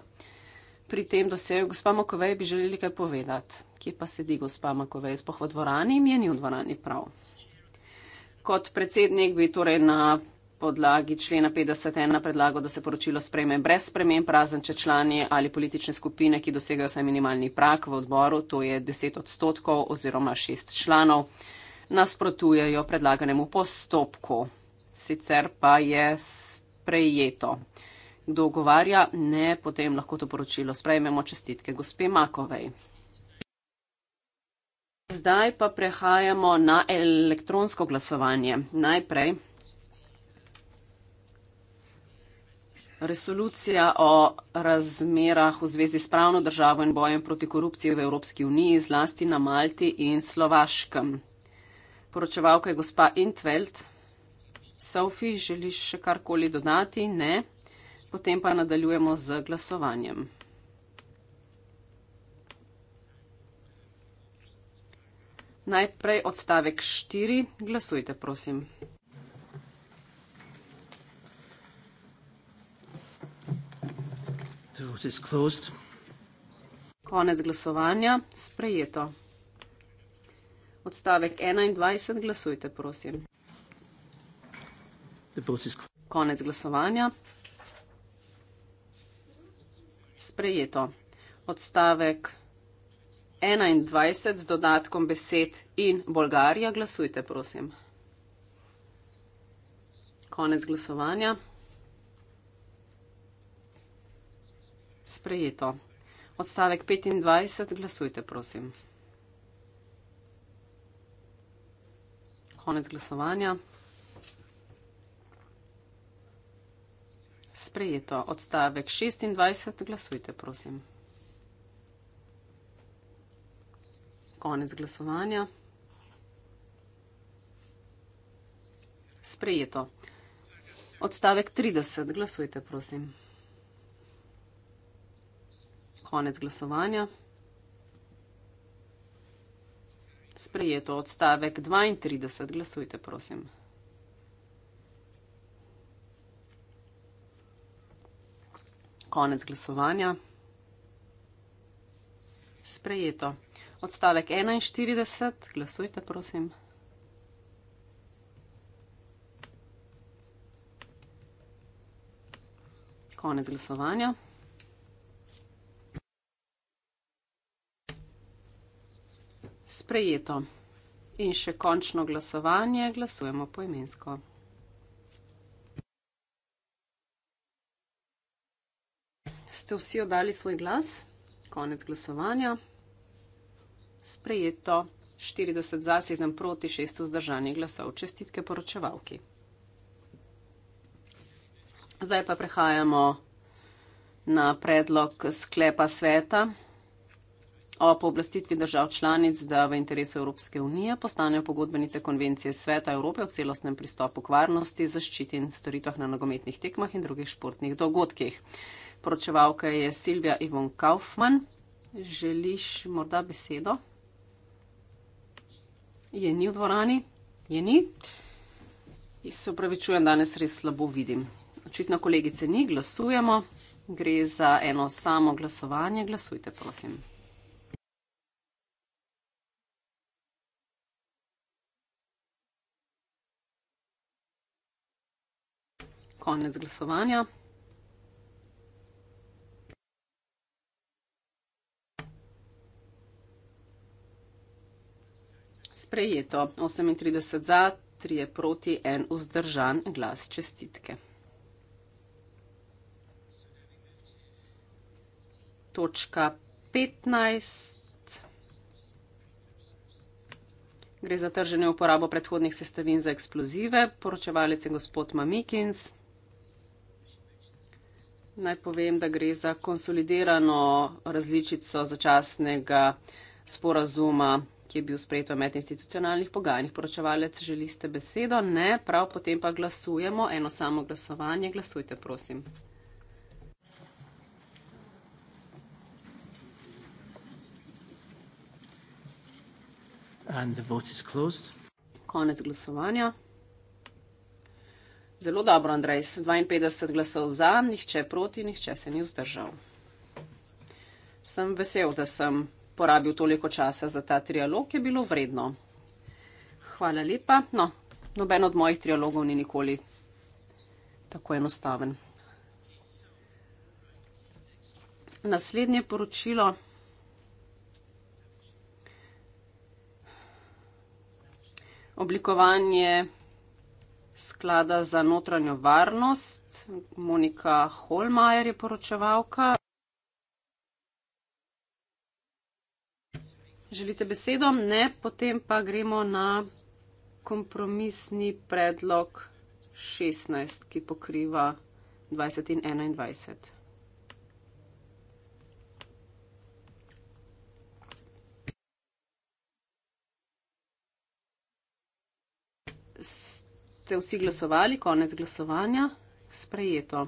Pri tem dosegu gospa Makovej bi želeli kaj povedati. Kje pa sedi gospa Makovej? Spoh v dvorani, mi je ni v dvorani prav. Kot predsednik bi torej na podlagi člena 51 predlago, da se poročilo sprejme brez spremen prazen, če člani ali politične skupine, ki dosegajo saj minimalni prak v odboru, to je 10 odstotkov oziroma 6 članov, nasprotujejo predlaganemu postopku. Sicer pa je sprejeto. Kdo govarja, ne, potem lahko to poročilo sprejmemo čestitke gospe Makovej. Zdaj pa prehajamo na elektronsko glasovanje. Najprej Resolucija o razmerah v zvezi s pravno državo in bojem proti korupciji v Evropski uniji, zlasti na Malti in Slovaškem. Poročevalka je gospa Intveld. Sofi, želiš še karkoli dodati? Ne. Potem pa nadaljujemo z glasovanjem. Najprej odstavek 4. Glasujte, prosim. vote is closed. Konec glasovanja sprejeto. Odstavek 21 glasujte, prosim. The vote is closed. Konec glasovanja sprejeto. Odstavek 21 z dodatkom besed in Bolgarija glasujte, prosim. Konec glasovanja. Sprejeto. Odstavek 25, glasujte, prosim. Konec glasovanja. Sprejeto. Odstavek 26, glasujte, prosim. Konec glasovanja. Sprejeto. Odstavek 30, glasujte, prosim konec glasovanja. Sprejeto odstavek 32, glasujte prosim. Konec glasovanja. Sprejeto. Odstavek 41, glasujte prosim. Konec glasovanja. Sprejeto. In še končno glasovanje, glasujemo po imensko. Ste vsi oddali svoj glas? Konec glasovanja. Sprejeto. 40 za, 7 proti, 6 vzdržanih glasov. Čestitke poročevalki. Zdaj pa prehajamo na predlog sklepa sveta o pooblastitvi držav članic, da v interesu Evropske unije postanejo pogodbenice konvencije Sveta Evrope o celostnem pristopu k varnosti, zaščiti in storitvah na nogometnih tekmah in drugih športnih dogodkih. Poročevalka je Silvija Ivon Kaufmann. Želiš morda besedo? Je ni v dvorani? Je ni? Se upravičujem, danes res slabo vidim. Očitno kolegice ni, glasujemo. Gre za eno samo glasovanje. Glasujte, prosim. konec glasovanja. Sprejeto 38 za, 3 proti, 1 vzdržan glas čestitke. Točka 15. Gre za trženje uporabo predhodnih sestavin za eksplozive. Poročevalec je gospod Mamikins. Naj povem, da gre za konsolidirano različico začasnega sporazuma, ki je bil sprejet v medinstitucionalnih pogajanjih. Poročevalec, želite besedo? Ne, prav potem pa glasujemo. Eno samo glasovanje. Glasujte, prosim. Konec glasovanja. Zelo dobro, Andrej, 52 glasov za, nihče proti, nihče se ni vzdržal. Sem vesel, da sem porabil toliko časa za ta trialog, je bilo vredno. Hvala lepa. No, noben od mojih trialogov ni nikoli tako enostaven. Naslednje poročilo. Oblikovanje sklada za notranjo varnost, Monika Holmajer je poročevalka. Želite besedo? Ne, potem pa gremo na kompromisni predlog 16, ki pokriva 20 in 21. S ste vsi glasovali, konec glasovanja, sprejeto.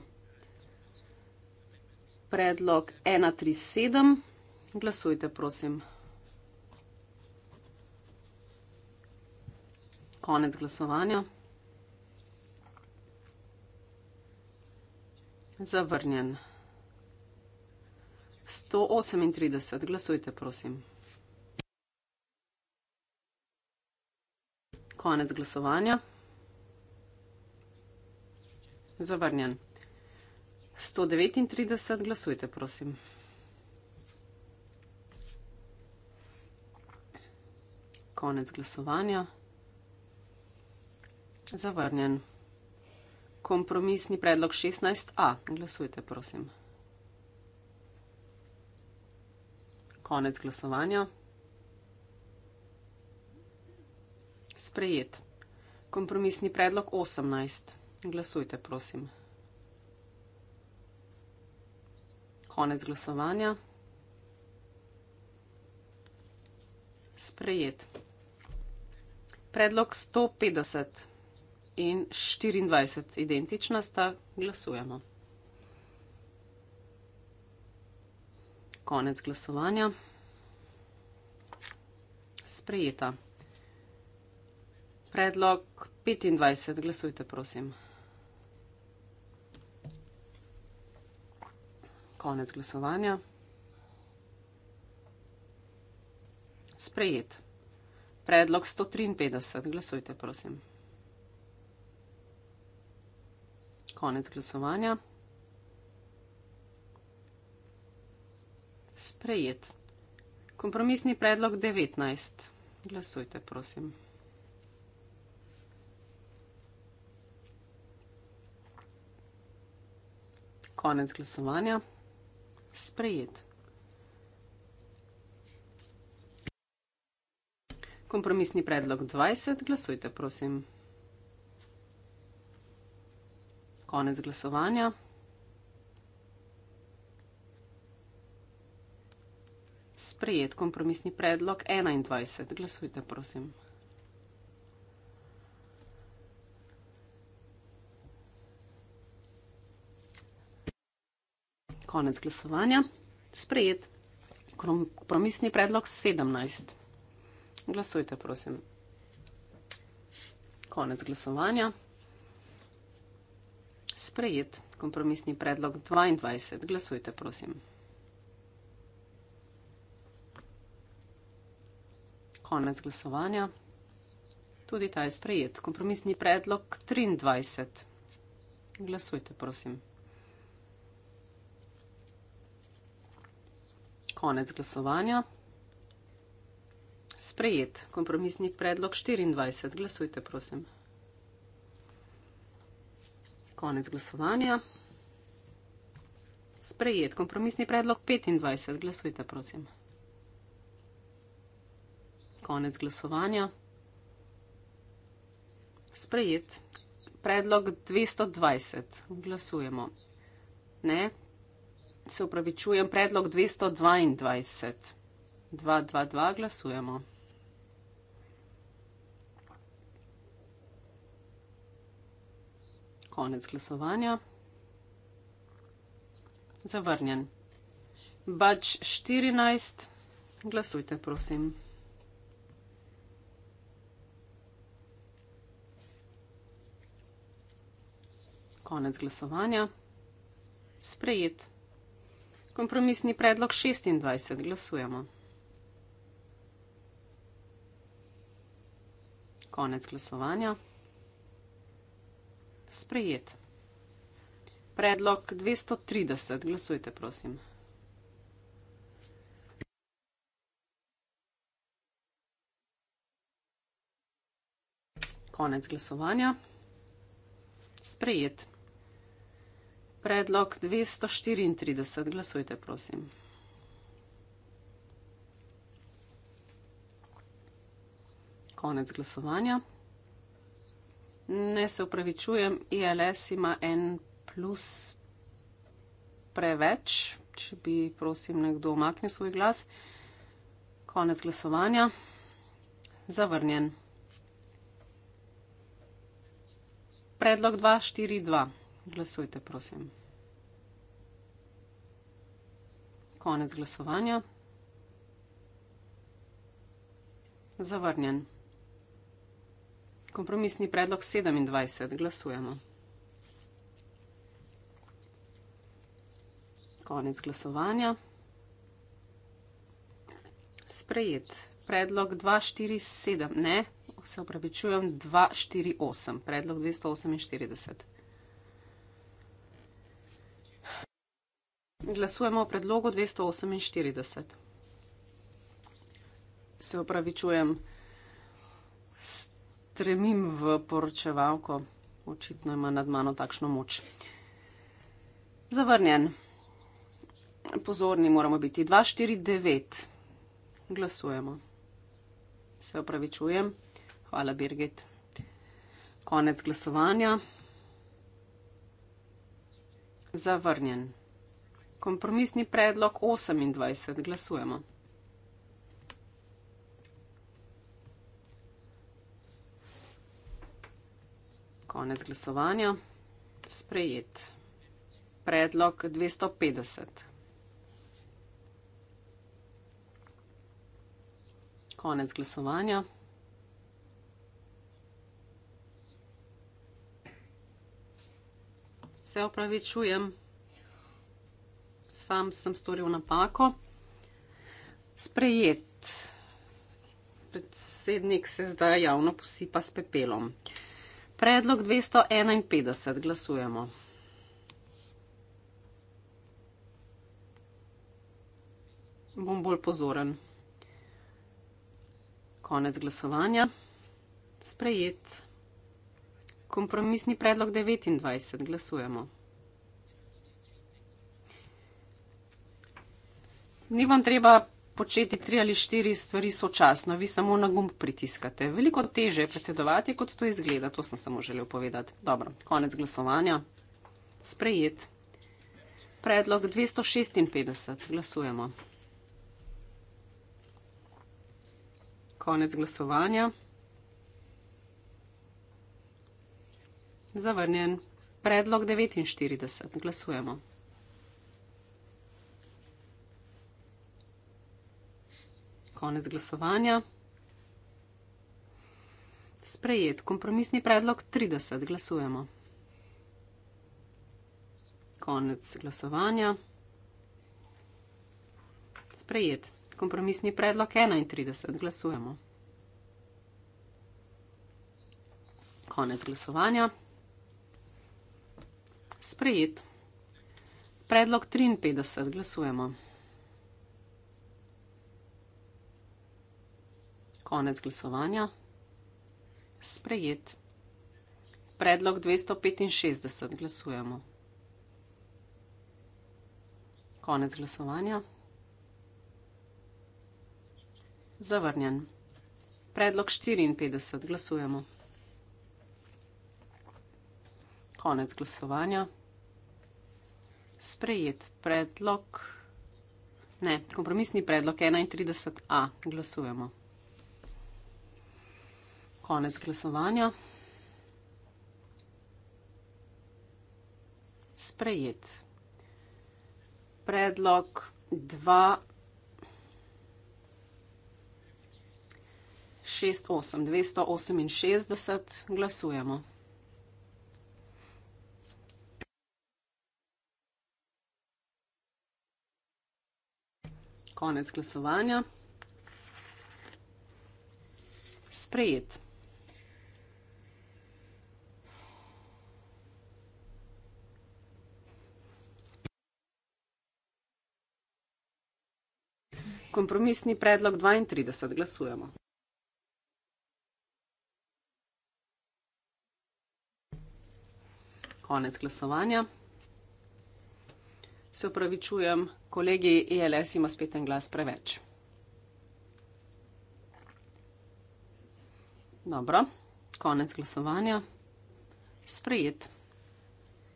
Predlog 137, glasujte, prosim. Konec glasovanja. Zavrnjen. 138, glasujte, prosim. Konec glasovanja. Zavrnjen. 139 glasujte, prosim. Konec glasovanja. Zavrnjen. Kompromisni predlog 16a. Glasujte, prosim. Konec glasovanja. Sprejet. Kompromisni predlog 18. Glasujte, prosim. Konec glasovanja. Sprejet. Predlog 150 in 24, identična sta, glasujemo. Konec glasovanja. Sprejeta. Predlog 25, glasujte, prosim. Konec glasovanja. Sprejet. Predlog 153. Glasujte, prosim. Konec glasovanja. Sprejet. Kompromisni predlog 19. Glasujte, prosim. Konec glasovanja sprejet. Kompromisni predlog 20, glasujte prosim. Konec glasovanja. Sprejet kompromisni predlog 21, glasujte prosim. konec glasovanja. Sprejet kompromisni predlog 17. Glasujte, prosim. Konec glasovanja. Sprejet kompromisni predlog 22. Glasujte, prosim. Konec glasovanja. Tudi ta je sprejet. Kompromisni predlog 23. Glasujte, prosim. konec glasovanja. Sprejet kompromisni predlog 24. Glasujte, prosim. Konec glasovanja. Sprejet kompromisni predlog 25. Glasujte, prosim. Konec glasovanja. Sprejet predlog 220. Glasujemo. Ne, se upravičujem, predlog 222. 222 glasujemo. Konec glasovanja. Zavrnjen. Bač 14. Glasujte, prosim. Konec glasovanja. Sprejet. Kompromisni predlog 26. Glasujemo. Konec glasovanja. Sprejet. Predlog 230. Glasujte, prosim. Konec glasovanja. Sprejet predlog 234. Glasujte, prosim. Konec glasovanja. Ne se upravičujem, ILS ima en plus preveč, če bi, prosim, nekdo omaknil svoj glas. Konec glasovanja. Zavrnjen. Predlog 242 glasujte, prosim. Konec glasovanja. Zavrnjen. Kompromisni predlog 27. Glasujemo. Konec glasovanja. Sprejet. Predlog 247. Ne, se upravičujem, 248. Predlog 248. glasujemo o predlogu 248. Se upravičujem, stremim v poročevalko, očitno ima nad mano takšno moč. Zavrnjen. Pozorni moramo biti. 249. Glasujemo. Se upravičujem. Hvala, Birgit. Konec glasovanja. Zavrnjen. Kompromisni predlog 28. Glasujemo. Konec glasovanja. Sprejet. Predlog 250. Konec glasovanja. Se opravičujem sam sem storil napako. Sprejet. Predsednik se zdaj javno posipa s pepelom. Predlog 251 glasujemo. Bom bolj pozoren. Konec glasovanja. Sprejet. Kompromisni predlog 29 glasujemo. ni vam treba početi tri ali štiri stvari sočasno, vi samo na gumb pritiskate. Veliko teže je predsedovati, kot to izgleda, to sem samo želel povedati. Dobro, konec glasovanja. Sprejet. Predlog 256. Glasujemo. Konec glasovanja. Zavrnjen. Predlog 49. Glasujemo. Konec glasovanja. Sprejet. Kompromisni predlog 30. Glasujemo. Konec glasovanja. Sprejet. Kompromisni predlog 31. Glasujemo. Konec glasovanja. Sprejet. Predlog 53. Glasujemo. Konec glasovanja. Sprejet. Predlog 265 glasujemo. Konec glasovanja. Zavrnjen. Predlog 54 glasujemo. Konec glasovanja. Sprejet predlog, ne, kompromisni predlog 31a glasujemo konec glasovanja. Sprejet. Predlog 268 glasujemo. Konec glasovanja. Sprejet. kompromisni predlog 32 glasujemo. Konec glasovanja. Se upravičujem, kolegi ELS ima spet en glas preveč. Dobro, konec glasovanja. Sprejet.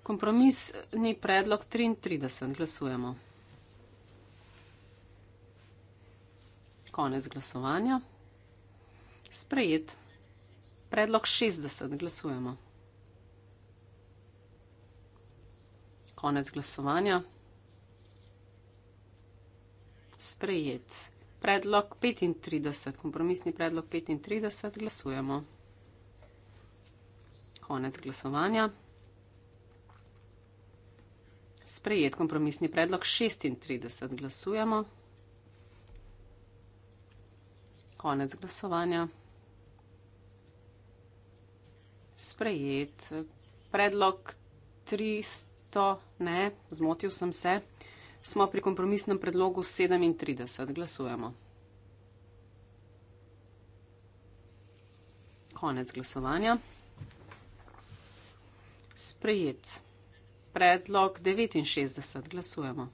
Kompromisni predlog 33 glasujemo. Konec glasovanja. Sprejet. Predlog 60. Glasujemo. Konec glasovanja. Sprejet. Predlog 35. Kompromisni predlog 35. Glasujemo. Konec glasovanja. Sprejet kompromisni predlog 36. Glasujemo konec glasovanja. Sprejet predlog 300, ne, zmotil sem se. Smo pri kompromisnem predlogu 37, glasujemo. Konec glasovanja. Sprejet predlog 69, glasujemo.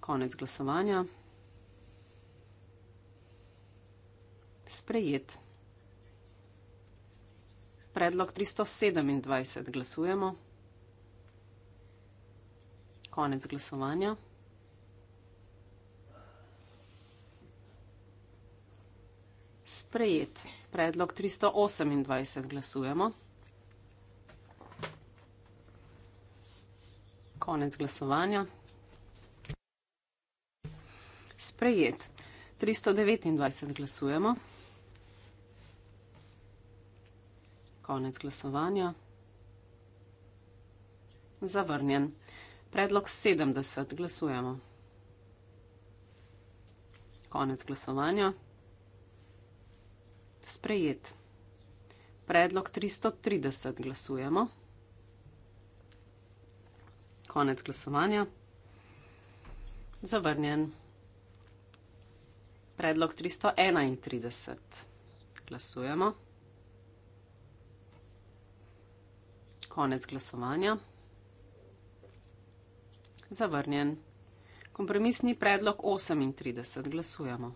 Konec glasovanja. sprejet. Predlog 327 glasujemo. Konec glasovanja. Sprejet. Predlog 328 glasujemo. Konec glasovanja. Sprejet. 329 glasujemo. Konec glasovanja. Zavrnjen. Predlog 70. Glasujemo. Konec glasovanja. Sprejet. Predlog 330. Glasujemo. Konec glasovanja. Zavrnjen. Predlog 331. Glasujemo. konec glasovanja. Zavrnjen. Kompromisni predlog 38. Glasujemo.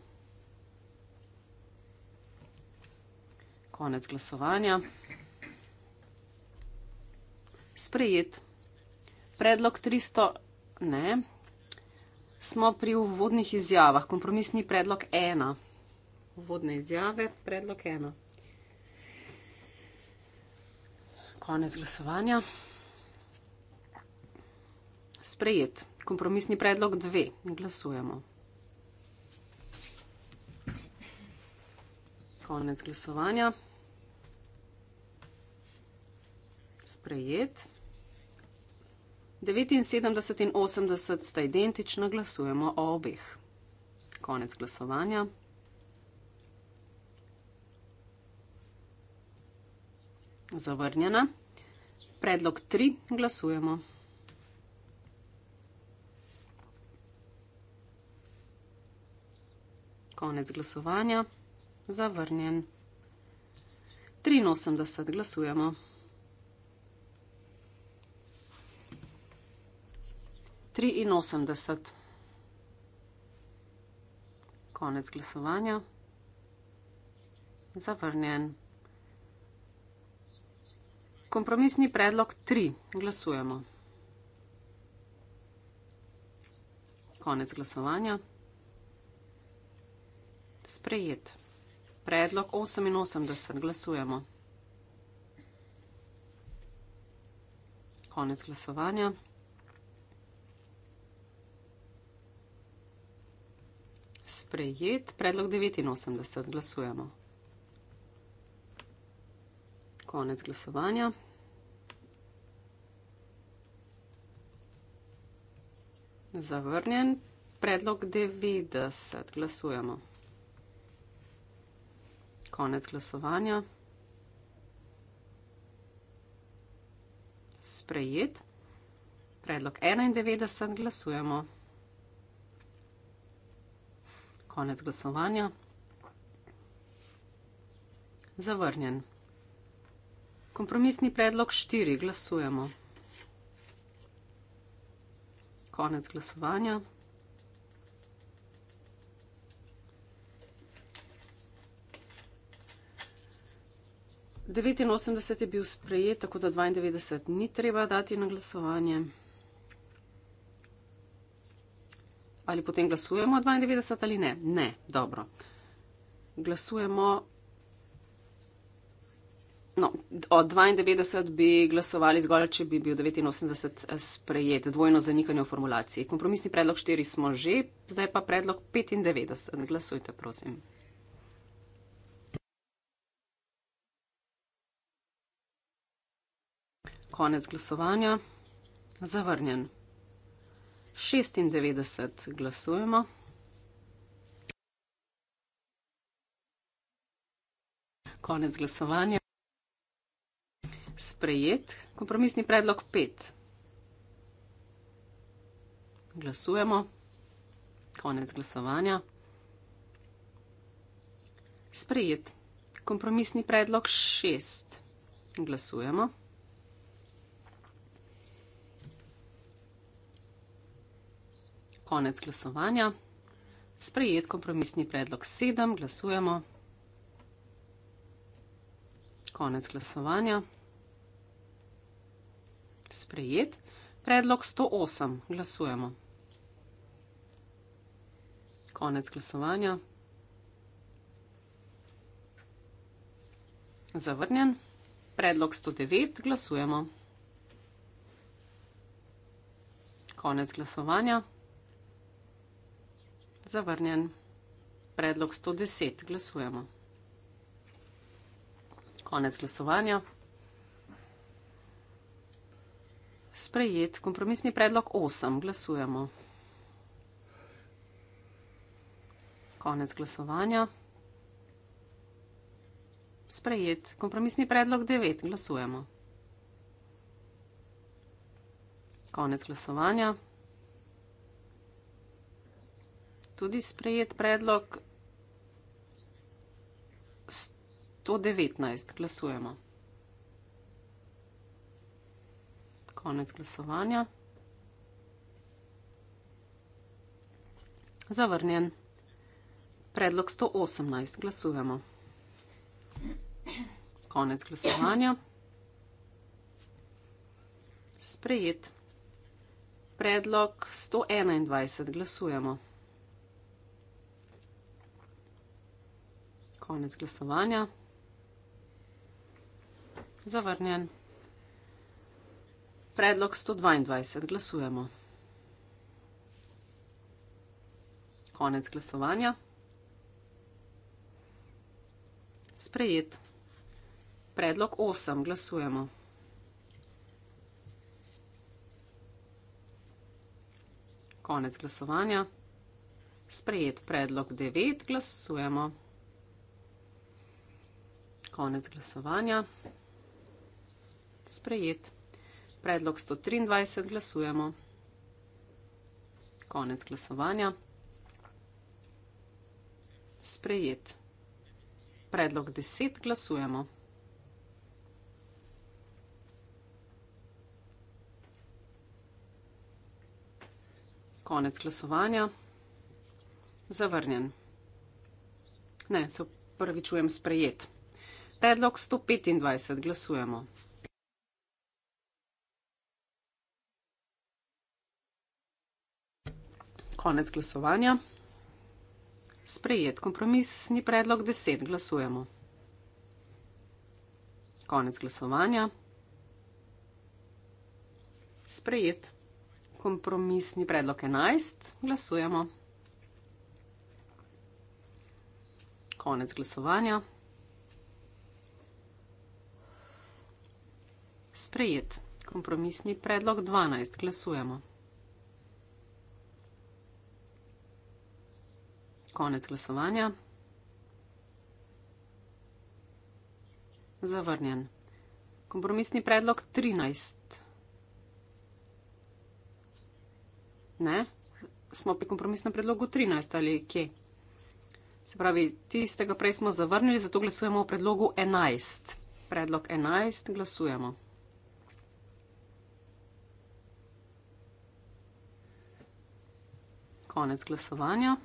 Konec glasovanja. Sprejet. Predlog 300. Ne. Smo pri uvodnih izjavah. Kompromisni predlog 1. Uvodne izjave. Predlog 1. konec glasovanja. Sprejet. Kompromisni predlog dve. Glasujemo. Konec glasovanja. Sprejet. 79 in 80 sta identična, glasujemo o obeh. Konec glasovanja. Zavrnjena. Predlog 3. Glasujemo. Konec glasovanja. Zavrnjen. 83. Glasujemo. Triinosemdeset. Konec glasovanja. Zavrnjen kompromisni predlog 3. Glasujemo. Konec glasovanja. Sprejet. Predlog 88. Glasujemo. Konec glasovanja. Sprejet. Predlog 89. Glasujemo konec glasovanja. Zavrnjen predlog 90. Glasujemo. Konec glasovanja. Sprejet. Predlog 91. Glasujemo. Konec glasovanja. Zavrnjen. Kompromisni predlog štiri, glasujemo. Konec glasovanja. Devetinosemdeset je bil sprejet, tako da dvaindevetdeset ni treba dati na glasovanje. Ali potem glasujemo dvaindevetdeset ali ne? Ne, dobro. Glasujemo. No, od 92 bi glasovali zgolj, če bi bil 89 eh, sprejet, dvojno zanikanje v formulaciji. Kompromisni predlog 4 smo že, zdaj pa predlog 95. Glasujte, prosim. Konec glasovanja. Zavrnjen. 96 glasujemo. Konec glasovanja sprejet. Kompromisni predlog 5. Glasujemo. Konec glasovanja. Sprejet. Kompromisni predlog 6. Glasujemo. Konec glasovanja. Sprejet kompromisni predlog 7. Glasujemo. Konec glasovanja. Sprejet. Predlog 108. Glasujemo. Konec glasovanja. Zavrnjen. Predlog 109. Glasujemo. Konec glasovanja. Zavrnjen. Predlog 110. Glasujemo. Konec glasovanja. Sprejet. Kompromisni predlog 8. Glasujemo. Konec glasovanja. Sprejet. Kompromisni predlog 9. Glasujemo. Konec glasovanja. Tudi sprejet predlog 119. Glasujemo. konec glasovanja. Zavrnjen. Predlog 118. Glasujemo. Konec glasovanja. Sprejet. Predlog 121. Glasujemo. Konec glasovanja. Zavrnjen. Predlog 122. Glasujemo. Konec glasovanja. Sprejet. Predlog 8. Glasujemo. Konec glasovanja. Sprejet. Predlog 9. Glasujemo. Konec glasovanja. Sprejet. Predlog 123 glasujemo. Konec glasovanja. Sprejet. Predlog 10 glasujemo. Konec glasovanja. Zavrnjen. Ne, se upravičujem, sprejet. Predlog 125 glasujemo. konec glasovanja. Sprejet kompromisni predlog 10 glasujemo. Konec glasovanja. Sprejet kompromisni predlog 11 glasujemo. Konec glasovanja. Sprejet kompromisni predlog 12 glasujemo. konec glasovanja. Zavrnjen. Kompromisni predlog 13. Ne, smo pri kompromisnem predlogu 13 ali kje. Se pravi, tistega prej smo zavrnili, zato glasujemo o predlogu 11. Predlog 11 glasujemo. Konec glasovanja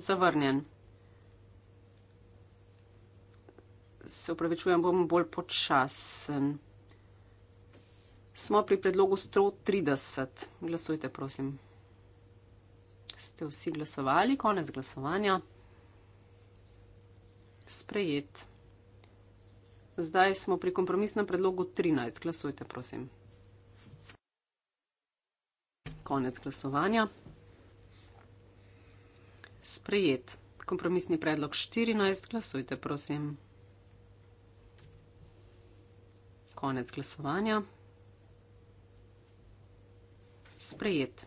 zavrnjen. Se upravičujem, bom bolj počasen. Smo pri predlogu 130. Glasujte, prosim. Ste vsi glasovali? Konec glasovanja. Sprejet. Zdaj smo pri kompromisnem predlogu 13. Glasujte, prosim. Konec glasovanja sprejet. Kompromisni predlog 14, glasujte prosim. Konec glasovanja. Sprejet.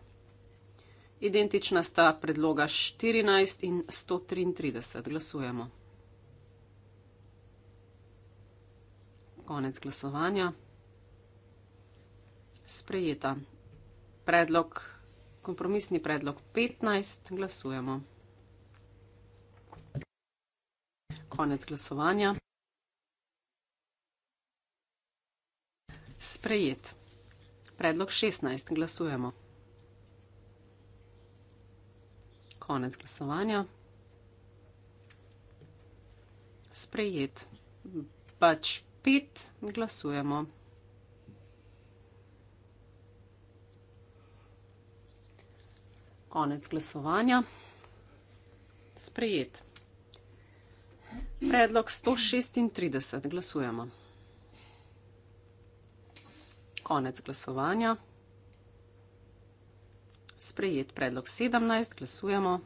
Identična sta predloga 14 in 133. Glasujemo. Konec glasovanja. Sprejeta. Predlog, kompromisni predlog 15. Glasujemo. Konec glasovanja. Sprejet. Predlog 16. Glasujemo. Konec glasovanja. Sprejet. Pač pet glasujemo. Konec glasovanja. Sprejet. Predlog 136, glasujemo. Konec glasovanja. Sprejet predlog 17, glasujemo.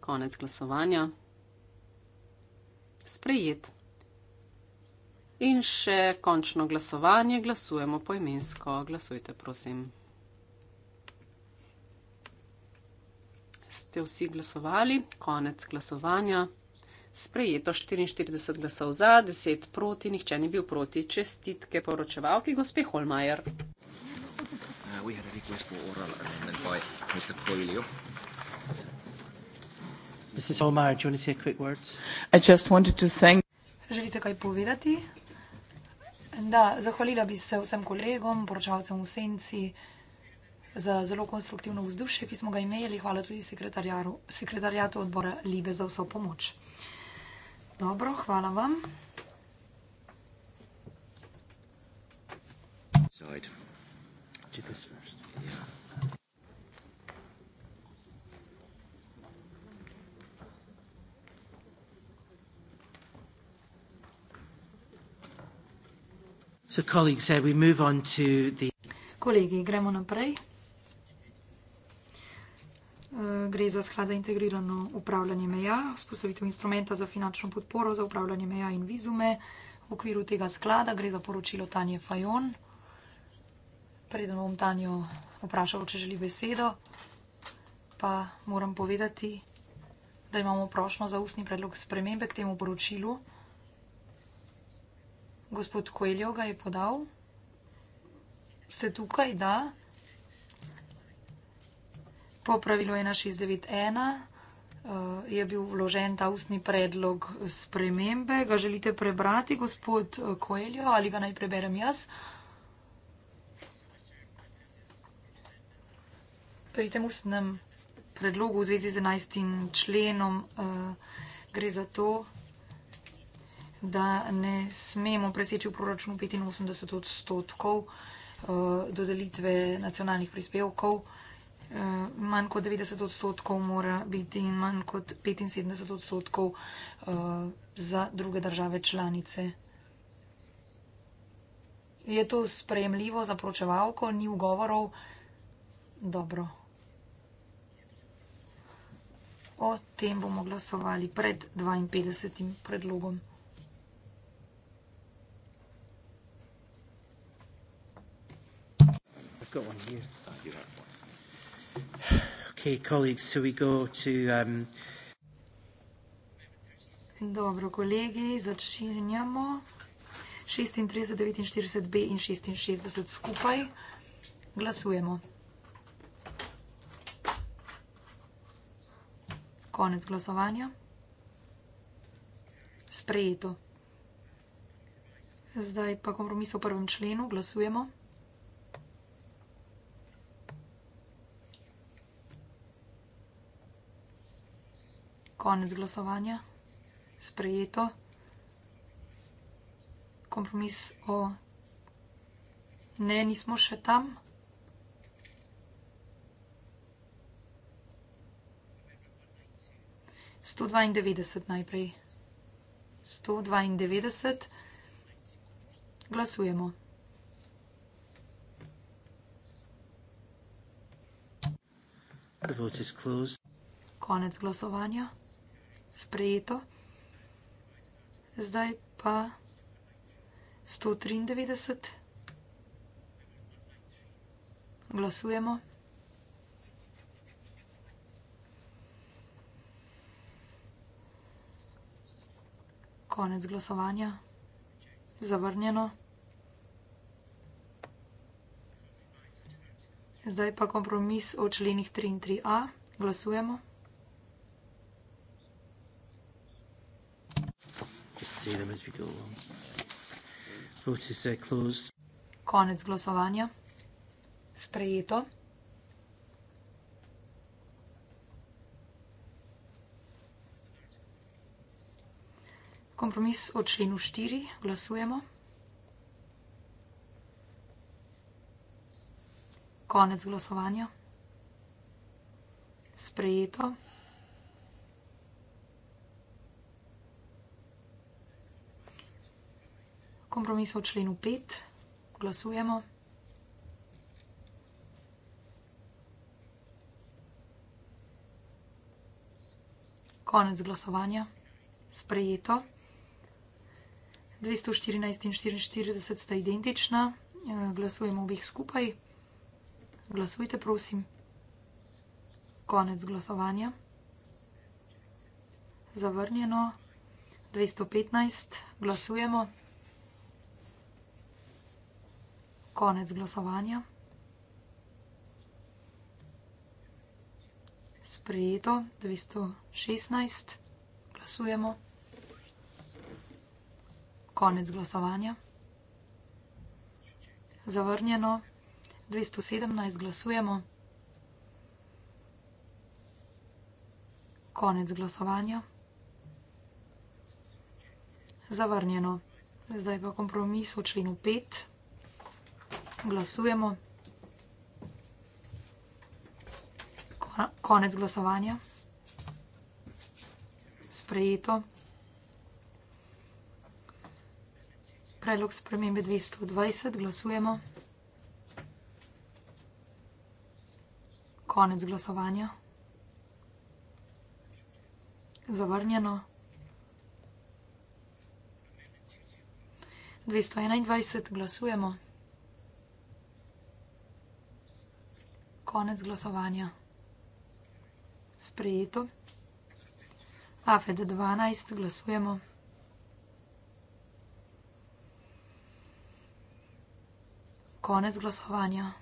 Konec glasovanja. Sprejet. In še končno glasovanje, glasujemo poimensko. Glasujte, prosim. ste vsi glasovali, konec glasovanja. Sprejeto 44 glasov za, 10 proti, nihče ni bil proti. Čestitke poročevalki, gospe Holmajer. Uh, Želite kaj povedati? Da, zahvalila bi se vsem kolegom, poročalcem v senci za zelo konstruktivno vzdušje, ki smo ga imeli. Hvala tudi sekretarjatu odbora Libe za vso pomoč. Dobro, hvala vam. So colleagues said uh, we move on to the Kolegi, gremo naprej. Eh, gre za sklad za integrirano upravljanje meja, vzpostavitev instrumenta za finančno podporo za upravljanje meja in vizume. V okviru tega sklada gre za poročilo Tanje Fajon. Preden bom Tanjo vprašal, če želi besedo, pa moram povedati, da imamo prošlo za ustni predlog spremembe k temu poročilu. Gospod Koeljo ga je podal. Ste tukaj, da? Po pravilu 1691 eh, je bil vložen ta ustni predlog spremembe. Ga želite prebrati, gospod eh, Koeljo, ali ga naj preberem jaz? Pri tem ustnem predlogu v zvezi z 11. členom eh, gre za to, da ne smemo preseči v proračunu 85 odstotkov dodelitve nacionalnih prispevkov. Eh, manj kot 90 odstotkov mora biti in manj kot 75 odstotkov eh, za druge države članice. Je to sprejemljivo za poročevalko, ni ugovorov? Dobro. O tem bomo glasovali pred 52. predlogom. I've got one here. Okay, colleagues, so we go to, um... Dobro, kolegi, začenjamo. 36, 49, B in 66 skupaj. Glasujemo. Konec glasovanja. Sprejeto. Zdaj pa kompromis o prvem členu. Glasujemo. Konec glasovanja. Sprejeto. Kompromis o. Ne, nismo še tam. Sto dvaindevetdeset najprej. Sto dvaindevetdeset. Glasujemo. The vote is closed. Konec glasovanja sprejeto. Zdaj pa 193. Glasujemo. Konec glasovanja. Zavrnjeno. Zdaj pa kompromis o členih 3 in 3a. Glasujemo. just see them as we go along. Vote is uh, closed. Konec glasovanja. Sprejeto. Kompromis o členu 4. Glasujemo. Konec glasovanja. Sprejeto. kompromisov členu 5, glasujemo. Konec glasovanja, sprejeto. 214 in 44 sta identična, eh, glasujemo obih skupaj. Glasujte, prosim. Konec glasovanja. Zavrnjeno. 215, glasujemo. konec glasovanja. Sprejeto 216, glasujemo. Konec glasovanja. Zavrnjeno 217, glasujemo. Konec glasovanja. Zavrnjeno. Zdaj pa kompromis v členu 5 glasujemo. Konec glasovanja. Sprejeto. Predlog spremembe 220, glasujemo. Konec glasovanja. Zavrnjeno. 221, glasujemo. konec glasovanja. Sprejeto. AFED 12, glasujemo. Konec glasovanja.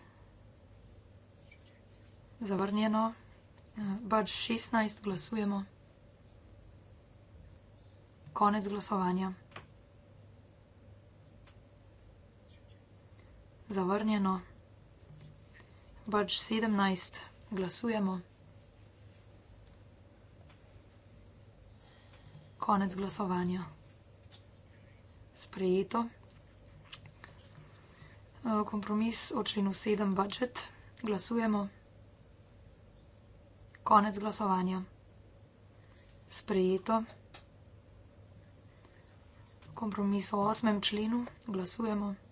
Zavrnjeno. Bač 16, glasujemo. Konec glasovanja. Zavrnjeno pač 17 glasujemo. Konec glasovanja. Sprejeto. E, kompromis o členu 7 budžet. Glasujemo. Konec glasovanja. Sprejeto. Kompromis o osmem členu. Glasujemo.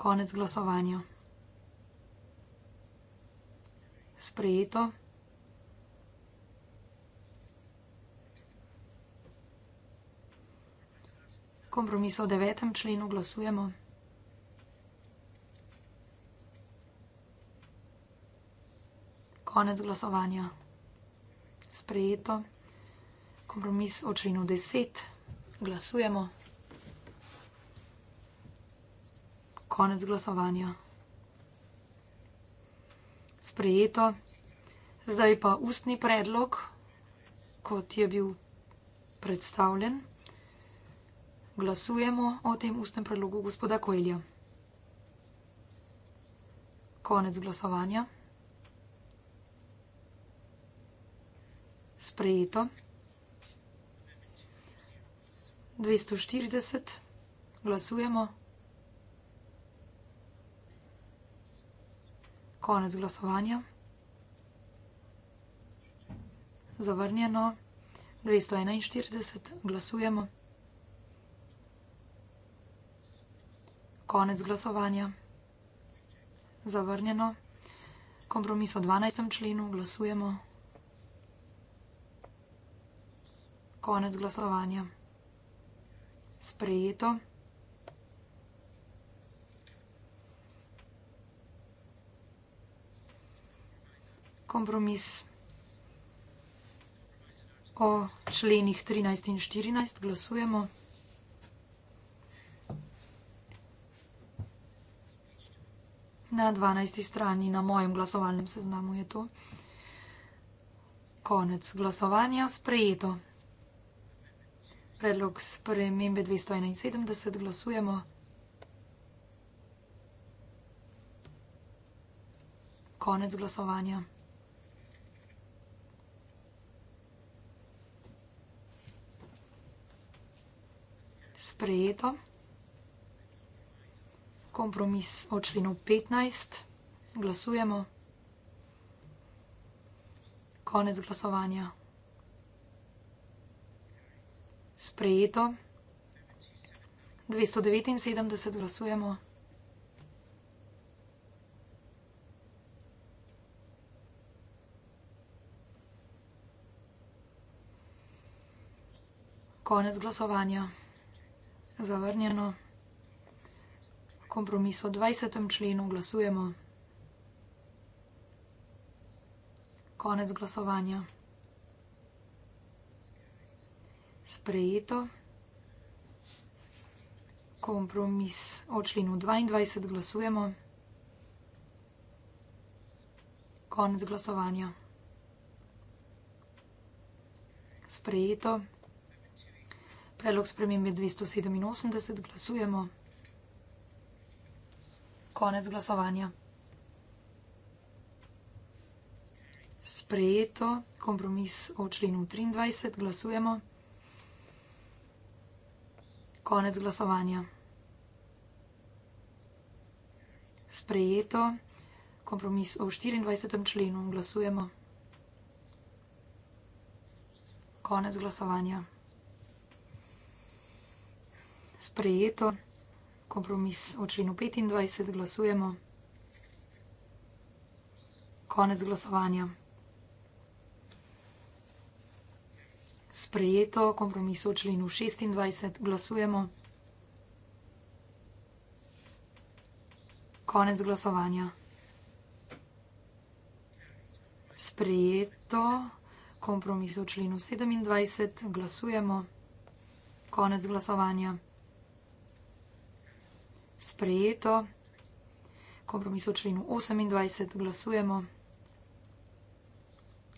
Konec glasovanja. Sprejeto. Kompromis o devetem členu glasujemo. Konec glasovanja. Sprejeto. Kompromis o členu deset glasujemo. konec glasovanja. Sprejeto. Zdaj pa ustni predlog, kot je bil predstavljen. Glasujemo o tem ustnem predlogu gospoda Koelja. Konec glasovanja. Sprejeto. 240. Glasujemo. konec glasovanja. Zavrnjeno 241, glasujemo. Konec glasovanja. Zavrnjeno. Kompromis o 12. členu, glasujemo. Konec glasovanja. Sprejeto. kompromis o členih 13 in 14. Glasujemo. Na 12. strani na mojem glasovalnem seznamu je to. Konec glasovanja sprejeto. Predlog spremembe 271 glasujemo. Konec glasovanja. sprejeta. Kompromis o členu 15. Glasujemo. Konec glasovanja. Sprejeto. 279 glasujemo. Konec glasovanja. Zavrnjeno. Kompromis o 20. členu glasujemo. Konec glasovanja. Sprejeto. Kompromis o členu 22 glasujemo. Konec glasovanja. Sprejeto. Predlog spremembe 287 glasujemo. Konec glasovanja. Sprejeto kompromis o členu 23 glasujemo. Konec glasovanja. Sprejeto kompromis o 24. členu glasujemo. Konec glasovanja sprejeto. Kompromis o členu 25 glasujemo. Konec glasovanja. Sprejeto kompromis o členu 26 glasujemo. Konec glasovanja. Sprejeto kompromis o členu 27 glasujemo. Konec glasovanja sprejeto. Kompromis v členu 28 glasujemo.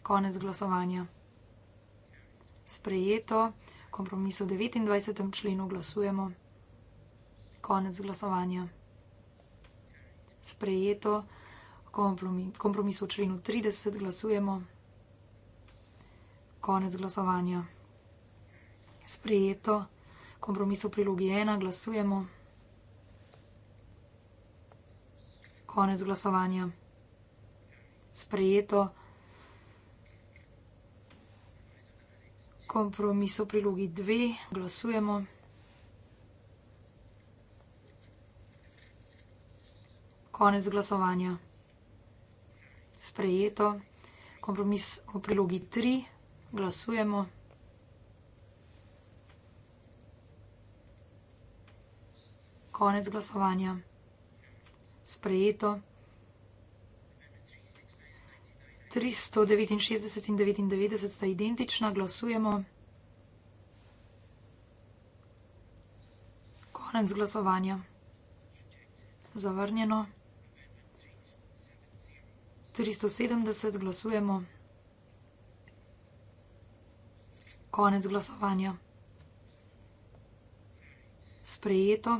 Konec glasovanja. Sprejeto. Kompromis v 29. členu glasujemo. Konec glasovanja. Sprejeto. Kompromis v členu 30 glasujemo. Konec glasovanja. Sprejeto. Kompromis v prilogi 1 glasujemo. konec glasovanja. Sprejeto kompromis o prilogi dve, glasujemo. Konec glasovanja. Sprejeto kompromis o prilogi tri, glasujemo. Konec glasovanja sprejeto. Tristo devetinšestdeset in devetindevetdeset sta identična, glasujemo. Konec glasovanja. Zavrnjeno. Tristo sedemdeset, glasujemo. Konec glasovanja. Sprejeto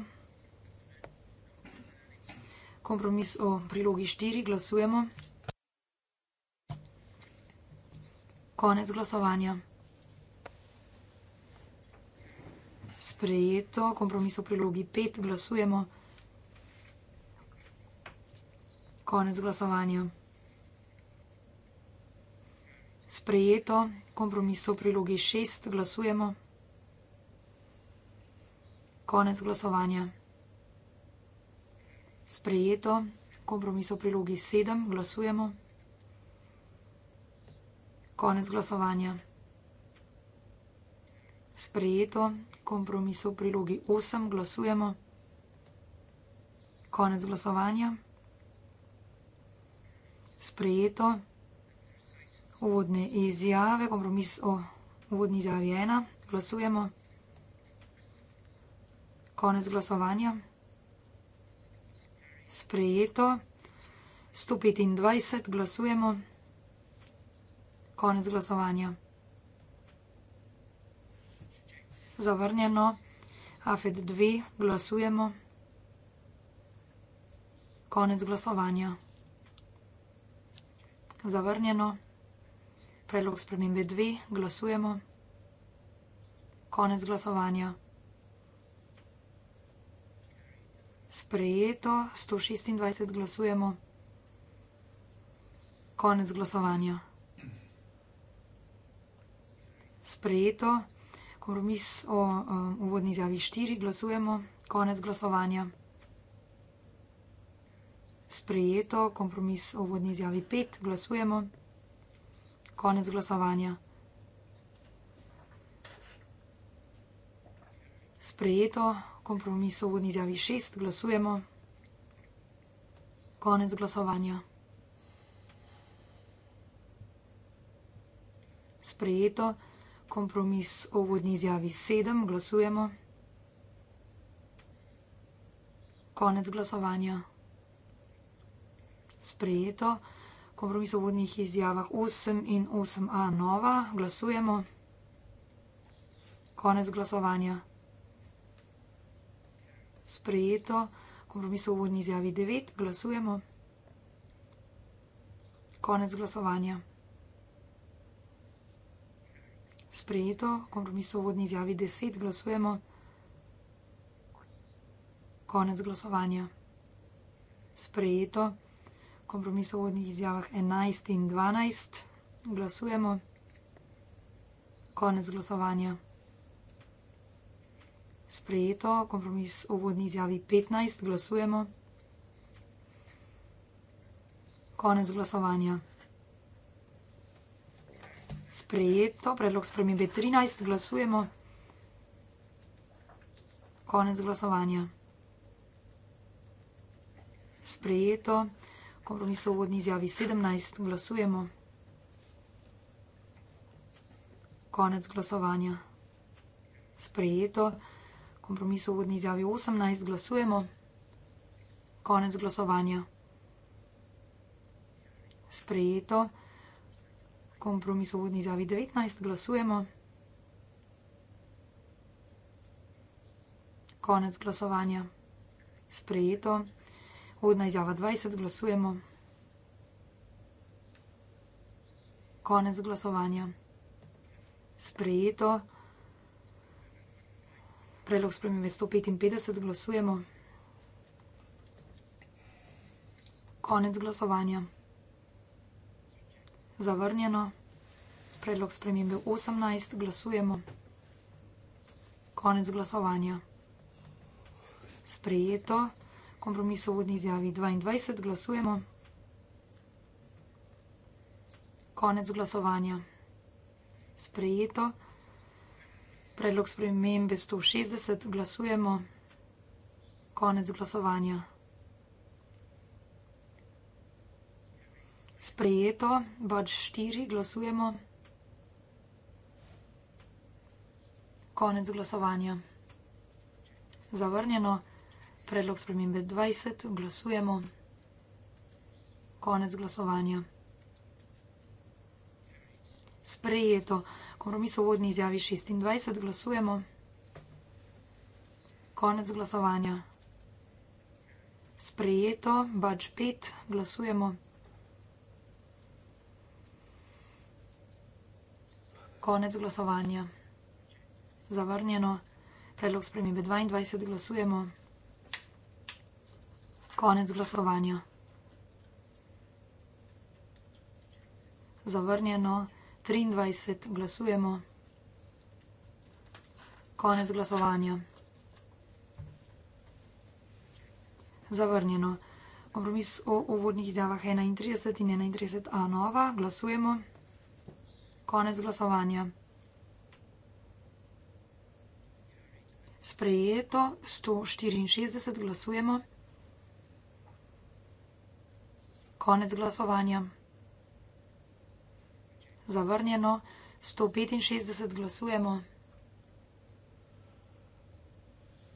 kompromis o prilogi 4 glasujemo. Konec glasovanja. Sprejeto, kompromis o prilogi 5 glasujemo. Konec glasovanja. Sprejeto, kompromis o prilogi 6 glasujemo. Konec glasovanja sprejeto. Kompromis o prilogi 7, glasujemo. Konec glasovanja. Sprejeto. Kompromis o prilogi 8, glasujemo. Konec glasovanja. Sprejeto. Uvodne izjave. Kompromis o uvodni izjavi 1, glasujemo. Konec glasovanja sprejeto. 125 glasujemo. Konec glasovanja. Zavrnjeno. AFED 2 glasujemo. Konec glasovanja. Zavrnjeno. Predlog spremembe 2 glasujemo. Konec glasovanja. Sprejeto, 126 glasujemo. Konec glasovanja. Sprejeto, kompromis o um, uvodni izjavi 4 glasujemo. Konec glasovanja. Sprejeto, kompromis o uvodni izjavi 5 glasujemo. Konec glasovanja. Sprejeto, kompromisov v nizjavi šest glasujemo. Konec glasovanja. Sprejeto. Kompromis o vodni izjavi 7 glasujemo. Konec glasovanja. Sprejeto. Kompromis o vodnih izjavah 8 in 8a nova glasujemo. Konec glasovanja sprejeto, kompromis v vodni izjavi 9, glasujemo. Konec glasovanja. Sprejeto, kompromis v vodni izjavi 10, glasujemo. Konec glasovanja. Sprejeto, kompromis v vodnih izjavah 11 in 12, glasujemo. Konec glasovanja sprejeto, kompromis v vodni izjavi 15, glasujemo. Konec glasovanja. Sprejeto, predlog spremembe 13, glasujemo. Konec glasovanja. Sprejeto, kompromis v vodni izjavi 17, glasujemo. Konec glasovanja. Sprejeto kompromisu v vodni izjavi 18 glasujemo. Konec glasovanja. Sprejeto. Kompromis v vodni izjavi 19 glasujemo. Konec glasovanja. Sprejeto. Vodna izjava 20 glasujemo. Konec glasovanja. Sprejeto. Predlog spremembe 155 glasujemo. Konec glasovanja. Zavrnjeno. Predlog spremembe 18 glasujemo. Konec glasovanja. Sprejeto. Kompromis o vodni izjavi 22 glasujemo. Konec glasovanja. Sprejeto. Predlog spremembe 160, glasujemo. Konec glasovanja. Sprejeto, bač 4, glasujemo. Konec glasovanja. Zavrnjeno, predlog spremembe 20, glasujemo. Konec glasovanja. Sprejeto kompromis v vodni izjavi 26, glasujemo. Konec glasovanja. Sprejeto, bač 5, glasujemo. Konec glasovanja. Zavrnjeno. Predlog spremembe 22, glasujemo. Konec glasovanja. Zavrnjeno. 23 glasujemo. Konec glasovanja. Zavrnjeno. Kompromis o uvodnih izjavah 31 in 31 a nova. Glasujemo. Konec glasovanja. Sprejeto 164 glasujemo. Konec glasovanja zavrnjeno, 165 glasujemo.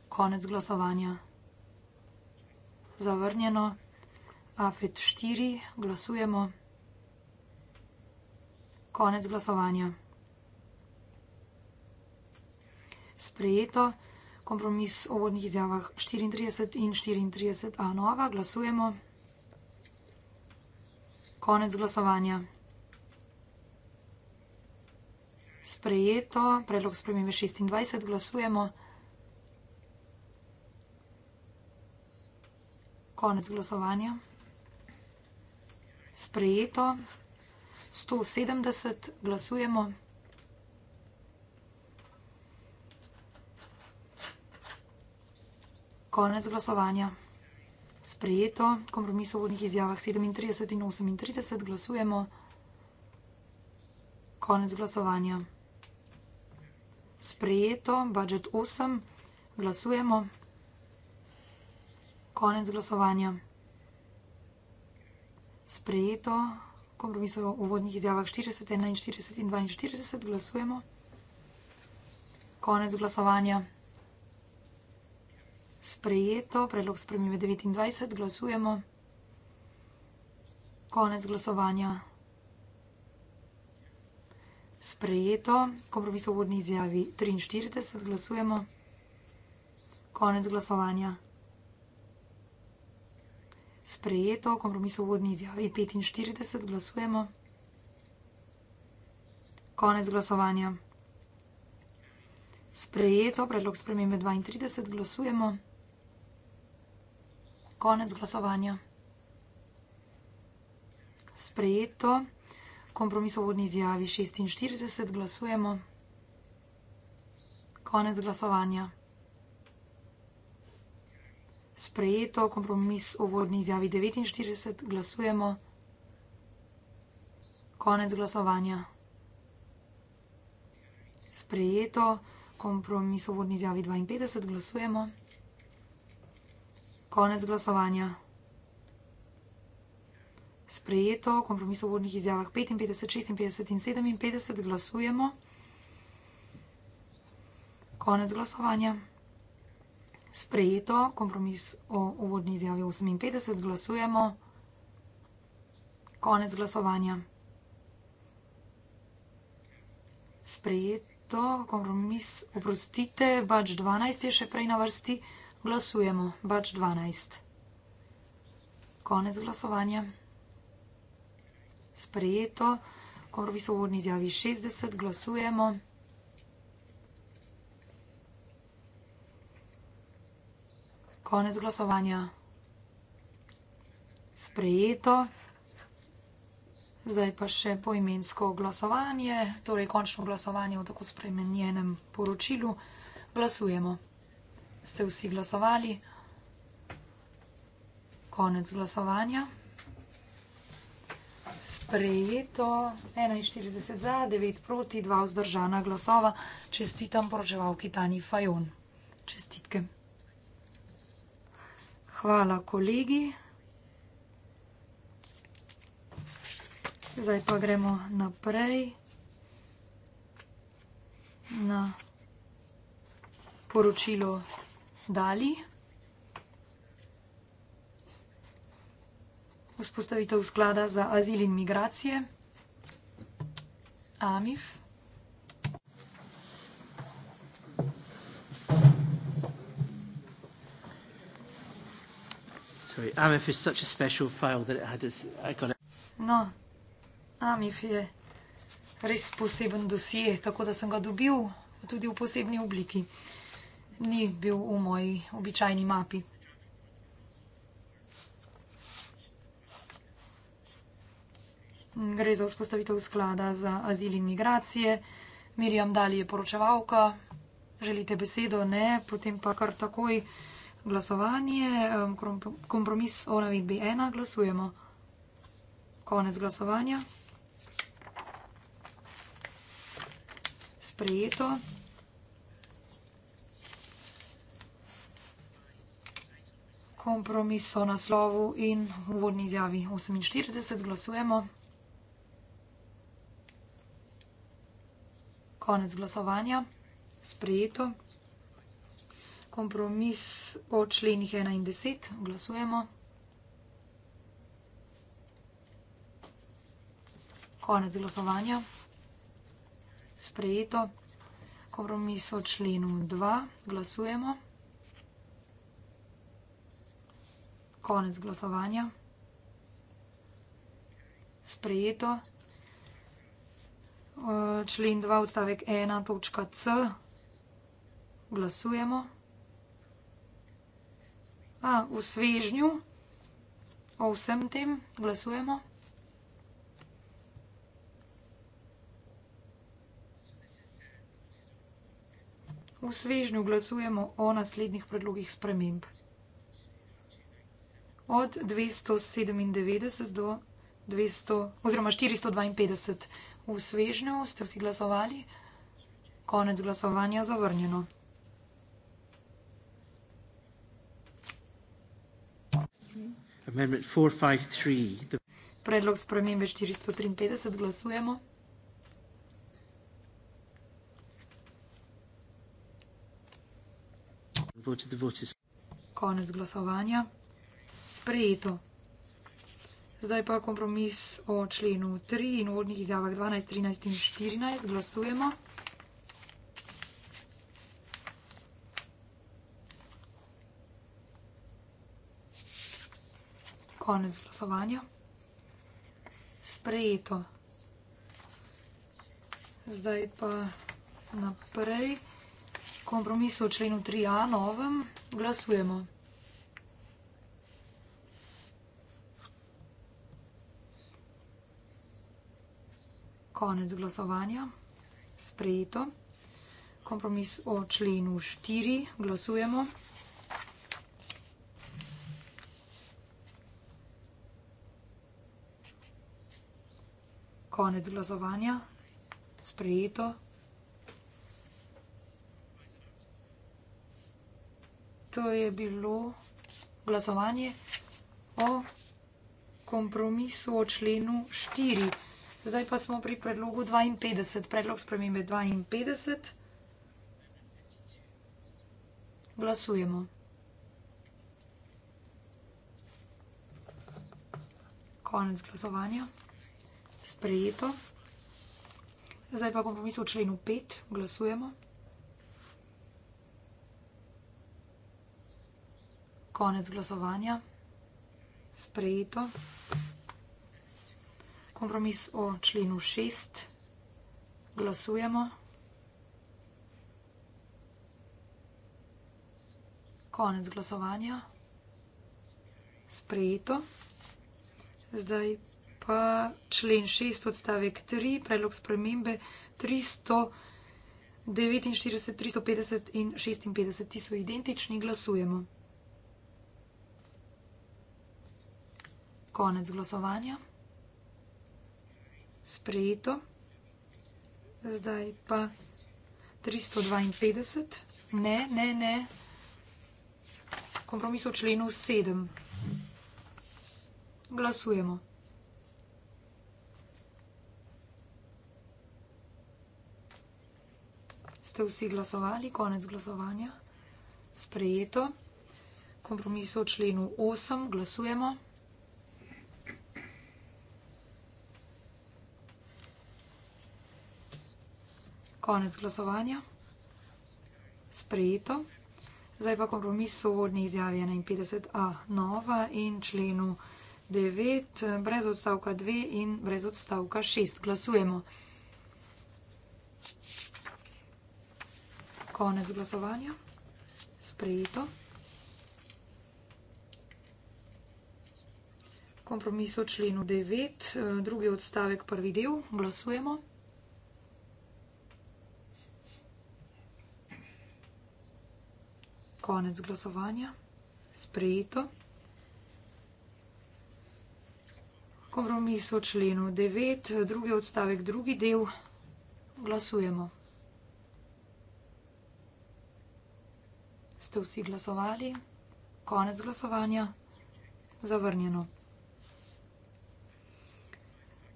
Konec glasovanja. Zavrnjeno, AFET 4 glasujemo. Konec glasovanja. Sprejeto, kompromis o vodnih izjavah 34 in 34 A nova, glasujemo. Konec glasovanja. sprejeto, predlog spremembe 26, glasujemo. Konec glasovanja. Sprejeto. 170, glasujemo. Konec glasovanja. Sprejeto. Kompromis o vodnih izjavah 37 in 38, glasujemo. Konec glasovanja sprejeto, budžet 8, glasujemo. Konec glasovanja. Sprejeto, kompromiso v uvodnih izjavah 40, 41 in 42, glasujemo. Konec glasovanja. Sprejeto, predlog spremljive 29, glasujemo. Konec glasovanja sprejeto, kompromis o vodni izjavi 43, glasujemo. Konec glasovanja. Sprejeto, kompromis o vodni izjavi 45, glasujemo. Konec glasovanja. Sprejeto, predlog spremembe 32, glasujemo. Konec glasovanja. Sprejeto kompromisovodni izjavi 46 glasujemo. Konec glasovanja. Sprejeto kompromis o vodni izjavi 49 glasujemo. Konec glasovanja. Sprejeto kompromis o vodni izjavi 52 glasujemo. Konec glasovanja sprejeto, kompromis v vodnih izjavah 55, 56 in 57 glasujemo. Konec glasovanja. Sprejeto, kompromis o uvodni izjavi 58, glasujemo. Konec glasovanja. Sprejeto, kompromis, oprostite, bač 12 je še prej na vrsti, glasujemo, bač 12. Konec glasovanja sprejeto. Korvi so vodni izjavi 60, glasujemo. Konec glasovanja. Sprejeto. Zdaj pa še poimensko glasovanje, torej končno glasovanje o tako spremenjenem poročilu. Glasujemo. Ste vsi glasovali? Konec glasovanja sprejeto 41 za, 9 proti, 2 vzdržana glasova. Čestitam poročevalki Tani Fajon. Čestitke. Hvala kolegi. Zdaj pa gremo naprej na poročilo Dali. vzpostavitev sklada za azil in migracije. Amif. Sorry, Amif is such a special file that it had us, I got it. No, Amif je res poseben dosije, tako da sem ga dobil tudi v posebni obliki. Ni bil v moji običajni mapi. gre za vzpostavitev sklada za azil in migracije. Mirjam Dali je poročevalka, želite besedo, ne, potem pa kar takoj glasovanje, kompromis o navedbi ena, glasujemo. Konec glasovanja. Sprejeto. Kompromis o naslovu in uvodni izjavi 48, glasujemo. konec glasovanja, sprejeto. Kompromis o členih 1 in 10, glasujemo. Konec glasovanja, sprejeto. Kompromis o členu 2, glasujemo. Konec glasovanja, sprejeto člen 2 odstavek 1 točka C. Glasujemo. A, v svežnju o vsem tem glasujemo. V svežnju glasujemo o naslednjih predlogih sprememb. Od 297 do 200, oziroma 452 v svežnju, ste vsi glasovali? Konec glasovanja zavrnjeno. Predlog spremembe 453 glasujemo. Konec glasovanja. Sprejeto. Zdaj pa kompromis o členu 3 in vodnih izjavah 12, 13 in 14. Glasujemo. Konec glasovanja. Sprejeto. Zdaj pa naprej. Kompromis o členu 3a novem. Glasujemo. konec glasovanja, sprejeto. Kompromis o členu 4, glasujemo. Konec glasovanja, sprejeto. To je bilo glasovanje o kompromisu o členu 4. Zdaj pa smo pri predlogu 52, predlog spremembe 52. Glasujemo. Konec glasovanja. Sprejeto. Zdaj pa kompromis v členu 5. Glasujemo. Konec glasovanja. Sprejeto kompromis o členu šest. Glasujemo. Konec glasovanja. Sprejeto. Zdaj pa člen šest odstavek tri, predlog spremembe 349, 350 in 56, ti so identični, glasujemo. Konec glasovanja sprejeto. Zdaj pa 352. Ne, ne, ne. Kompromis v členu 7. Glasujemo. Ste vsi glasovali? Konec glasovanja. Sprejeto. Kompromis v členu 8. Glasujemo. Konec glasovanja. Sprejeto. Zdaj pa kompromis v sodni izjavi 51a nova in členu 9 brez odstavka 2 in brez odstavka 6. Glasujemo. Konec glasovanja. Sprejeto. Kompromis v členu 9, eh, drugi odstavek, prvi del. Glasujemo. konec glasovanja, sprejeto. Kompromis o členu 9, drugi odstavek, drugi del, glasujemo. Ste vsi glasovali, konec glasovanja, zavrnjeno.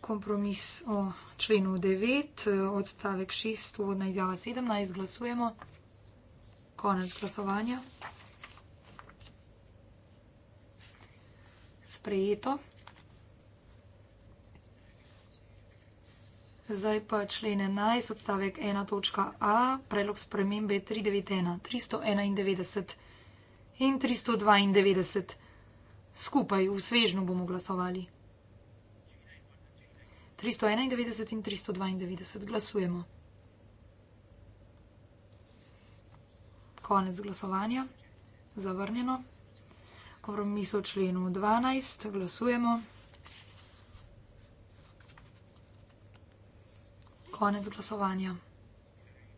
Kompromis o členu 9, odstavek 6, uvodna izjava 17, glasujemo. Konec glasovanja. Sprejeto. Zdaj pa člene 11, odstavek 1.a, predlog spremembe 391, 391 in 392. Skupaj v svežnu bomo glasovali. 391 in 392 glasujemo. Konec glasovanja. Zavrnjeno. Kompromis o členu 12. Glasujemo. Konec glasovanja.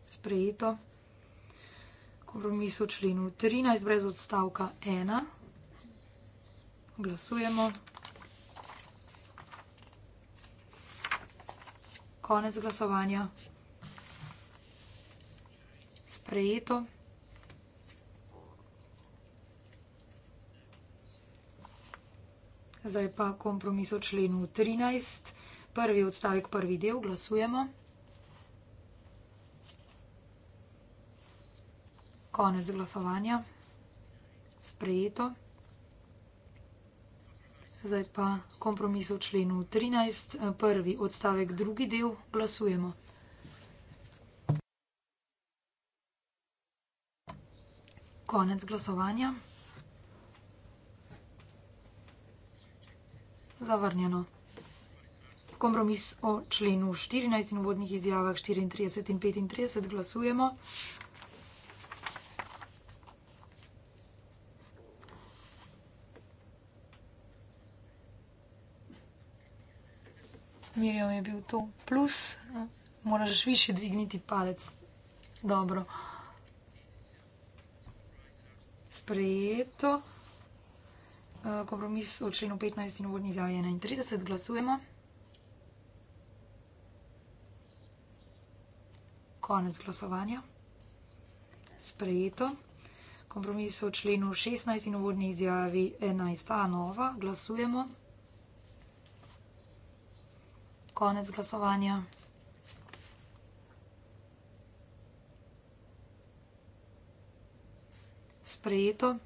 Sprejeto. Kompromis o členu 13 brez odstavka 1. Glasujemo. Konec glasovanja. Sprejeto. Zdaj pa kompromis o členu 13, prvi odstavek, prvi del, glasujemo. Konec glasovanja, sprejeto. Zdaj pa kompromis o členu 13, prvi odstavek, drugi del, glasujemo. Konec glasovanja. Zavrnjeno. Kompromis o členu 14 in vodnih izjavah 34 in 35 glasujemo. Mirjam je bil to plus, moraš više dvigniti palec. Dobro. Sprejeto kompromis o členu 15 in uvodni izjavi 31, glasujemo. Konec glasovanja. Sprejeto. Kompromis o členu 16 in uvodni izjavi 11, ta nova, glasujemo. Konec glasovanja. Sprejeto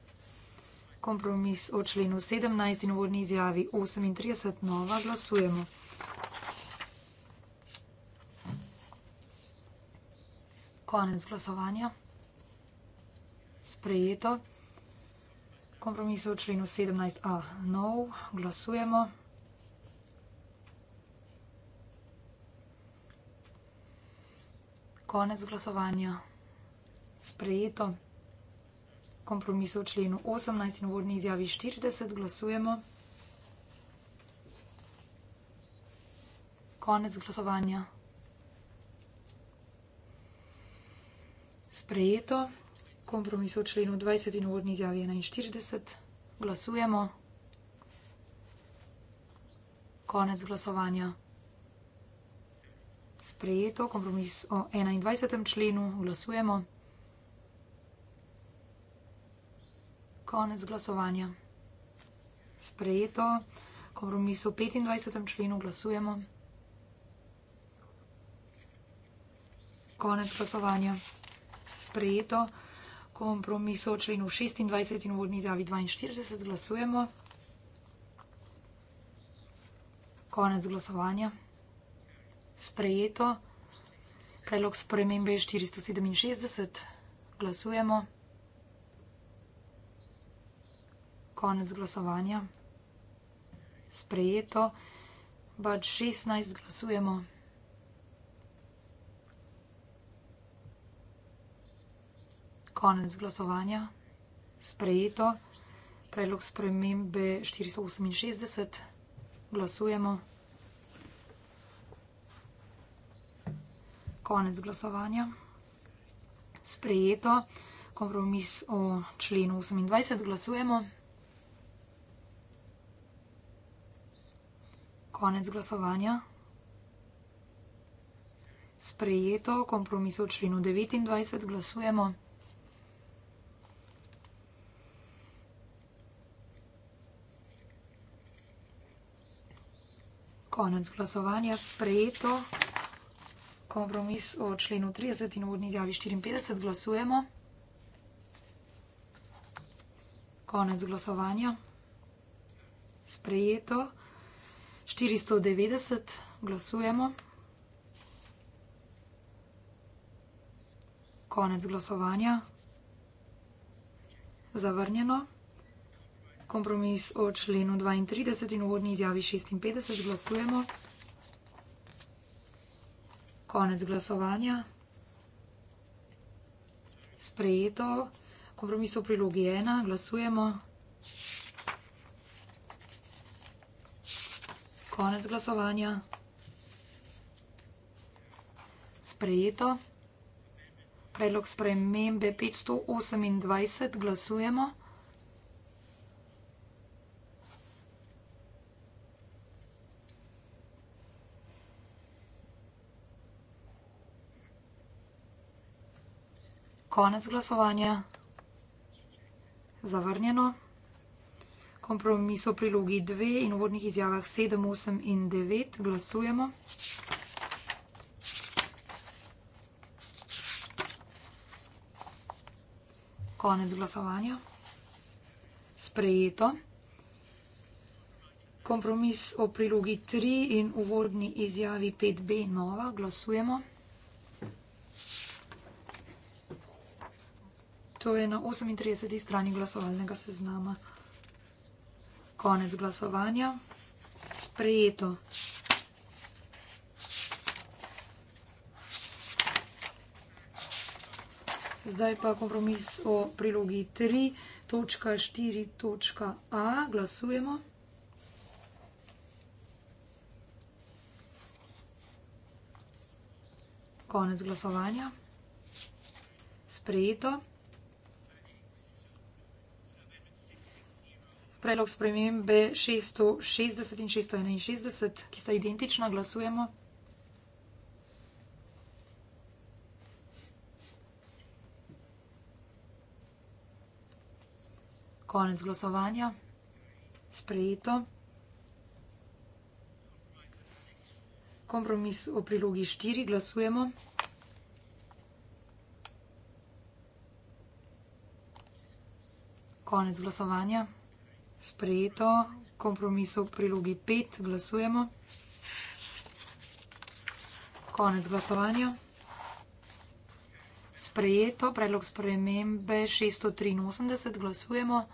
kompromis o členu 17 in uvodni izjavi 38 nova glasujemo. Konec glasovanja. Sprejeto. Kompromis o členu 17a nov glasujemo. Konec glasovanja. Sprejeto kompromisu v členu 18 in vodni izjavi 40 glasujemo. Konec glasovanja. Sprejeto. Kompromis v členu 20 in vodni izjavi 41. Glasujemo. Konec glasovanja. Sprejeto. Kompromis o 21. členu. Glasujemo. konec glasovanja. Sprejeto, kompromis v 25. členu glasujemo. Konec glasovanja. Sprejeto, kompromis v členu 26 in vodni zavi 42 glasujemo. Konec glasovanja. Sprejeto, predlog spremembe 467 glasujemo. konec glasovanja. Sprejeto, bač 16 glasujemo. Konec glasovanja, sprejeto, predlog spremembe 468, glasujemo. Konec glasovanja, sprejeto, kompromis o členu 28, glasujemo. Konec glasovanja. Sprejeto kompromis v členu 29 glasujemo. Konec glasovanja. Sprejeto kompromis v členu 30 in vodni izjavi 54 glasujemo. Konec glasovanja. Sprejeto kompromis v členu 30 in vodni izjavi 54 glasujemo. 490, glasujemo. Konec glasovanja. Zavrnjeno. Kompromis o členu 32 in uvodni izjavi 56, glasujemo. Konec glasovanja. Sprejeto. Kompromis o prilogi 1, glasujemo. Glasujemo. konec glasovanja. Sprejeto. Predlog spremembe 528 glasujemo. Konec glasovanja. Zavrnjeno kompromis v prilogi 2 in v vodnih izjavah 7, 8 in 9 glasujemo. Konec glasovanja. Sprejeto. Kompromis o prilogi 3 in v vodni izjavi 5b nova. Glasujemo. To je na 38. strani glasovalnega seznama konec glasovanja. Sprejeto. Zdaj pa kompromis o prilogi 3.4.a. Glasujemo. Konec glasovanja. Sprejeto. predlog spremembe 660 in 661, ki sta identična, glasujemo. Konec glasovanja. Sprejeto. Kompromis o prilogi 4, glasujemo. Konec glasovanja sprejeto, kompromisov prilogi pet, glasujemo. Konec glasovanja. Sprejeto, predlog spremembe 683, glasujemo.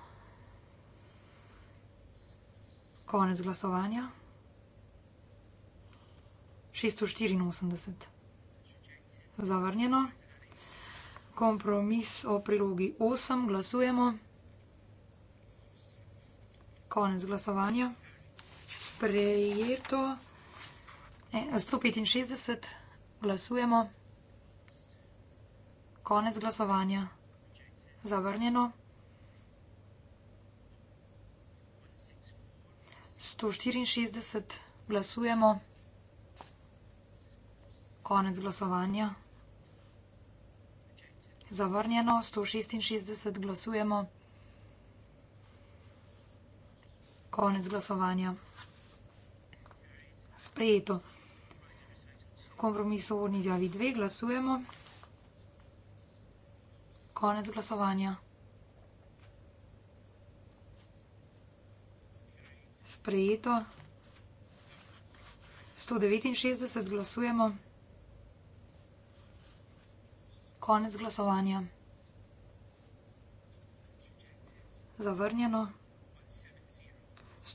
Konec glasovanja. 684. Zavrnjeno. Kompromis o prilogi 8, glasujemo konec glasovanja. Sprejeto. 165 e, glasujemo. Konec glasovanja. Zavrnjeno. 164 glasujemo. Konec glasovanja. Zavrnjeno. 166 glasujemo. Konec glasovanja. Sprejeto. V kompromisu vodni izjavi dve glasujemo. Konec glasovanja. Sprejeto. 169 glasujemo. Konec glasovanja. Zavrnjeno.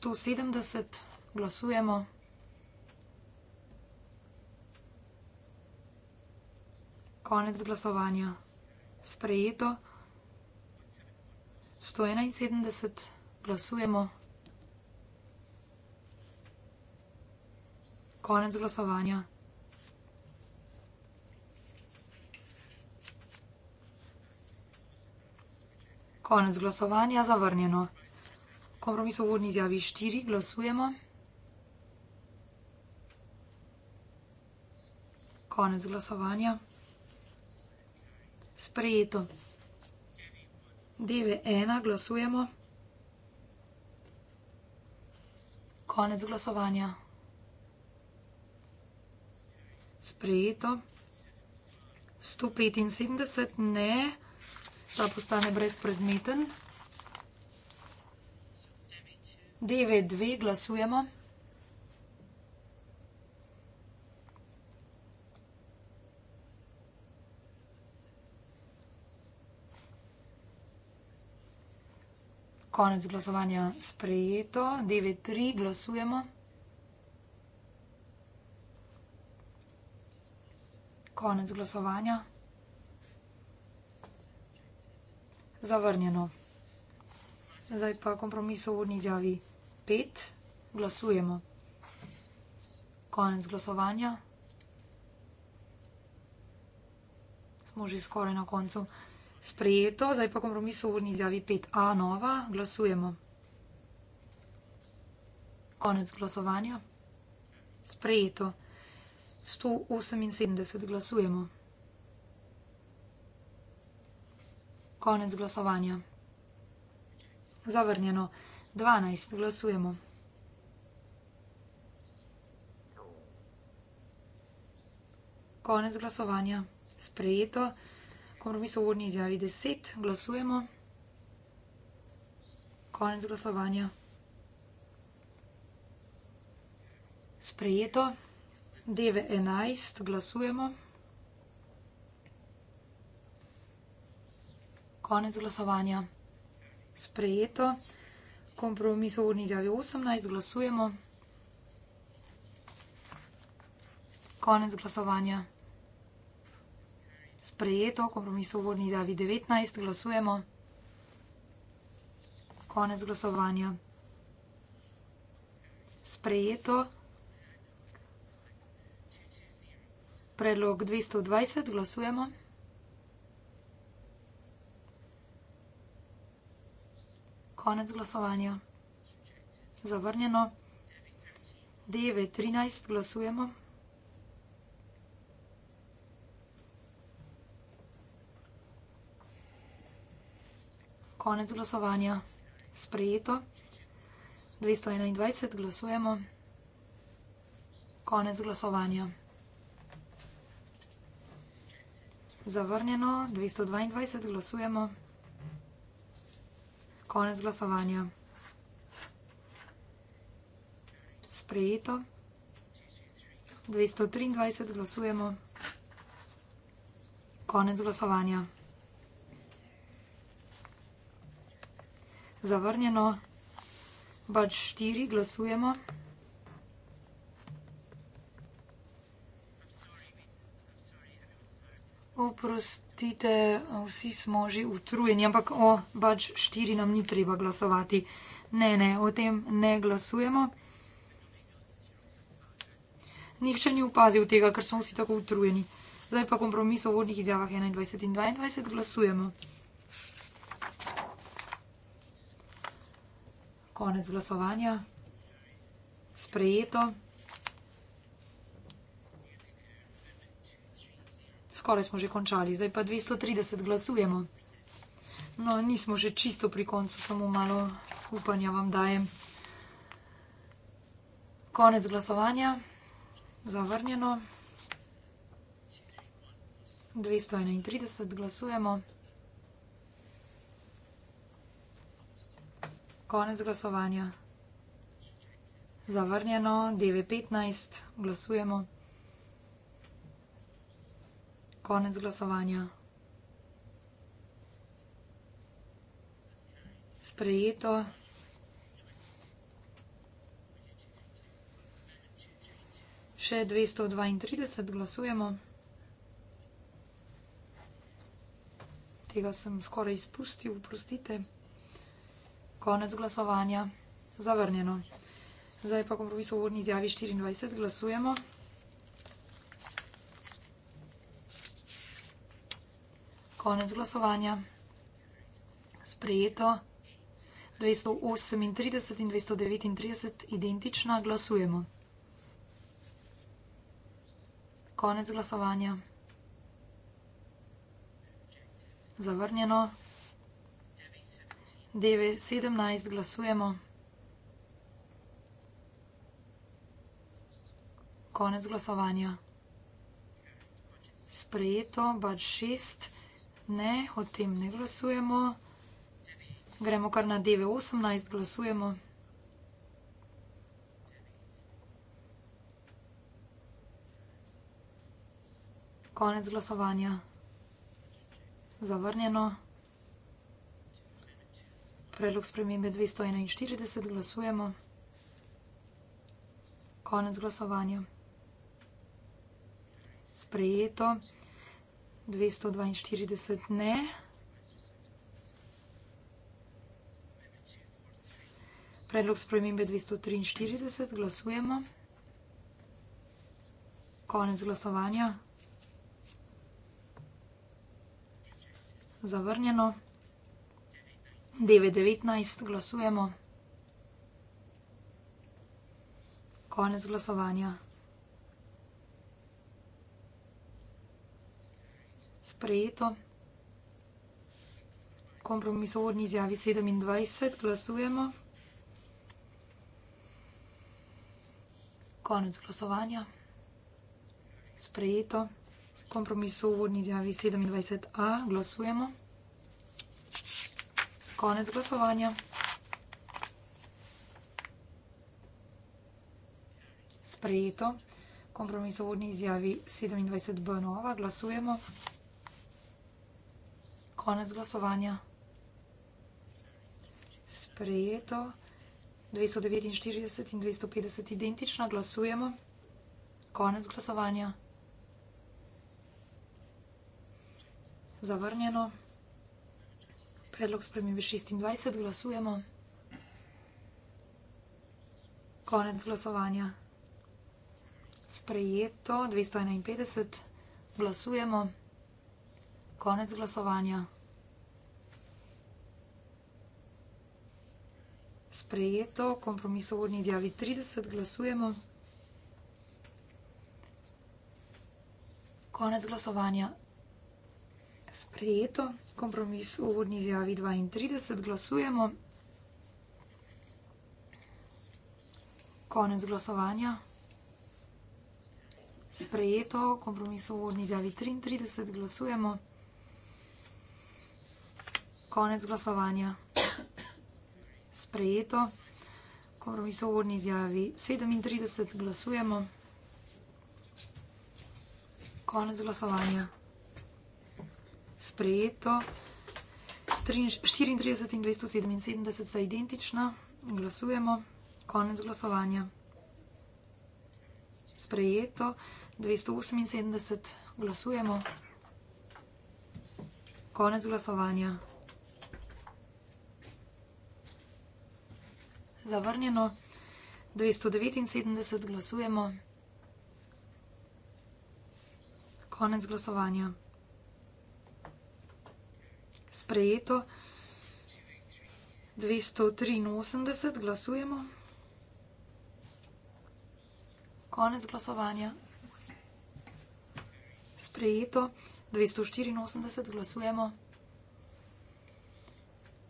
170, glasujemo. Konec glasovanja. Sprejeto. 171, glasujemo. Konec glasovanja. Konec glasovanja zavrnjeno. Kompromis v urni izjavi štiri, glasujemo. Konec glasovanja. Sprejeto. Deve ena, glasujemo. Konec glasovanja. Sprejeto. 175 ne, ta postane brezpredmeten devet, dve, glasujemo. Konec glasovanja sprejeto, devet, tri, glasujemo. Konec glasovanja. Zavrnjeno. Zdaj pa kompromis o vodni izjavi pet, glasujemo. Konec glasovanja. Smo že skoraj na koncu. Sprejeto, zdaj pa kompromis urni izjavi 5a nova, glasujemo. Konec glasovanja. Sprejeto. 178 glasujemo. Konec glasovanja. Zavrnjeno. 12, glasujemo. Konec glasovanja, sprejeto. Kompromis v vodni izjavi 10, glasujemo. Konec glasovanja, sprejeto. DV 11, glasujemo. Konec glasovanja, sprejeto kompromisov v urni izjavi 18, glasujemo. Konec glasovanja. Sprejeto, kompromisov v urni izjavi 19, glasujemo. Konec glasovanja. Sprejeto. Predlog 220, glasujemo. konec glasovanja. Zavrnjeno. 9, 13, glasujemo. Konec glasovanja. Sprejeto. 221, glasujemo. Konec glasovanja. Zavrnjeno. 222, glasujemo. Konec glasovanja. Sprejeto. 223 glasujemo. Konec glasovanja. Zavrnjeno. Bač 4 glasujemo. Oprostite, vsi smo že utrujeni, ampak o, pač štiri nam ni treba glasovati. Ne, ne, o tem ne glasujemo. Nihče ni upazil tega, ker smo vsi tako utrujeni. Zdaj pa kompromis o vodnih izjavah 21 in 22 glasujemo. Konec glasovanja. Sprejeto. skoraj smo že končali, zdaj pa 230 glasujemo. No, nismo že čisto pri koncu, samo malo upanja vam dajem. Konec glasovanja, zavrnjeno. 231 glasujemo. Konec glasovanja, zavrnjeno. 915 glasujemo. Konec glasovanja. Sprejeto. Še 232 glasujemo. Tega sem skoraj izpustil, oprostite. Konec glasovanja. Zavrnjeno. Zdaj pa kompromis v vodni izjavi 24 glasujemo. Konec glasovanja. Sprejeto. 238 in 239 identična glasujemo. Konec glasovanja. Zavrnjeno. DV 17 glasujemo. Konec glasovanja. Sprejeto, bač 6. Ne, o tem ne glasujemo. Gremo kar na DV18, glasujemo. Konec glasovanja. Zavrnjeno. Predlog spremembe 241, glasujemo. Konec glasovanja. Sprejeto. 242 ne. Predlog spremembe 243, glasujemo. Konec glasovanja. Zavrnjeno. 919, glasujemo. Konec glasovanja. sprejeto. Kompromisovni izjavi 27, glasujemo. Konec glasovanja. Sprejeto. Kompromisovni izjavi 27a, glasujemo. Konec glasovanja. Sprejeto. Kompromisovni izjavi 27b, nova, glasujemo konec glasovanja. Sprejeto. 249 in 250 identična, glasujemo. Konec glasovanja. Zavrnjeno. Predlog spremembe 26, glasujemo. Konec glasovanja. Sprejeto. 251, glasujemo. Konec glasovanja. sprejeto, kompromiso vodni izjavi 30, glasujemo. Konec glasovanja sprejeto, kompromis v vodni izjavi 32, glasujemo. Konec glasovanja sprejeto, kompromis v vodni izjavi 33, glasujemo. Konec glasovanja sprejeto sprejeto. Kompromis o vodni izjavi 37, glasujemo. Konec glasovanja. Sprejeto. 34 in 277 sta identična. Glasujemo. Konec glasovanja. Sprejeto. 278 glasujemo. Konec glasovanja. zavrnjeno. 279 glasujemo. Konec glasovanja. Sprejeto. 283 glasujemo. Konec glasovanja. Sprejeto. 284 glasujemo.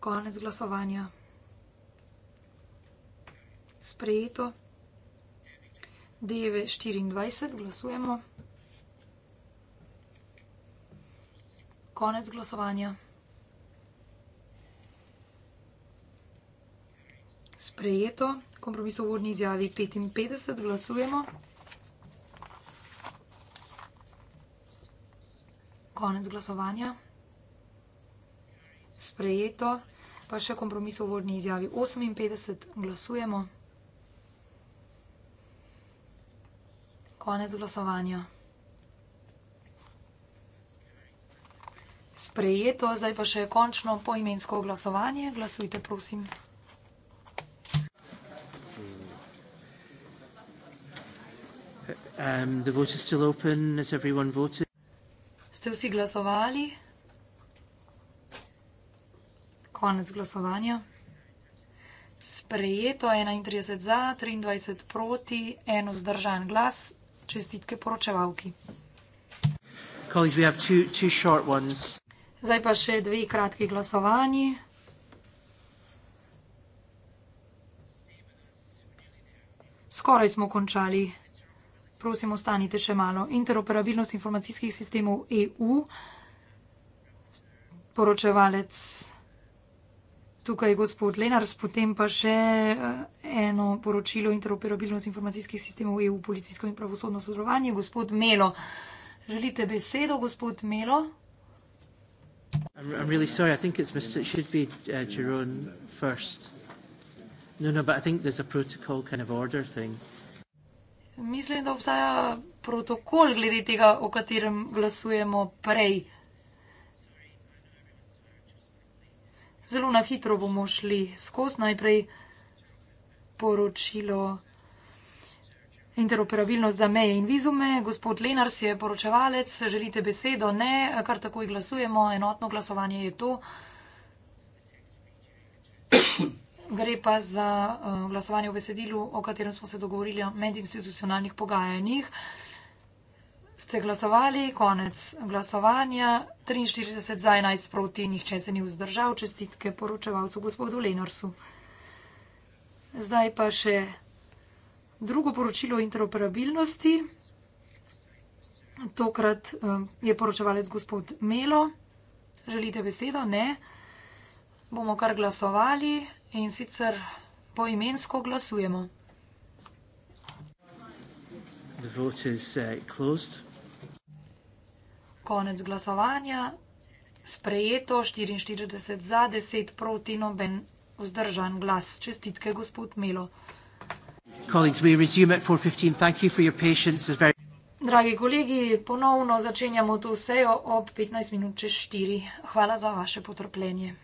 Konec glasovanja sprejeto. DV 24, glasujemo. Konec glasovanja. Sprejeto, kompromiso v urni izjavi 55, glasujemo. Konec glasovanja. Sprejeto, pa še kompromiso v urni izjavi 58, glasujemo. konec glasovanja. Sprejeto, zdaj pa še končno poimensko glasovanje. Glasujte, prosim. Um, the vote is still open. Is everyone voted? Ste vsi glasovali? Konec glasovanja. Sprejeto 31 za, 23 proti, eno zdržan glas. Čestitke poročevalki. Zdaj pa še dve kratki glasovanji. Skoraj smo končali. Prosim, ostanite še malo. Interoperabilnost informacijskih sistemov EU. Poročevalec tukaj gospod Lenars, potem pa še eh, eno poročilo interoperabilnost informacijskih sistemov EU, policijsko in pravosodno sodelovanje. Gospod Melo, želite besedo, gospod Melo? I'm really sorry, I think it's Mr. it should be uh, Jerome first. No, no, but I think there's a protocol kind of order thing. Mislim, da obstaja protokol glede tega, o katerem glasujemo prej. zelo na hitro bomo šli skozi najprej poročilo interoperabilnost za meje in vizume. Gospod Lenars je poročevalec, želite besedo? Ne, kar takoj glasujemo, enotno glasovanje je to. Gre pa za uh, glasovanje v besedilu, o katerem smo se dogovorili med institucionalnih pogajanjih. Uh, ste glasovali, konec glasovanja, 43 za 11 proti, nihče se ni vzdržal, čestitke poročevalcu gospodu Lenorsu. Zdaj pa še drugo poročilo o interoperabilnosti. Tokrat eh, je poročevalec gospod Melo. Želite besedo? Ne. Bomo kar glasovali in sicer poimensko glasujemo. The vote is uh, closed. Konec glasovanja. Sprejeto 44 za, 10 proti, noben vzdržan glas. Čestitke, gospod Melo. Dragi kolegi, ponovno začenjamo to sejo ob 15 minut čez 4. Hvala za vaše potrpljenje.